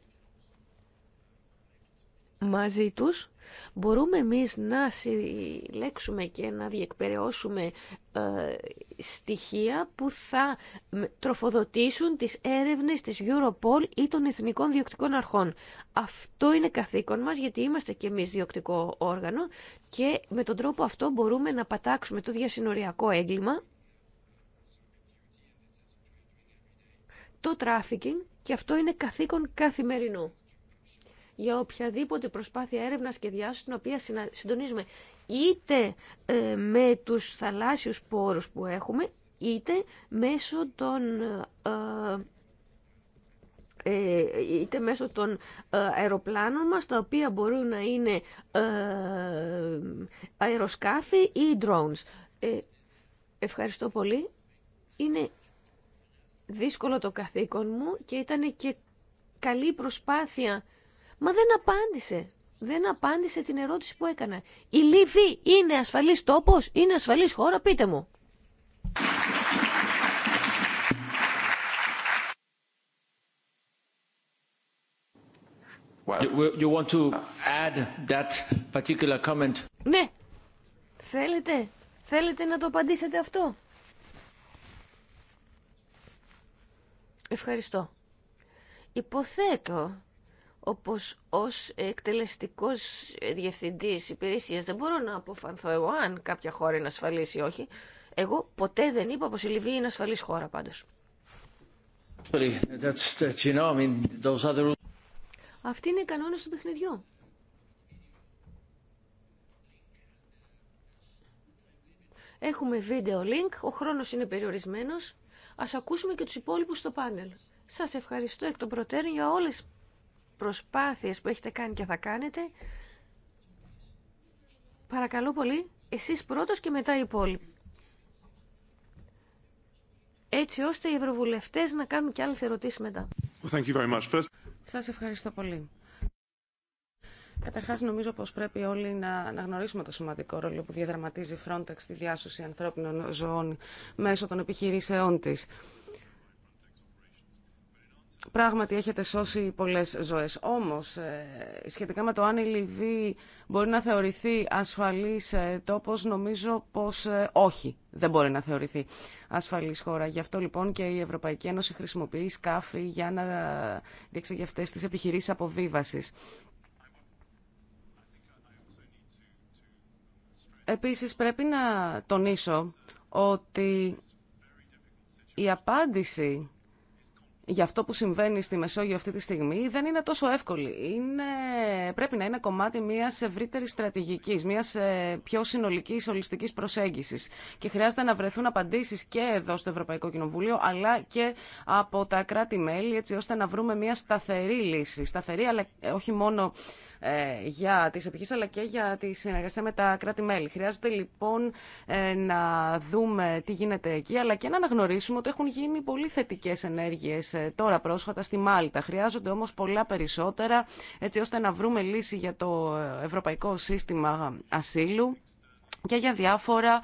μαζί τους μπορούμε εμείς να συλλέξουμε και να διεκπαιρεώσουμε ε, στοιχεία που θα τροφοδοτήσουν τις έρευνες της Europol ή των Εθνικών Διοκτικών Αρχών. Αυτό είναι καθήκον μας γιατί είμαστε και εμείς διοκτικό όργανο και με τον τρόπο αυτό μπορούμε να πατάξουμε το διασυνοριακό έγκλημα, το τράφικινγκ και αυτό είναι καθήκον καθημερινού για οποιαδήποτε προσπάθεια έρευνας και διάσωσης την οποία συντονίζουμε είτε ε, με τους θαλάσσιους πόρους που έχουμε είτε μέσω των ε, ε, είτε μέσω των αεροπλάνων μας, τα οποία μπορούν να είναι αεροσκάφη ή drones. Ε, ευχαριστώ πολύ. Είναι δύσκολο το καθήκον μου και ήταν και καλή προσπάθεια Μα δεν απάντησε. Δεν απάντησε την ερώτηση που έκανα. Η Λίβη είναι ασφαλής τόπος, είναι ασφαλής χώρα, πείτε μου. Ναι. Θέλετε, θέλετε να το απαντήσετε αυτό. Ευχαριστώ. Υποθέτω όπως ως εκτελεστικός διευθυντής υπηρεσίας δεν μπορώ να αποφανθώ εγώ αν κάποια χώρα είναι ασφαλής ή όχι. Εγώ ποτέ δεν είπα πως η Λιβύη είναι ασφαλής χώρα πάντως. Αυτή είναι η κανόνα του παιχνιδιού. Έχουμε βίντεο link, ο χρόνος είναι περιορισμένος. Ας ακούσουμε και τους υπόλοιπους στο πάνελ. Σας ευχαριστώ εκ των προτέρων για όλες προσπάθειες που έχετε κάνει και θα κάνετε, παρακαλώ πολύ, εσείς πρώτος και μετά οι υπόλοιποι. Έτσι ώστε οι ευρωβουλευτές να κάνουν και άλλες ερωτήσεις μετά. Well, Σας ευχαριστώ πολύ. Καταρχά, νομίζω πω πρέπει όλοι να αναγνωρίσουμε το σημαντικό ρόλο που διαδραματίζει η Frontex στη διάσωση ανθρώπινων ζωών μέσω των επιχειρήσεών τη. Πράγματι έχετε σώσει πολλές ζωές. Όμως, ε, σχετικά με το αν η Λιβύη μπορεί να θεωρηθεί ασφαλής ε, τόπος, νομίζω πως ε, όχι, δεν μπορεί να θεωρηθεί ασφαλής χώρα. Γι' αυτό λοιπόν και η Ευρωπαϊκή Ένωση χρησιμοποιεί σκάφη για να διεξαγεί αυτές τις επιχειρήσεις αποβίβασης. Επίσης πρέπει να τονίσω ότι η απάντηση για αυτό που συμβαίνει στη Μεσόγειο αυτή τη στιγμή δεν είναι τόσο εύκολη. Είναι, πρέπει να είναι κομμάτι μιας ευρύτερη στρατηγικής, μιας ε, πιο συνολικής ολιστικής προσέγγισης. Και χρειάζεται να βρεθούν απαντήσεις και εδώ στο Ευρωπαϊκό Κοινοβούλιο, αλλά και από τα κράτη-μέλη, έτσι ώστε να βρούμε μια σταθερή λύση. Σταθερή, αλλά όχι μόνο ε, για τις επιχείρησεις αλλά και για τη συνεργασία με τα κράτη-μέλη. Χρειάζεται λοιπόν ε, να δούμε τι γίνεται εκεί αλλά και να αναγνωρίσουμε ότι έχουν γίνει πολύ θετικές ενέργειες ε, τώρα πρόσφατα στη Μάλτα. Χρειάζονται όμως πολλά περισσότερα έτσι ώστε να βρούμε λύση για το ευρωπαϊκό σύστημα ασύλου και για διάφορα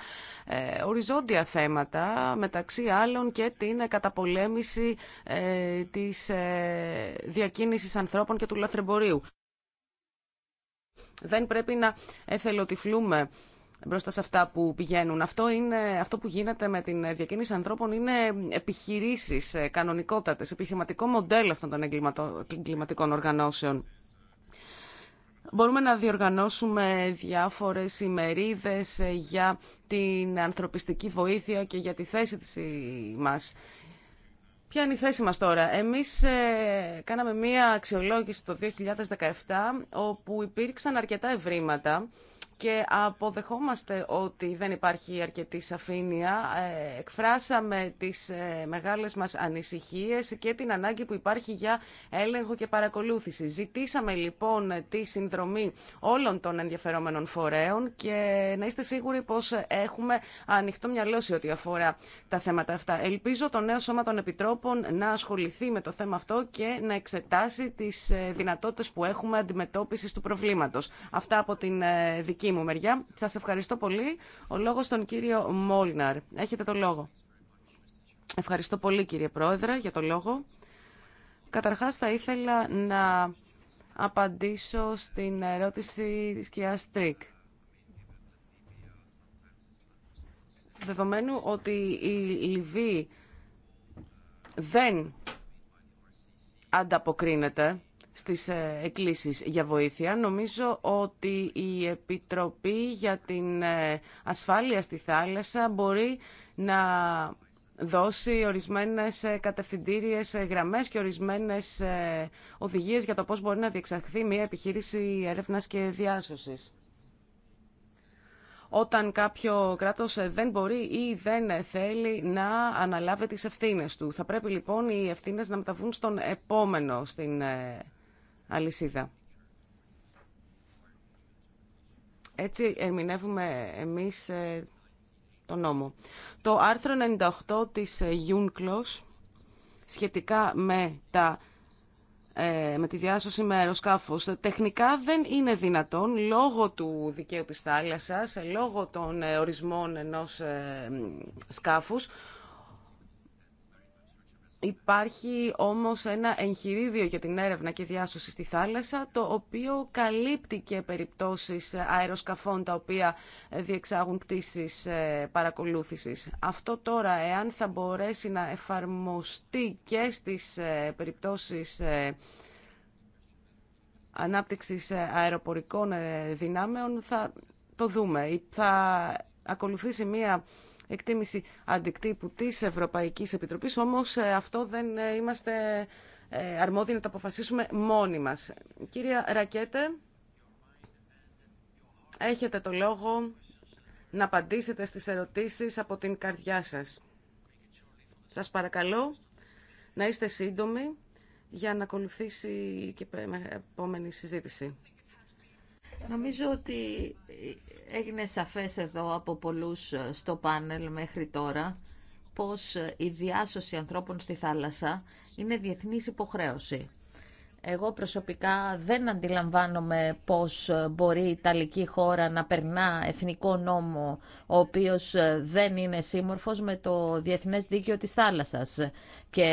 οριζόντια θέματα, μεταξύ άλλων και την καταπολέμηση ε, της διακίνησης ανθρώπων και του λαθρεμπορίου. Δεν πρέπει να εθελοτυφλούμε μπροστά σε αυτά που πηγαίνουν. Αυτό, είναι, αυτό που γίνεται με την διακίνηση ανθρώπων είναι επιχειρήσει ε, κανονικότατες, επιχειρηματικό μοντέλο αυτών των εγκληματικών οργανώσεων. Μπορούμε να διοργανώσουμε διάφορες ημερίδες ε, για την ανθρωπιστική βοήθεια και για τη θέση της ε, μας. Ποια είναι η θέση μας τώρα. Εμείς ε, κάναμε μία αξιολόγηση το 2017 όπου υπήρξαν αρκετά ευρήματα και αποδεχόμαστε ότι δεν υπάρχει αρκετή σαφήνεια. Ε, εκφράσαμε τις ε, μεγάλες μας ανησυχίες και την ανάγκη που υπάρχει για έλεγχο και παρακολούθηση. Ζητήσαμε λοιπόν τη συνδρομή όλων των ενδιαφερόμενων φορέων και να είστε σίγουροι πως έχουμε ανοιχτό μυαλό σε ό,τι αφορά τα θέματα αυτά. Ελπίζω το νέο Σώμα των Επιτρόπων να ασχοληθεί με το θέμα αυτό και να εξετάσει τις ε, δυνατότητες που έχουμε αντιμετώπισης του προβλήματος. Αυτά από την δική δική μου μεριά. Σας ευχαριστώ πολύ. Ο λόγος στον κύριο Μόλναρ. Έχετε το λόγο. Ευχαριστώ πολύ κύριε Πρόεδρε για το λόγο. Καταρχάς θα ήθελα να απαντήσω στην ερώτηση της κυρία Στρίκ. Δεδομένου ότι η Λιβύη δεν ανταποκρίνεται στις ε, εκκλήσεις για βοήθεια. Νομίζω ότι η Επιτροπή για την ε, Ασφάλεια στη Θάλασσα μπορεί να δώσει ορισμένες ε, κατευθυντήριες γραμμές και ορισμένες οδηγίες για το πώς μπορεί να διεξαχθεί μια επιχείρηση έρευνας και διάσωσης. Όταν κάποιο κράτος δεν μπορεί ή δεν θέλει να αναλάβει τις ευθύνες του. Θα πρέπει λοιπόν οι ευθύνες να μεταβούν στον επόμενο, στην αλυσίδα. Έτσι ερμηνεύουμε εμείς ε, το νόμο. Το άρθρο 98 της ε, UNCLOS σχετικά με, τα, ε, με τη διάσωση με αεροσκάφος τεχνικά δεν είναι δυνατόν λόγω του δικαίου της θάλασσας, λόγω των ορισμών ενός σκάφους Υπάρχει όμως ένα εγχειρίδιο για την έρευνα και διάσωση στη θάλασσα, το οποίο καλύπτει και περιπτώσεις αεροσκαφών τα οποία διεξάγουν πτήσεις ε, παρακολούθησης. Αυτό τώρα, εάν θα μπορέσει να εφαρμοστεί και στις ε, περιπτώσεις ε, ανάπτυξης αεροπορικών δυνάμεων, θα το δούμε. Θα ακολουθήσει μία εκτίμηση αντικτύπου της Ευρωπαϊκής Επιτροπής, όμως ε, αυτό δεν ε, είμαστε ε, αρμόδιοι να το αποφασίσουμε μόνοι μας. Κύρια Ρακέτε, έχετε το λόγο να απαντήσετε στις ερωτήσεις από την καρδιά σας. Σας παρακαλώ να είστε σύντομοι για να ακολουθήσει και η επόμενη συζήτηση. Νομίζω ότι έγινε σαφές εδώ από πολλούς στο πάνελ μέχρι τώρα πως η διάσωση ανθρώπων στη θάλασσα είναι διεθνής υποχρέωση. Εγώ προσωπικά δεν αντιλαμβάνομαι πώς μπορεί η Ιταλική χώρα να περνά εθνικό νόμο ο οποίος δεν είναι σύμμορφος με το διεθνές δίκαιο της θάλασσας. Και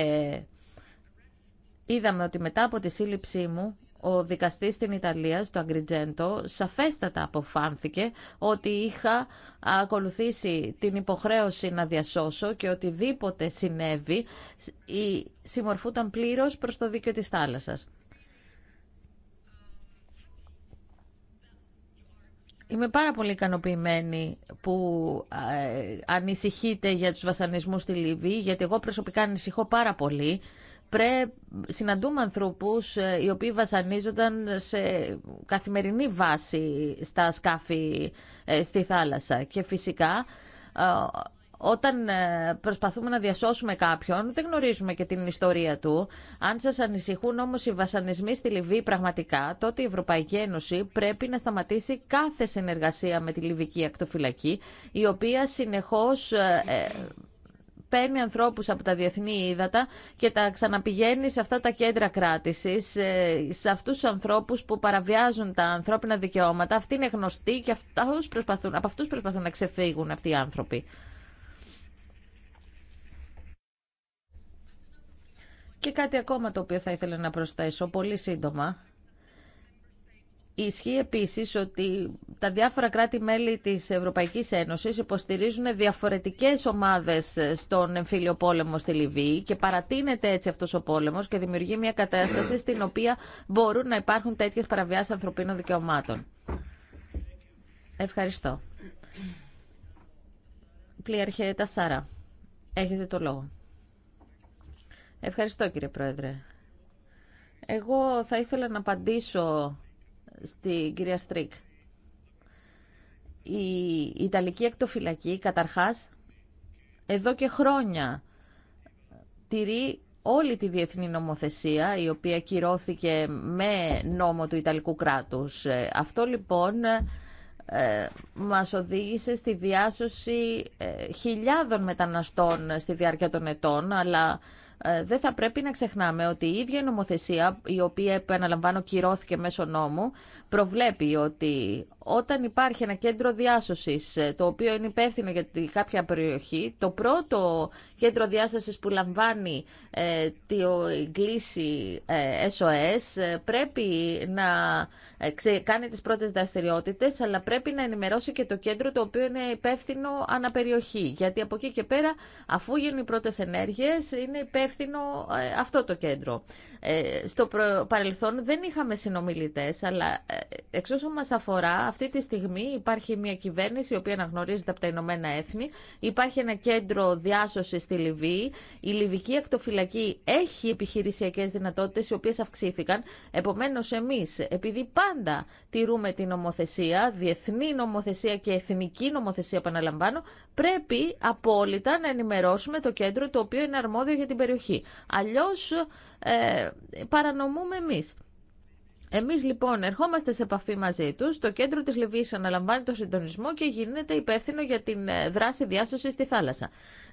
είδαμε ότι μετά από τη σύλληψή μου ο δικαστή στην Ιταλία, στο Αγκριτζέντο, σαφέστατα αποφάνθηκε ότι είχα ακολουθήσει την υποχρέωση να διασώσω και οτιδήποτε συνέβη συμμορφούταν πλήρως προς το δίκαιο της θάλασσας. Είμαι πάρα πολύ ικανοποιημένη που ε, ανησυχείτε για τους βασανισμούς στη Λιβύη, γιατί εγώ προσωπικά ανησυχώ πάρα πολύ Πρέ... Συναντούμε ανθρώπους ε, οι οποίοι βασανίζονταν σε καθημερινή βάση στα σκάφη ε, στη θάλασσα. Και φυσικά ε, όταν προσπαθούμε να διασώσουμε κάποιον, δεν γνωρίζουμε και την ιστορία του. Αν σας ανησυχούν όμως οι βασανισμοί στη Λιβύη πραγματικά, τότε η Ευρωπαϊκή Ένωση πρέπει να σταματήσει κάθε συνεργασία με τη Λιβυκή Ακτοφυλακή, η οποία συνεχώς παίρνει ανθρώπους από τα διεθνή ύδατα και τα ξαναπηγαίνει σε αυτά τα κέντρα κράτησης, ε, σε αυτούς τους ανθρώπους που παραβιάζουν τα ανθρώπινα δικαιώματα. Αυτοί είναι γνωστοί και αυτούς προσπαθούν, από αυτούς προσπαθούν να ξεφύγουν αυτοί οι άνθρωποι. Και κάτι ακόμα το οποίο θα ήθελα να προσθέσω, πολύ σύντομα. Ισχύει επίσης ότι τα διάφορα κράτη-μέλη της Ευρωπαϊκής Ένωσης υποστηρίζουν διαφορετικές ομάδες στον εμφύλιο πόλεμο στη Λιβύη και παρατείνεται έτσι αυτός ο πόλεμος και δημιουργεί μια κατάσταση στην οποία μπορούν να υπάρχουν τέτοιες παραβιάσεις ανθρωπίνων δικαιωμάτων. Ευχαριστώ. Πλήρχε Σάρα. Έχετε το λόγο. Ευχαριστώ κύριε Πρόεδρε. Εγώ θα ήθελα να απαντήσω στην κυρία Στρίκ. Η Ιταλική εκτοφυλακή, καταρχάς, εδώ και χρόνια τηρεί όλη τη διεθνή νομοθεσία η οποία κυρώθηκε με νόμο του Ιταλικού κράτους. Ε, αυτό λοιπόν ε, μας οδήγησε στη διάσωση ε, χιλιάδων μεταναστών στη διάρκεια των ετών, αλλά ε, δεν θα πρέπει να ξεχνάμε ότι η ίδια νομοθεσία, η οποία επαναλαμβάνω κυρώθηκε μέσω νόμου, προβλέπει ότι όταν υπάρχει ένα κέντρο διάσωσης ε, το οποίο είναι υπεύθυνο για κάποια περιοχή, το πρώτο κέντρο διάσωσης που λαμβάνει ε, την ε, SOS ε, πρέπει να κάνει τις πρώτες δραστηριότητες αλλά πρέπει να ενημερώσει και το κέντρο το οποίο είναι υπεύθυνο αναπεριοχή γιατί από εκεί και πέρα αφού γίνουν οι πρώτες ενέργειες είναι υπεύθυνο αυτό το κέντρο. Στο παρελθόν δεν είχαμε συνομιλητές αλλά εξ όσων αφορά αυτή τη στιγμή υπάρχει μια κυβέρνηση η οποία αναγνωρίζεται από τα Ηνωμένα Έθνη. Υπάρχει ένα κέντρο διάσωση στη Λιβύη. Η Λιβική ακτοφυλακή έχει επιχειρησιακέ δυνατότητε οι οποίε αυξήθηκαν. Επομένω, εμεί, επειδή πάντα τηρούμε την νομοθεσία, διεθνή νομοθεσία και εθνική νομοθεσία, επαναλαμβάνω, πρέπει απόλυτα να ενημερώσουμε το κέντρο το οποίο είναι αρμόδιο για την περιοχή. Αλλιώ ε, παρανομούμε εμεί. Εμείς λοιπόν ερχόμαστε σε επαφή μαζί του. το κέντρο της Λιβύη αναλαμβάνει τον συντονισμό και γίνεται υπεύθυνο για την ε, δράση διάσωση στη θάλασσα.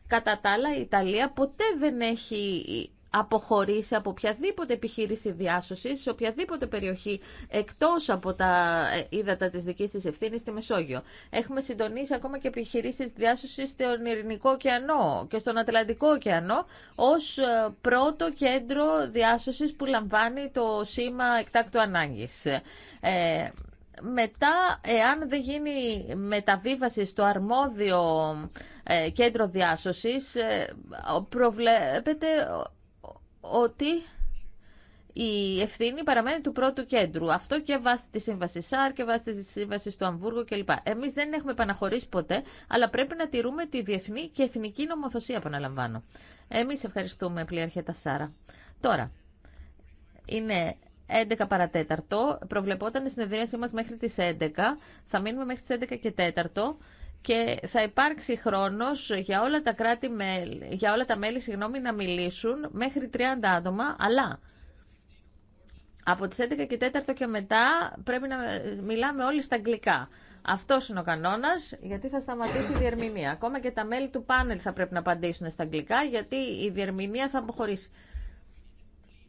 Κατά τα άλλα η Ιταλία ποτέ δεν έχει αποχωρήσει από οποιαδήποτε επιχείρηση διάσωσης σε οποιαδήποτε περιοχή εκτός από τα ε, ύδατα της δική της ευθύνη στη Μεσόγειο. Έχουμε συντονίσει ακόμα και επιχειρήσεις διάσωσης στον Ειρηνικό ωκεανό και στον Ατλαντικό ωκεανό ως ε, πρώτο κέντρο διάσωσης που λαμβάνει το σήμα εκτάκτου ανάγκης. Ε, μετά, εάν δεν γίνει μεταβίβαση στο αρμόδιο ε, κέντρο διάσωσης, προβλέπεται ότι η ευθύνη παραμένει του πρώτου κέντρου. Αυτό και βάσει τη σύμβαση ΣΑΡ και βάσει τη σύμβαση του Αμβούργου κλπ. Εμεί δεν έχουμε επαναχωρήσει ποτέ, αλλά πρέπει να τηρούμε τη διεθνή και εθνική νομοθεσία, επαναλαμβάνω. Εμεί ευχαριστούμε, τα Σάρα. Τώρα, είναι 11 παρατέταρτο. Προβλεπόταν η συνεδρίασή μα μέχρι τι 11. Θα μείνουμε μέχρι τι 11 και 4 και θα υπάρξει χρόνος για όλα τα, κράτη μέλη, για όλα τα μέλη συγγνώμη, να μιλήσουν μέχρι 30 άτομα, αλλά από τις 11 και 4 και μετά πρέπει να μιλάμε όλοι στα αγγλικά. Αυτό είναι ο κανόνα, γιατί θα σταματήσει η διερμηνία. Ακόμα και τα μέλη του πάνελ θα πρέπει να απαντήσουν στα αγγλικά, γιατί η διερμηνία θα αποχωρήσει.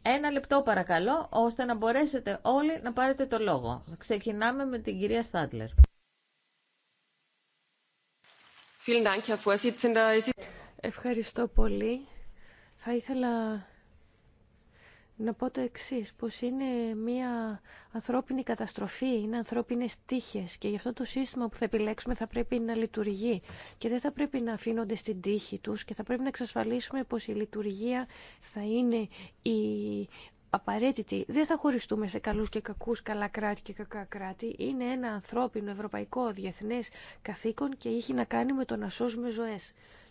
Ένα λεπτό παρακαλώ, ώστε να μπορέσετε όλοι να πάρετε το λόγο. Ξεκινάμε με την κυρία Στάτλερ. Ευχαριστώ πολύ. Θα ήθελα να πω το εξή, πως είναι μια ανθρώπινη καταστροφή, είναι ανθρώπινες τύχες και γι' αυτό το σύστημα που θα επιλέξουμε θα πρέπει να λειτουργεί και δεν θα πρέπει να αφήνονται στην τύχη τους και θα πρέπει να εξασφαλίσουμε πως η λειτουργία θα είναι η απαραίτητη. Δεν θα χωριστούμε σε καλούς και κακούς, καλά κράτη και κακά κράτη. Είναι ένα ανθρώπινο, ευρωπαϊκό, διεθνέ, καθήκον και έχει να κάνει με το να σώσουμε ζωέ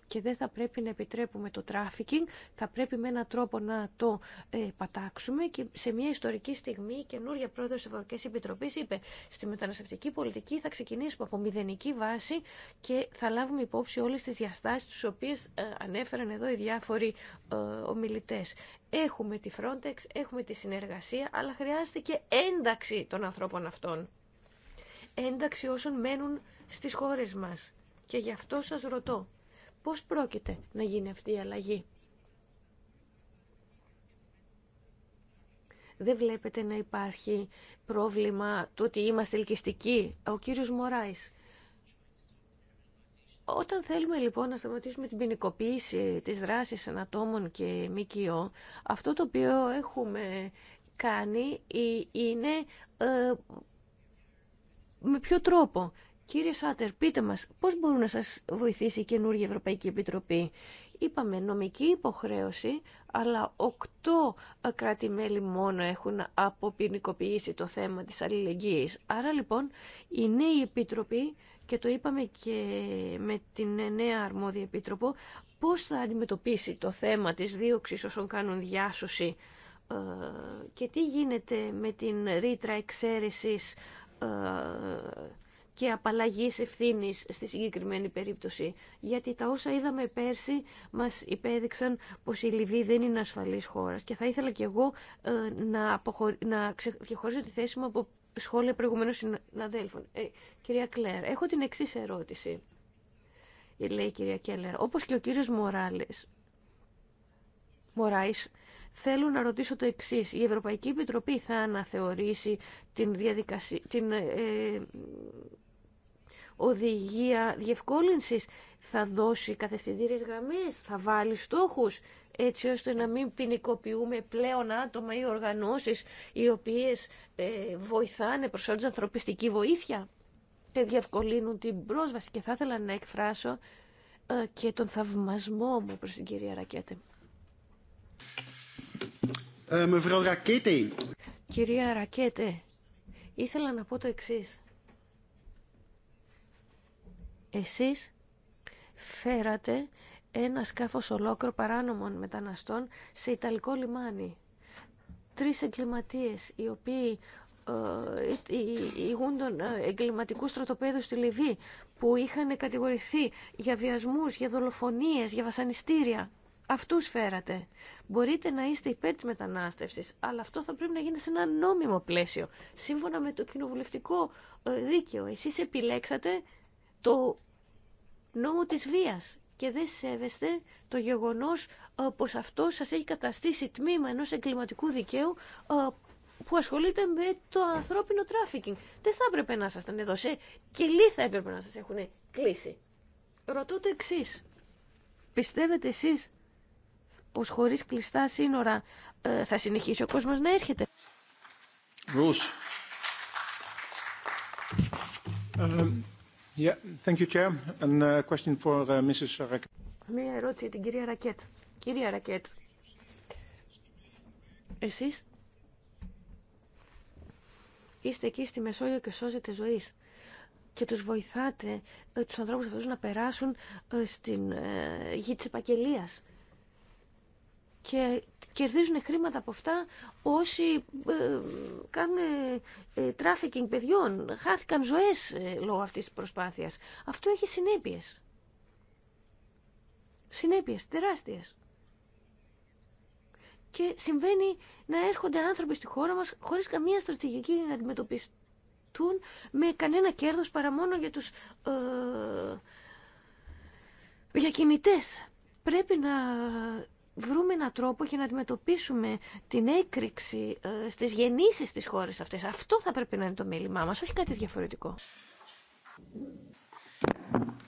και δεν θα πρέπει να επιτρέπουμε το τράφικινγκ, θα πρέπει με έναν τρόπο να το ε, πατάξουμε και σε μια ιστορική στιγμή η καινούργια πρόεδρο τη Ευρωπαϊκή Επιτροπή είπε στη μεταναστευτική πολιτική θα ξεκινήσουμε από μηδενική βάση και θα λάβουμε υπόψη όλε τι διαστάσει τι οποίε ε, ανέφεραν εδώ οι διάφοροι ε, ομιλητές. Έχουμε τη Frontex, έχουμε τη συνεργασία, αλλά χρειάζεται και ένταξη των ανθρώπων αυτών. Ένταξη όσων μένουν στις χώρες μας. Και γι' αυτό σας ρωτώ, Πώς πρόκειται να γίνει αυτή η αλλαγή. Δεν βλέπετε να υπάρχει πρόβλημα το ότι είμαστε ελκυστικοί. Ο κύριος Μωράης. Όταν θέλουμε λοιπόν να σταματήσουμε την ποινικοποίηση της δράσης ανατόμων και ΜΚΟ, αυτό το οποίο έχουμε κάνει είναι ε, με ποιο τρόπο. Κύριε Σάτερ, πείτε μας πώς μπορούν να σας βοηθήσει η καινούργια Ευρωπαϊκή Επιτροπή. Είπαμε νομική υποχρέωση, αλλά οκτώ κράτη-μέλη μόνο έχουν αποποινικοποιήσει το θέμα της αλληλεγγύης. Άρα λοιπόν η νέη Επιτροπή, και το είπαμε και με την νέα αρμόδια Επίτροπο, πώς θα αντιμετωπίσει το θέμα της δίωξης όσων κάνουν διάσωση ε, και τι γίνεται με την ρήτρα εξαίρεσης ε, και απαλλαγή ευθύνη στη συγκεκριμένη περίπτωση. Γιατί τα όσα είδαμε πέρσι μας υπέδειξαν πως η Λιβύη δεν είναι ασφαλής χώρας και θα ήθελα κι εγώ ε, να, να ξεχωρίσω τη θέση μου από σχόλια προηγουμένων συναδέλφων. Ε, κυρία Κλέρ, έχω την εξή ερώτηση. Λέει η κυρία Κέλλερ, Όπω και ο κύριος Μοράλε Μωράης, θέλω να ρωτήσω το εξή. Η Ευρωπαϊκή Επιτροπή θα αναθεωρήσει την, διαδικασία, την ε, οδηγία διευκόλυνσης, θα δώσει κατευθυντήριες γραμμές, θα βάλει στόχους, έτσι ώστε να μην ποινικοποιούμε πλέον άτομα ή οργανώσεις οι οποίες βοηθάνε βοηθάνε, προσφέρουν ανθρωπιστική βοήθεια και διευκολύνουν την πρόσβαση. Και θα ήθελα να εκφράσω ε, και τον θαυμασμό μου προς την κυρία Ρακέτη. Ε, Κυρία Ρακέτε, ήθελα να πω το εξής. Εσείς φέρατε ένα σκάφος ολόκληρο παράνομων μεταναστών σε Ιταλικό λιμάνι. Τρεις εγκληματίες οι οποίοι ε, ηγούν των ε, εγκληματικού στρατοπέδου στη Λιβύη που είχαν κατηγορηθεί για βιασμούς, για δολοφονίες, για βασανιστήρια. Αυτούς φέρατε. Μπορείτε να είστε υπέρ της μετανάστευσης, αλλά αυτό θα πρέπει να γίνει σε ένα νόμιμο πλαίσιο, σύμφωνα με το κοινοβουλευτικό ε, δίκαιο. Εσείς επιλέξατε το νόμο της βίας και δεν σέβεστε το γεγονός ε, πως αυτό σας έχει καταστήσει τμήμα ενός εγκληματικού δικαίου ε, που ασχολείται με το ανθρώπινο τράφικινγκ. Δεν θα έπρεπε να σας εδώ σε κελί θα έπρεπε να σας έχουν κλείσει. Ρωτώ το εξή. Πιστεύετε εσείς πως χωρίς κλειστά σύνορα ε, θα συνεχίσει ο κόσμος να έρχεται. Uh, uh, Μία ερώτηση για την κυρία Ρακέτ. Κυρία Ρακέτ, εσείς είστε εκεί στη Μεσόγειο και σώζετε ζωής και τους βοηθάτε ε, τους ανθρώπους αυτούς να περάσουν ε, στην ε, γη της επαγγελίας. Και κερδίζουν χρήματα από αυτά όσοι ε, κάνουν ε, τράφικινγκ παιδιών. Χάθηκαν ζωές ε, λόγω αυτής της προσπάθειας. Αυτό έχει συνέπειες. Συνέπειες τεράστιες. Και συμβαίνει να έρχονται άνθρωποι στη χώρα μας χωρίς καμία στρατηγική να αντιμετωπιστούν με κανένα κέρδος παρά μόνο για τους ε, διακινητές. Πρέπει να βρούμε έναν τρόπο για να αντιμετωπίσουμε την έκρηξη ε, στις γεννήσεις της χώρες αυτές. Αυτό θα πρέπει να είναι το μέλημά μας, όχι κάτι διαφορετικό.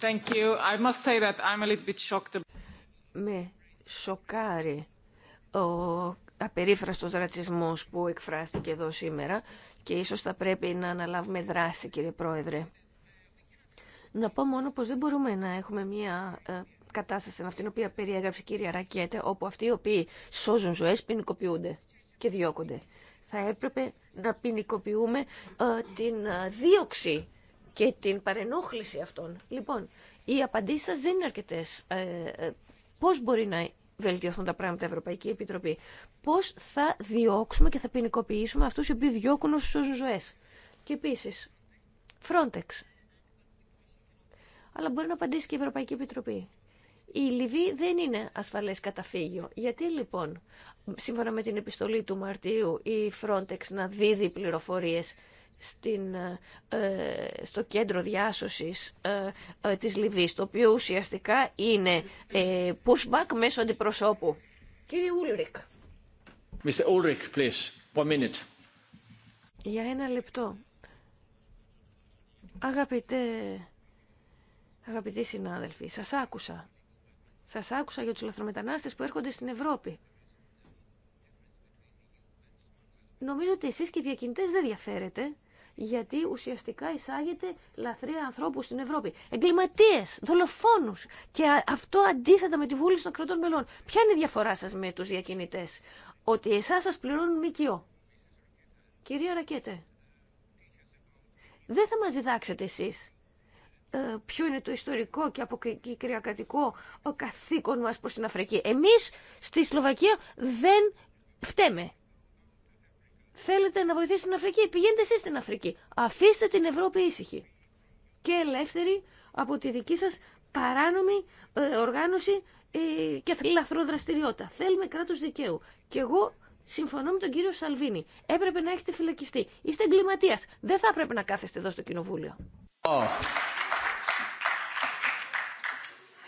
Thank you. I must say that I'm a little bit shocked. Με σοκάρει ο απερίφραστος ρατσισμός που εκφράστηκε εδώ σήμερα και ίσως θα πρέπει να αναλάβουμε δράση, κύριε Πρόεδρε. Να πω μόνο πως δεν μπορούμε να έχουμε μια ε, κατάσταση με αυτήν την οποία περιέγραψε η κυρία Ρακέτε, όπου αυτοί οι οποίοι σώζουν ζωέ ποινικοποιούνται και διώκονται. Θα έπρεπε να ποινικοποιούμε ε, την ε, δίωξη και την παρενόχληση αυτών. Λοιπόν, οι απαντήσει σας δεν είναι αρκετέ. Ε, ε, πώς μπορεί να βελτιωθούν τα πράγματα, Ευρωπαϊκή Επιτροπή. πώ θα διώξουμε και θα ποινικοποιήσουμε αυτού οι οποίοι διώκουν όσου σώζουν ζωέ. Και επίση, Frontex. Αλλά μπορεί να απαντήσει και η Ευρωπαϊκή Επιτροπή η Λιβύη δεν είναι ασφαλές καταφύγιο. Γιατί λοιπόν, σύμφωνα με την επιστολή του Μαρτίου, η Frontex να δίδει πληροφορίες στην, ε, στο κέντρο διάσωσης ε, ε, της Λιβύης, το οποίο ουσιαστικά είναι pushback μέσω αντιπροσώπου. Κύριε Ούλρικ. Mr. Ulrich, please. One minute. Για ένα λεπτό. Αγαπητέ, αγαπητοί συνάδελφοι, σας άκουσα σας άκουσα για του λαθρομετανάστες που έρχονται στην Ευρώπη. Νομίζω ότι εσεί και οι διακινητές δεν διαφέρετε, γιατί ουσιαστικά εισάγετε λαθρεία ανθρώπου στην Ευρώπη. Εγκληματίες, δολοφόνους και αυτό αντίθετα με τη βούληση των κρατών μελών. Ποια είναι η διαφορά σας με τους διακίνητέ. ότι εσά σα πληρώνουν ΜΚΟ. Κυρία Ρακέτε, δεν θα μας διδάξετε εσείς ε, ποιο είναι το ιστορικό και ο καθήκον μας προς την Αφρική. Εμείς στη Σλοβακία δεν φταίμε. Θέλετε να βοηθήσετε την Αφρική, πηγαίνετε εσείς στην Αφρική. Αφήστε την Ευρώπη ήσυχη και ελεύθερη από τη δική σας παράνομη ε, οργάνωση ε, και λαθροδραστηριότητα. Θέλουμε κράτος δικαίου. Και εγώ συμφωνώ με τον κύριο Σαλβίνη. Έπρεπε να έχετε φυλακιστεί. Είστε εγκληματίας. Δεν θα έπρεπε να κάθεστε εδώ στο κοινοβούλιο.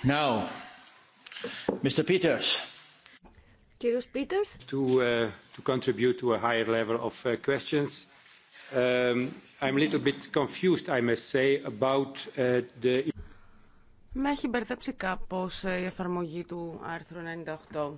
Now, Mr. Peters. To, to contribute to a higher level of questions, um, I'm a little bit εφαρμογή του άρθρου 98.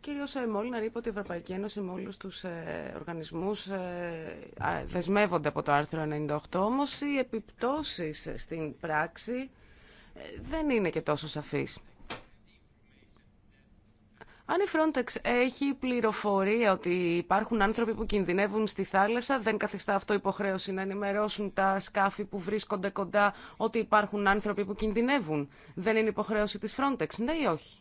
κύριο ε, Μόλναρ είπε ότι η Ευρωπαϊκή Ένωση με όλου του ε, οργανισμού ε, δεσμεύονται από το άρθρο 98, όμω οι επιπτώσει στην πράξη δεν είναι και τόσο σαφείς. Αν η Frontex έχει πληροφορία ότι υπάρχουν άνθρωποι που κινδυνεύουν στη θάλασσα, δεν καθιστά αυτό υποχρέωση να ενημερώσουν τα σκάφη που βρίσκονται κοντά ότι υπάρχουν άνθρωποι που κινδυνεύουν. Δεν είναι υποχρέωση της Frontex, ναι ή όχι.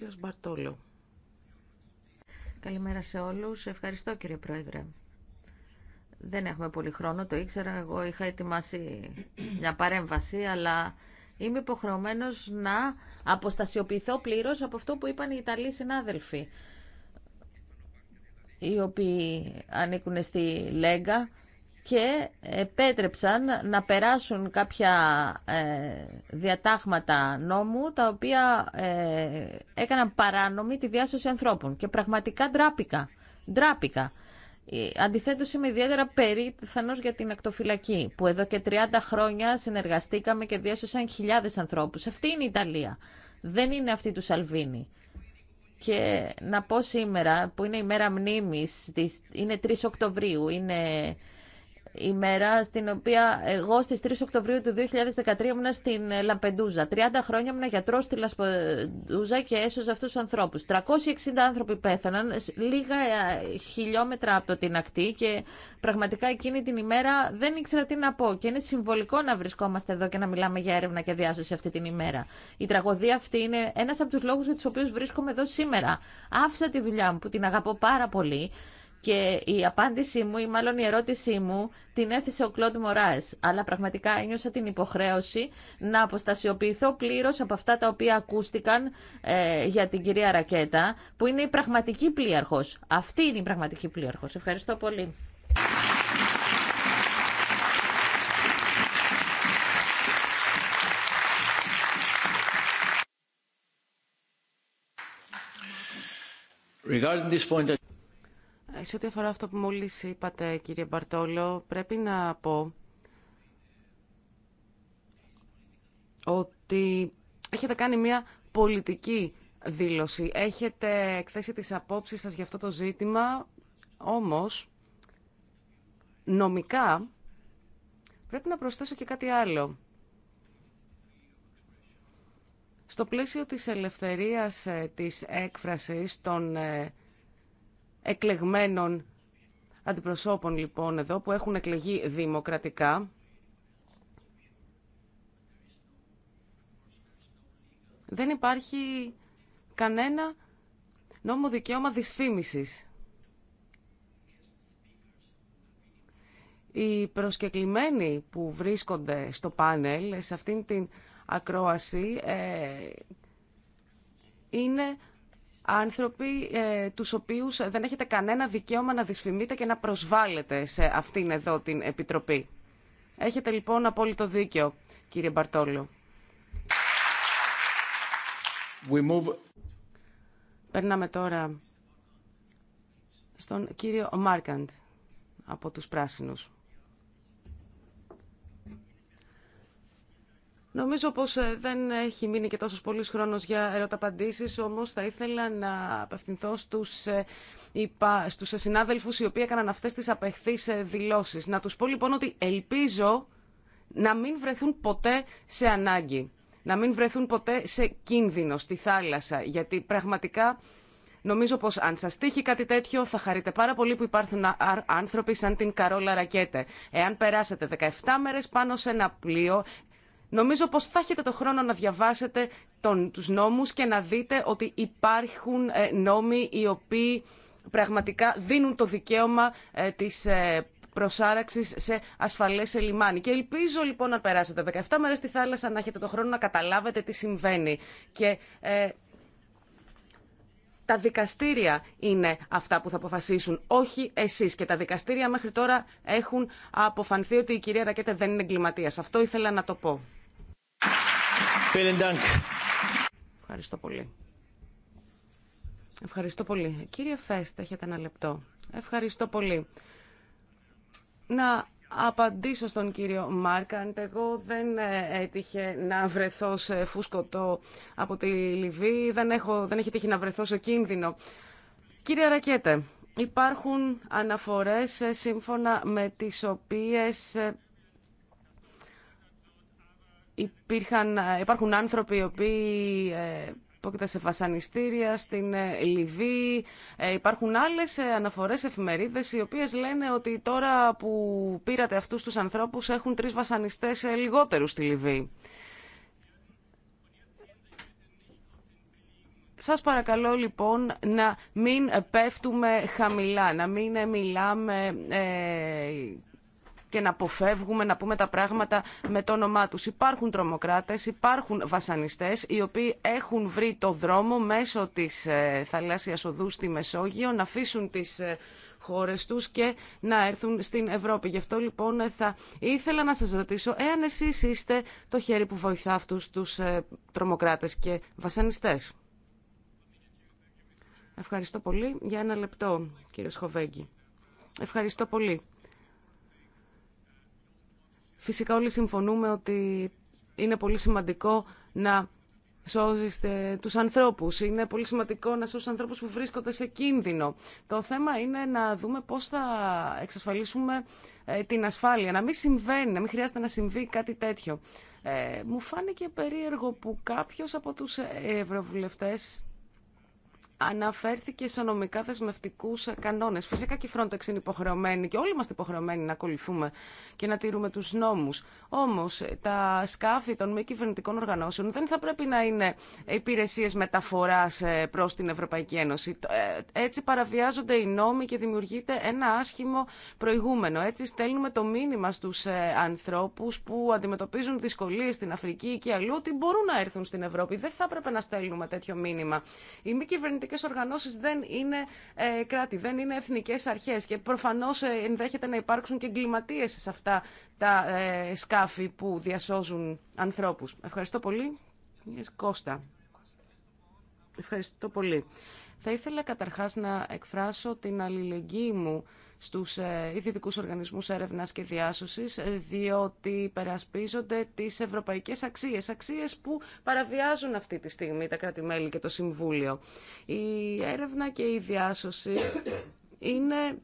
κύριος Μπαρτόλο. Καλημέρα σε όλους. Ευχαριστώ κύριε Πρόεδρε. Δεν έχουμε πολύ χρόνο, το ήξερα. Εγώ είχα ετοιμάσει μια παρέμβαση, αλλά είμαι υποχρεωμένος να αποστασιοποιηθώ πλήρως από αυτό που είπαν οι Ιταλοί συνάδελφοι, οι οποίοι ανήκουν στη Λέγκα και επέτρεψαν να περάσουν κάποια ε, διατάγματα νόμου τα οποία ε, έκαναν παράνομη τη διάσωση ανθρώπων. Και πραγματικά ντράπηκα. Ντράπηκα. Ε, Αντιθέτω, είμαι ιδιαίτερα περήφανο για την ακτοφυλακή, που εδώ και 30 χρόνια συνεργαστήκαμε και διέσωσαν χιλιάδε ανθρώπου. Αυτή είναι η Ιταλία. Δεν είναι αυτή του Σαλβίνη. Και να πω σήμερα, που είναι η μέρα μνήμη, είναι 3 Οκτωβρίου, είναι ημέρα στην οποία εγώ στις 3 Οκτωβρίου του 2013 ήμουνα στην Λαμπεντούζα. 30 χρόνια ήμουν γιατρός στη Λαμπεντούζα και έσωζα αυτούς του ανθρώπους. 360 άνθρωποι πέθαναν λίγα ε, χιλιόμετρα από την ακτή και πραγματικά εκείνη την ημέρα δεν ήξερα τι να πω και είναι συμβολικό να βρισκόμαστε εδώ και να μιλάμε για έρευνα και διάσωση αυτή την ημέρα. Η τραγωδία αυτή είναι ένα από του λόγου για του οποίου βρίσκομαι εδώ σήμερα. Άφησα τη δουλειά μου που την αγαπώ πάρα πολύ και η απάντησή μου ή μάλλον η ερώτησή μου την έθεσε ο Κλοντ Μωρά. Αλλά πραγματικά ένιωσα την υποχρέωση να αποστασιοποιηθώ πλήρως από αυτά τα οποία ακούστηκαν ε, για την κυρία Ρακέτα, που είναι η πραγματική πλήρχος. Αυτή είναι η πραγματική πλήρχο. Ευχαριστώ πολύ. Regarding this point... Σε ό,τι αφορά αυτό που μόλις είπατε, κύριε Μπαρτόλο, πρέπει να πω ότι έχετε κάνει μια πολιτική δήλωση. Έχετε εκθέσει τις απόψεις σας για αυτό το ζήτημα, όμως νομικά πρέπει να προσθέσω και κάτι άλλο. Στο πλαίσιο της ελευθερίας ε, της έκφρασης των ε, εκλεγμένων αντιπροσώπων λοιπόν εδώ που έχουν εκλεγεί δημοκρατικά. Δεν υπάρχει κανένα νόμο δικαίωμα δυσφήμισης. Οι προσκεκλημένοι που βρίσκονται στο πάνελ, σε αυτήν την ακρόαση, ε, είναι άνθρωποι ε, τους οποίους δεν έχετε κανένα δικαίωμα να δυσφημείτε και να προσβάλλετε σε αυτήν εδώ την Επιτροπή. Έχετε λοιπόν απόλυτο δίκιο, κύριε Μπαρτόλο. move... Περνάμε τώρα στον κύριο Μάρκαντ από τους Πράσινους. Νομίζω πως ε, δεν έχει μείνει και τόσο πολύ χρόνος για ερωταπαντήσεις, όμως θα ήθελα να απευθυνθώ στους, ε, στους συνάδελφους οι οποίοι έκαναν αυτές τις απεχθείς ε, δηλώσεις. Να τους πω λοιπόν ότι ελπίζω να μην βρεθούν ποτέ σε ανάγκη, να μην βρεθούν ποτέ σε κίνδυνο στη θάλασσα, γιατί πραγματικά... Νομίζω πως αν σας τύχει κάτι τέτοιο θα χαρείτε πάρα πολύ που υπάρχουν άνθρωποι σαν την Καρόλα Ρακέτε. Εάν περάσετε 17 μέρες πάνω σε ένα πλοίο, Νομίζω πως θα έχετε το χρόνο να διαβάσετε τον, τους νόμους και να δείτε ότι υπάρχουν ε, νόμοι οι οποίοι πραγματικά δίνουν το δικαίωμα ε, της ε, προσάραξης σε ασφαλές σε λιμάνι. Και ελπίζω λοιπόν να περάσετε 17 μέρες στη θάλασσα, να έχετε το χρόνο να καταλάβετε τι συμβαίνει. Και τα δικαστήρια είναι αυτά που θα αποφασίσουν, όχι εσείς. Και τα δικαστήρια μέχρι τώρα έχουν αποφανθεί ότι η κυρία Ρακέτα δεν είναι εγκληματίας. Αυτό ήθελα να το πω. Ευχαριστώ πολύ. Ευχαριστώ πολύ. Κύριε Φέστ, έχετε ένα λεπτό. Ευχαριστώ πολύ. Να απαντήσω στον κύριο Μάρκαντ. Εγώ δεν ε, έτυχε να βρεθώ σε φούσκωτο από τη Λιβύη. Δεν, έχω, δεν έχει τύχει να βρεθώ σε κίνδυνο. Κύριε Ρακέτε, υπάρχουν αναφορές ε, σύμφωνα με τις οποίες ε, Υπήρχαν, ε, υπάρχουν άνθρωποι οι οποίοι ε, υπόκειται σε βασανιστήρια στην ε, Λιβύη. υπάρχουν άλλες αναφορές εφημερίδες οι οποίες λένε ότι τώρα που πήρατε αυτούς τους ανθρώπους έχουν τρεις βασανιστές λιγότερους στη Λιβύη. Σας παρακαλώ λοιπόν να μην πέφτουμε χαμηλά, να μην μιλάμε και να αποφεύγουμε να πούμε τα πράγματα με το όνομά του. Υπάρχουν τρομοκράτε, υπάρχουν βασανιστές οι οποίοι έχουν βρει το δρόμο μέσω της ε, θαλάσσιας οδού στη Μεσόγειο να αφήσουν τις ε, χώρες τους και να έρθουν στην Ευρώπη. Γι' αυτό λοιπόν θα ήθελα να σας ρωτήσω εάν εσείς είστε το χέρι που βοηθά αυτούς τους ε, τρομοκράτες και βασανιστές. Ευχαριστώ πολύ. Για ένα λεπτό, κύριε Σχοβέγγι. Ευχαριστώ πολύ. Φυσικά όλοι συμφωνούμε ότι είναι πολύ σημαντικό να σώζεστε τους ανθρώπους. Είναι πολύ σημαντικό να σώσεις ανθρώπους που βρίσκονται σε κίνδυνο. Το θέμα είναι να δούμε πώς θα εξασφαλίσουμε ε, την ασφάλεια. Να μην συμβαίνει, να μην χρειάζεται να συμβεί κάτι τέτοιο. Ε, μου φάνηκε περίεργο που κάποιος από τους ευρωβουλευτές αναφέρθηκε σε νομικά δεσμευτικού κανόνε. Φυσικά και η Frontex είναι υποχρεωμένη και όλοι είμαστε υποχρεωμένοι να ακολουθούμε και να τηρούμε του νόμου. Όμω, τα σκάφη των μη κυβερνητικών οργανώσεων δεν θα πρέπει να είναι υπηρεσίε μεταφορά ε, προ την Ευρωπαϊκή Ένωση. Ε, έτσι παραβιάζονται οι νόμοι και δημιουργείται ένα άσχημο προηγούμενο. Έτσι στέλνουμε το μήνυμα στου ε, ανθρώπου που αντιμετωπίζουν δυσκολίε στην Αφρική και αλλού ότι μπορούν να έρθουν στην Ευρώπη. Δεν θα έπρεπε να στέλνουμε τέτοιο μήνυμα. Οι μη εθνικέ οργανώσει δεν είναι ε, κράτη, δεν είναι εθνικέ αρχές και προφανώς ε, ενδέχεται να υπάρξουν και εγκληματίε σε αυτά τα ε, σκάφη που διασώζουν ανθρώπου. Ευχαριστώ πολύ. Κώστα. Ευχαριστώ πολύ. Θα ήθελα καταρχάς να εκφράσω την αλληλεγγύη μου στους ε, ιδιωτικούς οργανισμούς έρευνας και διάσωσης, ε, διότι περασπίζονται τις ευρωπαϊκές αξίες, αξίες που παραβιάζουν αυτή τη στιγμή τα κράτη-μέλη και το Συμβούλιο. Η έρευνα και η διάσωση [coughs] είναι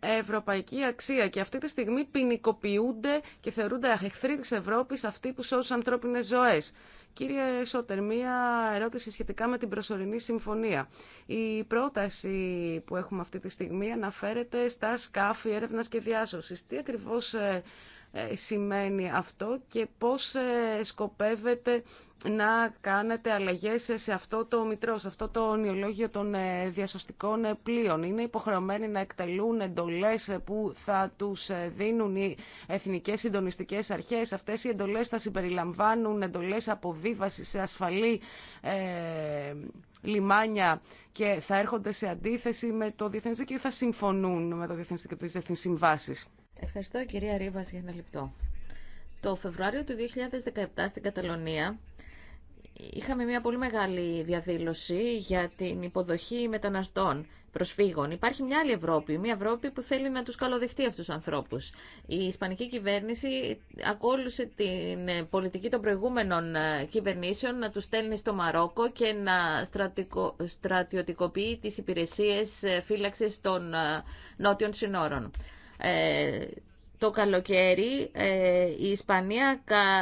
ευρωπαϊκή αξία και αυτή τη στιγμή ποινικοποιούνται και θεωρούνται εχθροί της Ευρώπης αυτοί που σώσουν ανθρώπινες ζωές. Κύριε Σότερ, μία ερώτηση σχετικά με την προσωρινή συμφωνία. Η πρόταση που έχουμε αυτή τη στιγμή αναφέρεται στα σκάφη έρευνας και διάσωσης. Τι ακριβώς ε, ε, σημαίνει αυτό και πώς ε, σκοπεύετε να κάνετε αλλαγές σε αυτό το μητρό, σε αυτό το ονειολόγιο των ε, διασωστικών πλοίων. Είναι υποχρεωμένοι να εκτελούν εντολές που θα τους δίνουν οι εθνικές συντονιστικές αρχές. Αυτές οι εντολές θα συμπεριλαμβάνουν εντολές αποβίβασης σε ασφαλή λιμάνια και θα έρχονται σε αντίθεση με το διεθνές δίκαιο ή θα συμφωνούν με το διεθνές δίκαιο της Διεθνής Συμβάσης. Ευχαριστώ κυρία Ρίβας για ένα λεπτό. Το Φεβρουάριο του 2017 στην Καταλωνία είχαμε μια πολύ μεγάλη διαδήλωση για την υποδοχή μεταναστών προσφύγων. Υπάρχει μια άλλη Ευρώπη, μια Ευρώπη που θέλει να τους καλοδεχτεί αυτούς τους ανθρώπους. Η Ισπανική κυβέρνηση ακόλουσε την πολιτική των προηγούμενων ε, κυβερνήσεων να τους στέλνει στο Μαρόκο και να στρατιωτικοποιεί τις υπηρεσίες ε, φύλαξης των ε, νότιων συνόρων. Ε, το καλοκαίρι ε, η Ισπανία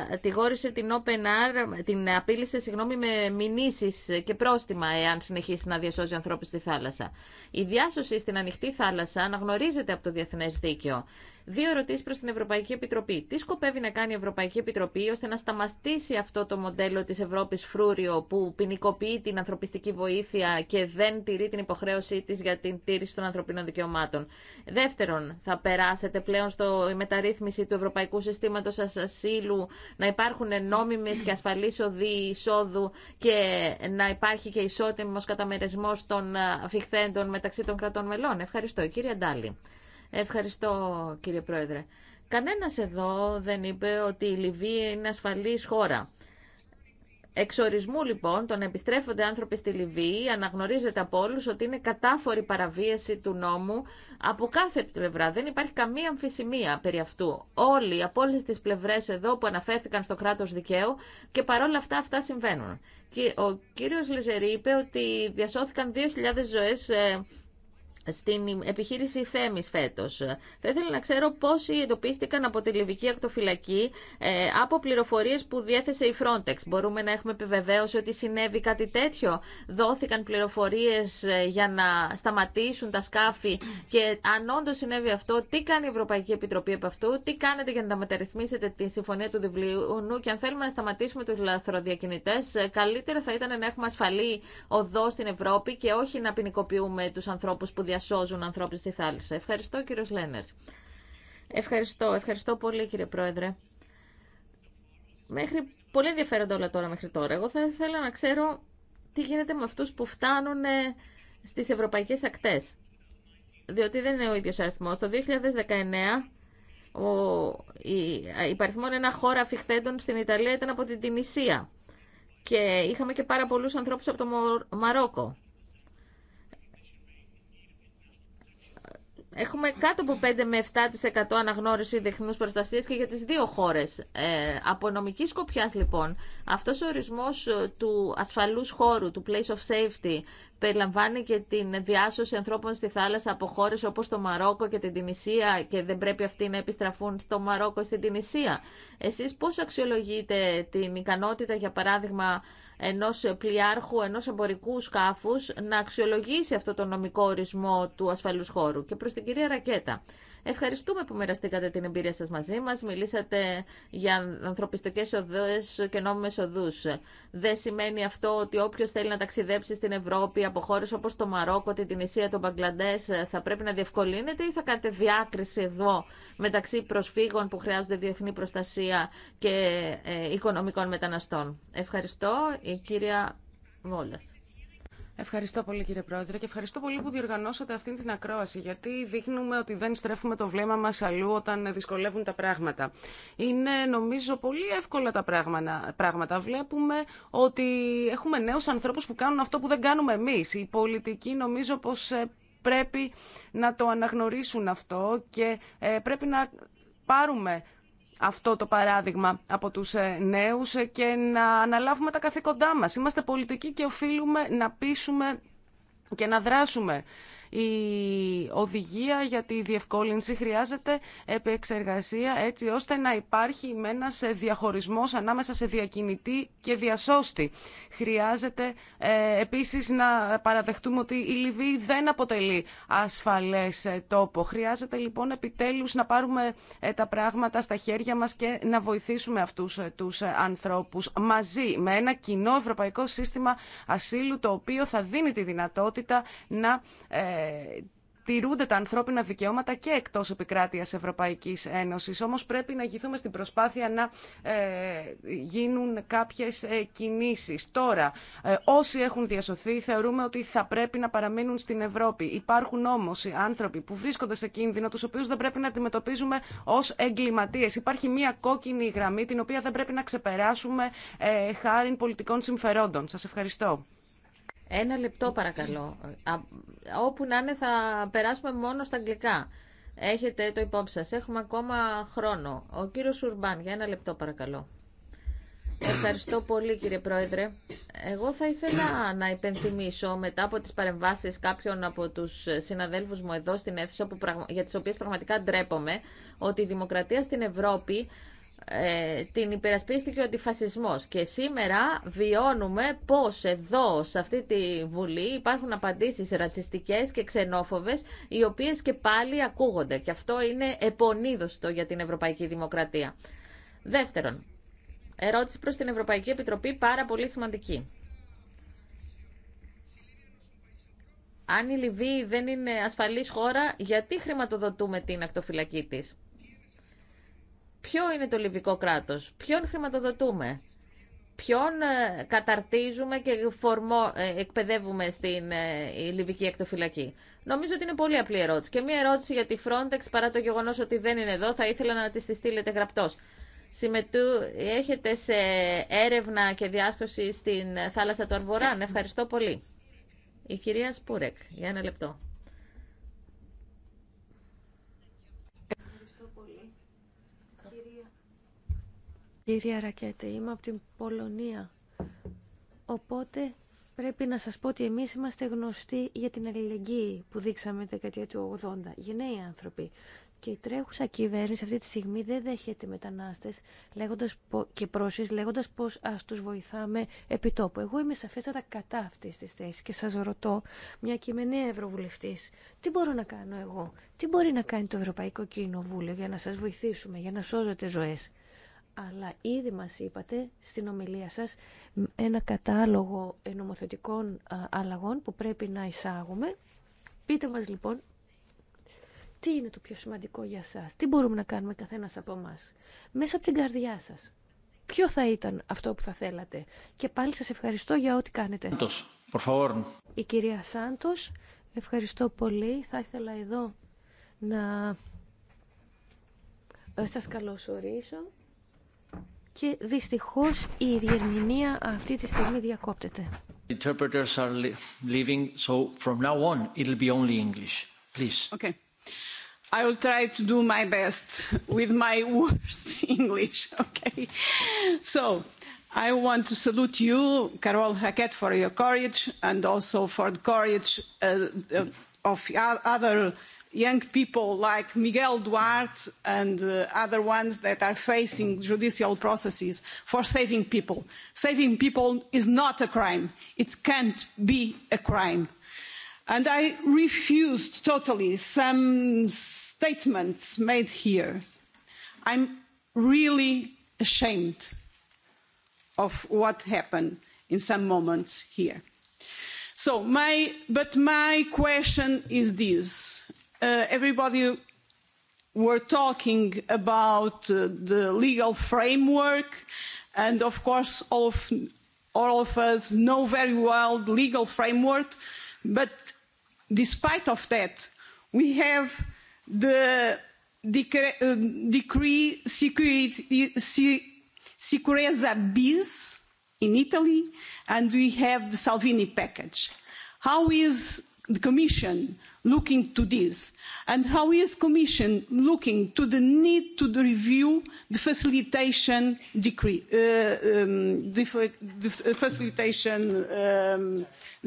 κατηγόρησε την Open Arm, την απείλησε συγγνώμη, με μηνύσεις και πρόστιμα εάν συνεχίσει να διασώζει ανθρώπους στη θάλασσα. Η διάσωση στην ανοιχτή θάλασσα αναγνωρίζεται από το διεθνές δίκαιο. Δύο ερωτήσει προ την Ευρωπαϊκή Επιτροπή. Τι σκοπεύει να κάνει η Ευρωπαϊκή Επιτροπή ώστε να σταματήσει αυτό το μοντέλο τη Ευρώπη Φρούριο που ποινικοποιεί την ανθρωπιστική βοήθεια και δεν τηρεί την υποχρέωσή τη για την τήρηση των ανθρωπίνων δικαιωμάτων. Δεύτερον, θα περάσετε πλέον στο μεταρρύθμιση του Ευρωπαϊκού Συστήματο Ασύλου να υπάρχουν νόμιμε και ασφαλεί οδοί εισόδου και να υπάρχει και ισότιμο καταμερισμό των ε, αφιχθέντων μεταξύ των κρατών μελών. Ευχαριστώ. Κύριε Ντάλη. Ευχαριστώ κύριε Πρόεδρε. Κανένας εδώ δεν είπε ότι η Λιβύη είναι ασφαλής χώρα. Εξορισμού λοιπόν, τον επιστρέφονται άνθρωποι στη Λιβύη, αναγνωρίζεται από όλου ότι είναι κατάφορη παραβίαση του νόμου από κάθε πλευρά. Δεν υπάρχει καμία αμφισημία περί αυτού. Όλοι, από όλε τι πλευρέ εδώ που αναφέρθηκαν στο κράτο δικαίου και παρόλα αυτά αυτά συμβαίνουν. Ο κύριο Λιζερή είπε ότι διασώθηκαν 2.000 ζωέ ε, στην επιχείρηση θέμη φέτο. Θα ήθελα να ξέρω πόσοι εντοπίστηκαν από τη Λιβική Ακτοφυλακή ε, από πληροφορίε που διέθεσε η Frontex. Μπορούμε να έχουμε επιβεβαίωση ότι συνέβη κάτι τέτοιο. Δόθηκαν πληροφορίε ε, για να σταματήσουν τα σκάφη και αν όντω συνέβη αυτό, τι κάνει η Ευρωπαϊκή Επιτροπή από αυτού, τι κάνετε για να τα μεταρρυθμίσετε τη Συμφωνία του Διβλίου και αν θέλουμε να σταματήσουμε τους λαθροδιακινητέ, ε, καλύτερα θα ήταν να έχουμε ασφαλή οδό στην Ευρώπη και όχι να ποινικοποιούμε του ανθρώπου που διαθέτουν σώζουν ανθρώπους στη θάλασσα. Ευχαριστώ κύριος Λένερς. Ευχαριστώ, ευχαριστώ πολύ κύριε Πρόεδρε. Μέχρι πολύ ενδιαφέροντα όλα τώρα μέχρι τώρα. Εγώ θα ήθελα να ξέρω τι γίνεται με αυτούς που φτάνουν ε, στις ευρωπαϊκές ακτές. Διότι δεν είναι ο ίδιος αριθμός. Το 2019 ο, η, παριθμόν ένα χώρα αφιχθέντων στην Ιταλία ήταν από την Τινησία. Και είχαμε και πάρα πολλούς ανθρώπους από το Μαρόκο. Έχουμε κάτω από 5 με 7% αναγνώριση διεθνού προστασία και για τι δύο χώρε. Ε, από νομική σκοπιά, λοιπόν, αυτό ο ορισμό ε, του ασφαλού χώρου, του place of safety, περιλαμβάνει και την διάσωση ανθρώπων στη θάλασσα από χώρε όπω το Μαρόκο και την Τινησία και δεν πρέπει αυτοί να επιστραφούν στο Μαρόκο ή στην Τινησία. Εσεί πώ αξιολογείτε την ικανότητα, για παράδειγμα, ενός πλοιάρχου, ενός εμπορικού σκάφους να αξιολογήσει αυτό το νομικό ορισμό του ασφαλούς χώρου. Και προς την κυρία Ρακέτα, Ευχαριστούμε που μοιραστήκατε την εμπειρία σας μαζί μας. Μιλήσατε για ανθρωπιστικές οδούς και νόμιμες οδούς. Δεν σημαίνει αυτό ότι όποιος θέλει να ταξιδέψει στην Ευρώπη από χώρες όπως το Μαρόκο, την Τινησία, τον Μπαγκλαντές θα πρέπει να διευκολύνεται ή θα κάνετε διάκριση εδώ μεταξύ προσφύγων που χρειάζονται διεθνή προστασία και ε, οικονομικών μεταναστών. Ευχαριστώ. Η κυρία Βόλας. Ευχαριστώ πολύ κύριε Πρόεδρε και ευχαριστώ πολύ που διοργανώσατε αυτήν την ακρόαση γιατί δείχνουμε ότι δεν στρέφουμε το βλέμμα μας αλλού όταν δυσκολεύουν τα πράγματα. Είναι νομίζω πολύ εύκολα τα πράγματα. Βλέπουμε ότι έχουμε νέους ανθρώπους που κάνουν αυτό που δεν κάνουμε εμείς. Οι πολιτικοί νομίζω πως ε, πρέπει να το αναγνωρίσουν αυτό και ε, πρέπει να πάρουμε αυτό το παράδειγμα από τους ε, νέους και να αναλάβουμε τα καθήκοντά μας. Είμαστε πολιτικοί και οφείλουμε να πείσουμε και να δράσουμε. Η οδηγία για τη διευκόλυνση χρειάζεται επεξεργασία έτσι ώστε να υπάρχει με ένας διαχωρισμός ανάμεσα σε διακινητή και διασώστη. Χρειάζεται ε, επίσης να παραδεχτούμε ότι η Λιβύη δεν αποτελεί ασφαλές ε, τόπο. Χρειάζεται λοιπόν επιτέλους να πάρουμε ε, τα πράγματα στα χέρια μας και να βοηθήσουμε αυτούς ε, τους ανθρώπους μαζί με ένα κοινό ευρωπαϊκό σύστημα ασύλου το οποίο θα δίνει τη δυνατότητα να τηρούνται τα ανθρώπινα δικαιώματα και εκτό επικράτεια Ευρωπαϊκή Ένωση. Όμω πρέπει να γυθούμε στην προσπάθεια να ε, γίνουν κάποιε ε, κινήσεις. Τώρα, ε, όσοι έχουν διασωθεί θεωρούμε ότι θα πρέπει να παραμείνουν στην Ευρώπη. Υπάρχουν όμω άνθρωποι που βρίσκονται σε κίνδυνο, του οποίου δεν πρέπει να αντιμετωπίζουμε ω εγκληματίε. Υπάρχει μια κόκκινη γραμμή την οποία δεν πρέπει να ξεπεράσουμε ε, χάρη πολιτικών συμφερόντων. Σα ευχαριστώ. Ένα λεπτό παρακαλώ. Όπου να είναι θα περάσουμε μόνο στα αγγλικά. Έχετε το υπόψη σας. Έχουμε ακόμα χρόνο. Ο κύριος Ουρμπάν, για ένα λεπτό παρακαλώ. Ευχαριστώ πολύ κύριε Πρόεδρε. Εγώ θα ήθελα να υπενθυμίσω μετά από τις παρεμβάσεις κάποιων από τους συναδέλφους μου εδώ στην αίθουσα που, για τις οποίες πραγματικά ντρέπομαι ότι η δημοκρατία στην Ευρώπη ε, την υπερασπίστηκε ο αντιφασισμός και σήμερα βιώνουμε πως εδώ σε αυτή τη Βουλή υπάρχουν απαντήσεις ρατσιστικές και ξενόφοβες οι οποίες και πάλι ακούγονται και αυτό είναι επονίδωστο για την Ευρωπαϊκή Δημοκρατία. Δεύτερον, ερώτηση προς την Ευρωπαϊκή Επιτροπή πάρα πολύ σημαντική. Αν η Λιβύη δεν είναι ασφαλής χώρα, γιατί χρηματοδοτούμε την ακτοφυλακή της. Ποιο είναι το λιβικό κράτος, ποιον χρηματοδοτούμε, ποιον ε, καταρτίζουμε και ε, εκπαιδεύουμε στην ε, λιβική εκτοφυλακή. Νομίζω ότι είναι πολύ απλή ερώτηση. Και μία ερώτηση για τη Frontex, παρά το γεγονός ότι δεν είναι εδώ, θα ήθελα να τη στείλετε γραπτός. Συμμετού, έχετε σε έρευνα και διάσκωση στην θάλασσα του Αρβοράν. Ευχαριστώ πολύ. Η κυρία Σπούρεκ, για ένα λεπτό. Κύριε Ρακέτε, είμαι από την Πολωνία. Οπότε πρέπει να σας πω ότι εμείς είμαστε γνωστοί για την αλληλεγγύη που δείξαμε τη δεκαετία του 80. Γενναίοι άνθρωποι. Και η τρέχουσα κυβέρνηση αυτή τη στιγμή δεν δέχεται μετανάστες λέγοντας, και πρόσφυγες λέγοντας πως ας τους βοηθάμε επί τόπου. Εγώ είμαι σαφέστατα κατά αυτής της θέσης και σας ρωτώ, μια και είμαι νέα ευρωβουλευτής, τι μπορώ να κάνω εγώ, τι μπορεί να κάνει το Ευρωπαϊκό Κοινοβούλιο για να σας βοηθήσουμε, για να σώζετε ζωές αλλά ήδη μας είπατε στην ομιλία σας ένα κατάλογο νομοθετικών αλλαγών που πρέπει να εισάγουμε. Πείτε μας λοιπόν τι είναι το πιο σημαντικό για σας, τι μπορούμε να κάνουμε καθένας από εμά, μέσα από την καρδιά σας. Ποιο θα ήταν αυτό που θα θέλατε. Και πάλι σας ευχαριστώ για ό,τι κάνετε. Η κυρία Σάντος, ευχαριστώ πολύ. Θα ήθελα εδώ να ε, σας καλωσορίσω και δυστυχώς η διερμηνία αυτή τη στιγμή διακόπτεται. Interpreters are leaving, so from now on it'll be only English. Please. Okay. I will try to do my best with my worst English, okay? So, I want to salute you, Carol Hackett, for your courage and also for the courage of other young people like Miguel Duarte and other ones that are facing judicial processes for saving people. Saving people is not a crime. It can't be a crime. And I refuse totally some statements made here. I'm really ashamed of what happened in some moments here. So, but my question is this everybody were talking about the legal framework and of course all of us know very well the legal framework but despite of that we have the decree sicurezza bis in italy and we have the salvini package. how is the commission looking to this and how is the commission looking to the need to review the facilitation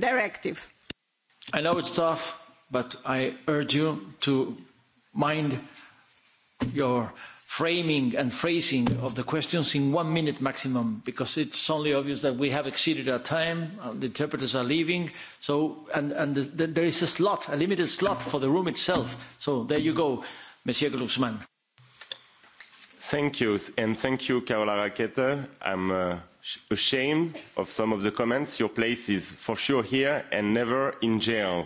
directive? i know it's tough but i urge you to mind your framing and phrasing of the questions in one minute maximum because it's only obvious that we have exceeded our time the interpreters are leaving so and and there is a slot a limited slot for the room itself so there you go monsieur glucksmann thank you and thank you carola rackete i'm ashamed of some of the comments your place is for sure here and never in jail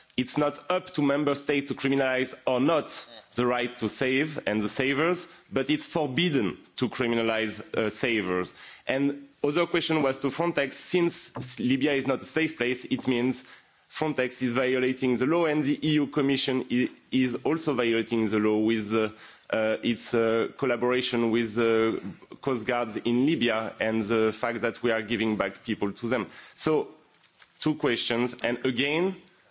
it's not up to member states to criminalise or not the right to save and the savers but it's forbidden to criminalise savers. and other question was to frontex since libya is not a safe place it means frontex is violating the law and the eu commission is also violating the law with its collaboration with coast guards in libya and the fact that we are giving back people to them. so two questions and again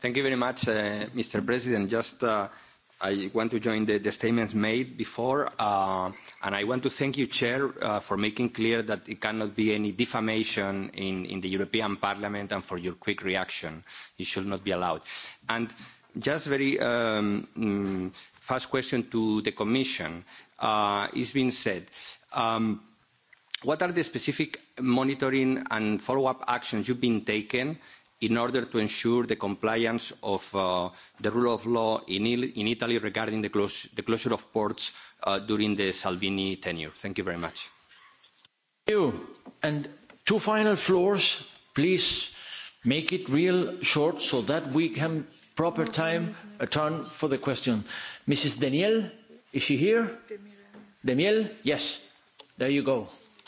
Thank you very much, Mr. President. Just I want to join the statements made before, and I want to thank you, Chair, for making clear that it cannot be any defamation in in the European Parliament and for your quick reaction. It should not be allowed. And just very fast question to the Commission. It's been said. um What are the specific monitoring and follow-up actions you've been taken? in order to ensure the compliance of the rule of law in Italy regarding the closure of ports during the Salvini tenure. Thank you very much. Thank you. And two final floors, please make it real short so that we can proper time a turn for the question. Mrs. Daniel, is she here? Daniel, yes. There you go.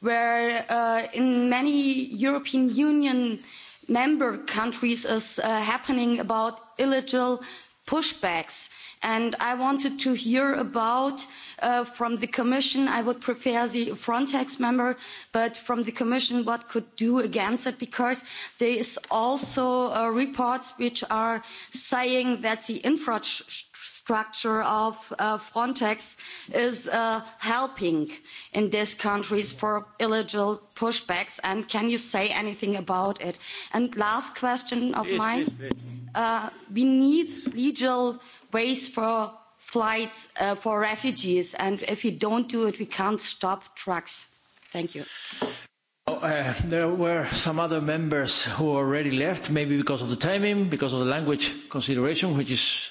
where in many European Union member countries is happening about illegal pushbacks. And I wanted to hear about from the Commission, I would prefer the Frontex member, but from the Commission what could do against it, because there is also reports which are saying that the infrastructure structure of Frontex is helping in these countries for illegal pushbacks, and can you say anything about it? And last question of mine: we need legal ways for flights for refugees, and if we don't do it, we can't stop trucks. Thank you. There were some other members who already left, maybe because of the timing, because of the language consideration, which is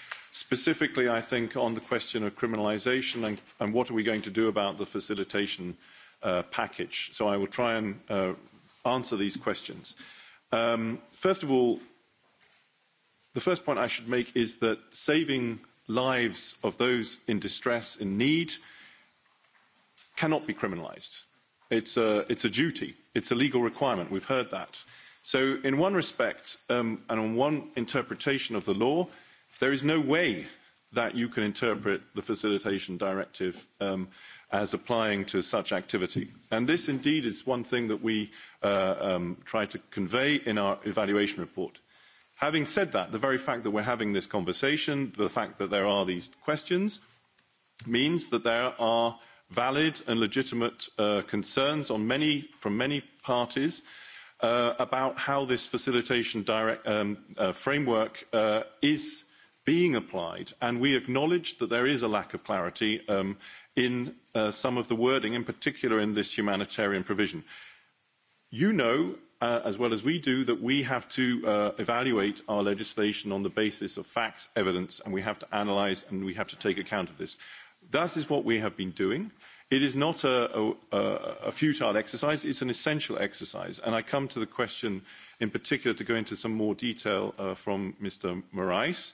Specifically, I think, on the question of criminalisation and what are we going to do about the facilitation package. So I will try and answer these questions. First of all, the first point I should make is that saving lives of those in distress, in need, cannot be criminalised. It's a duty. It's a legal requirement. We've heard that. So in one respect and on one interpretation of the law, there is no way that you can interpret the facilitation directive as applying to such activity and this indeed is one thing that we try to convey in our evaluation report. having said that the very fact that we're having this conversation the fact that there are these questions means that there are valid and legitimate concerns from many parties about how this facilitation framework is being applied and we acknowledge that there is a lack of clarity in some of the wording in particular in this humanitarian provision. you know as well as we do that we have to evaluate our legislation on the basis of facts evidence and we have to analyse and we have to take account of this. that is what we have been doing. it is not a futile exercise it's an essential exercise and i come to the question in particular to go into some more detail from mr moraes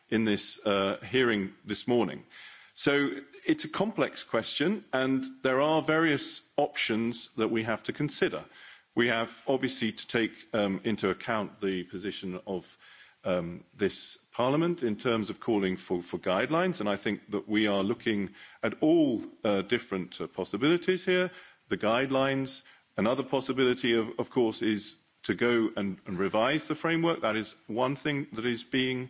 in this hearing this morning. So it's a complex question, and there are various options that we have to consider. We have obviously to take into account the position of this Parliament in terms of calling for guidelines, and I think that we are looking at all different possibilities here. The guidelines, another possibility, of course, is to go and revise the framework. That is one thing that is being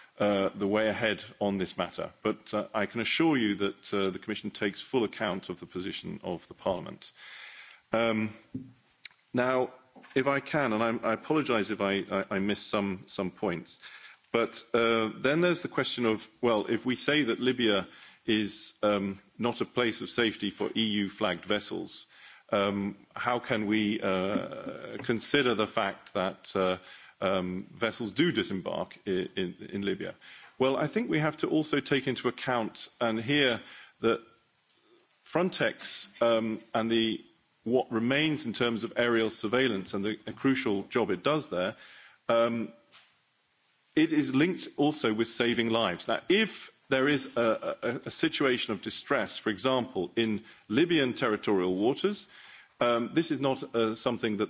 the way ahead on this matter. But I can assure you that the Commission takes full account of the position of the Parliament. Now, if I can, and I apologise if I some some points, but then there's the question of, well, if we say that Libya is not a place of safety for EU-flagged vessels, how can we consider the fact that vessels do disembark in Libya. Well, I think we have to also take into account, and hear that Frontex and the what remains in terms of aerial surveillance and the crucial job it does there, it is linked also with saving lives. Now, if there is a situation of distress, for example, in Libyan territorial waters, this is not something that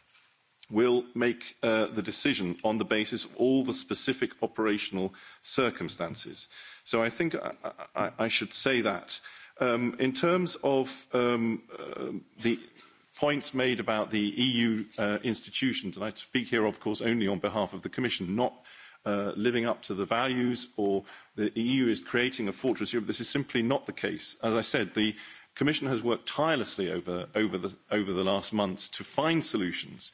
will make the decision on the basis of all the specific operational circumstances. So I think I should say that. In terms of the points made about the EU institutions, and I speak here, of course, only on behalf of the Commission, not living up to the values or the EU is creating a fortress Europe. This is simply not the case. As I said, the Commission has worked tirelessly over the last months to find solutions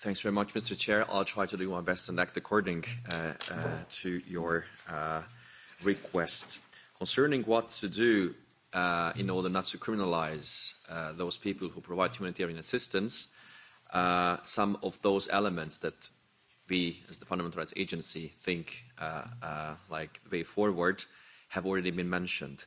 Thanks very much, Mr. Chair. I'll try to do my best and act according to your request. Concerning what to do in order not to criminalize those people who provide humanitarian assistance, some of those elements that we, as the Fundamental Rights Agency, think uh like the way forward have already been mentioned.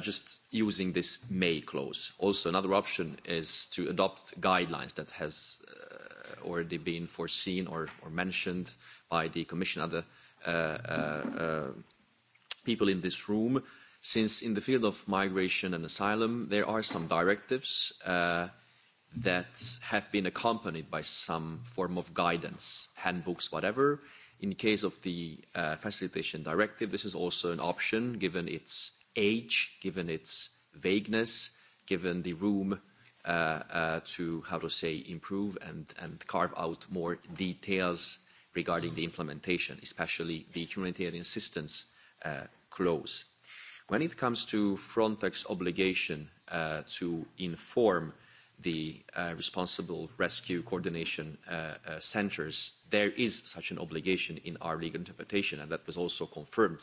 just using this may clause. Also, another option is to adopt guidelines that has already been foreseen or mentioned by the Commission and other people in this room, since in the field of migration and asylum, there are some directives that have been accompanied by some form of guidance, handbooks, whatever. In case of the Facilitation Directive, this is also an option, given its age, given its vagueness, given the room to, how to say, improve and carve out more details regarding the implementation, especially the humanitarian assistance clause. When it comes to Frontex obligation to inform the responsible rescue coordination centers, there is such an obligation in our legal interpretation, and that was also confirmed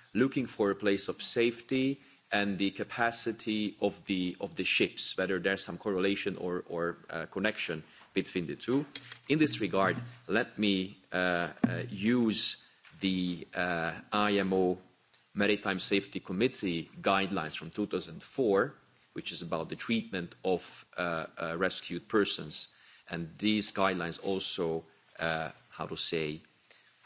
looking for a place of safety and the capacity of the of the ships, whether there's some correlation or or connection between the two. In this regard, let me use the IMO Maritime Safety Committee guidelines from 2004, which is about the treatment of rescued persons, and these guidelines also, how to say,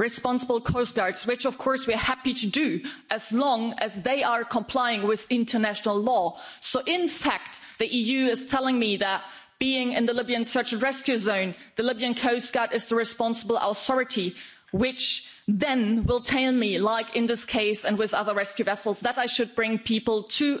responsible coastguards which of course we are happy to do as long as they are complying with international law. so in fact the eu is telling me that being in the libyan search and rescue zone the libyan coastguard is the responsible authority which then will tell me like in this case and with other rescue vessels that i should bring people to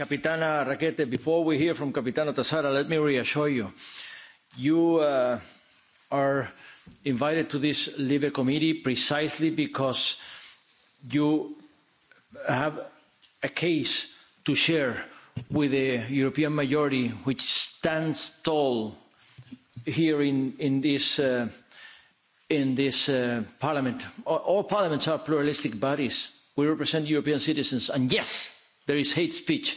Capitana Raquete, before we hear from capitano Tassara, let me reassure you. You are invited to this LIBE committee precisely because you have a case to share with the European majority which stands tall here in in this in this parliament. All parliaments are pluralistic bodies. We represent European citizens and yes, there is hate speech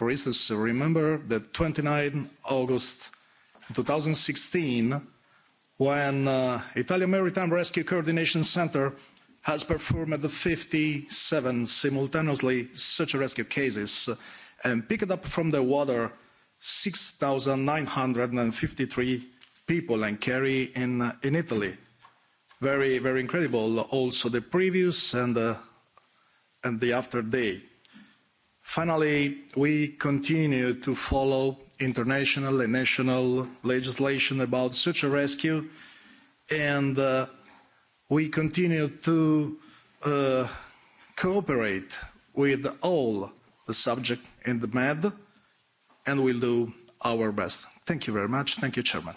For instance, remember the 29 August 2016, when Italian Maritime Rescue Coordination Centre has performed 57 simultaneously such rescue cases and picked up from the water 6,953 people and carry in in Italy. Very, very incredible. Also the previous and and the after day. Finally, we continue to follow international and national legislation about such a rescue, and we continue to cooperate with all the subject in the med, and will do our best. Thank you very much. Thank you, Chairman.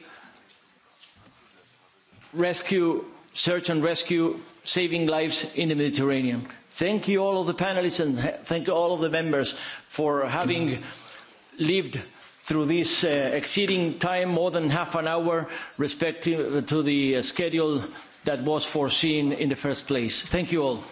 rescue search and rescue saving lives in the mediterranean. thank you all of the panelists and thank you all of the members for having lived through this exceeding time more than half an hour respect to the schedule that was foreseen in the first place. thank you all.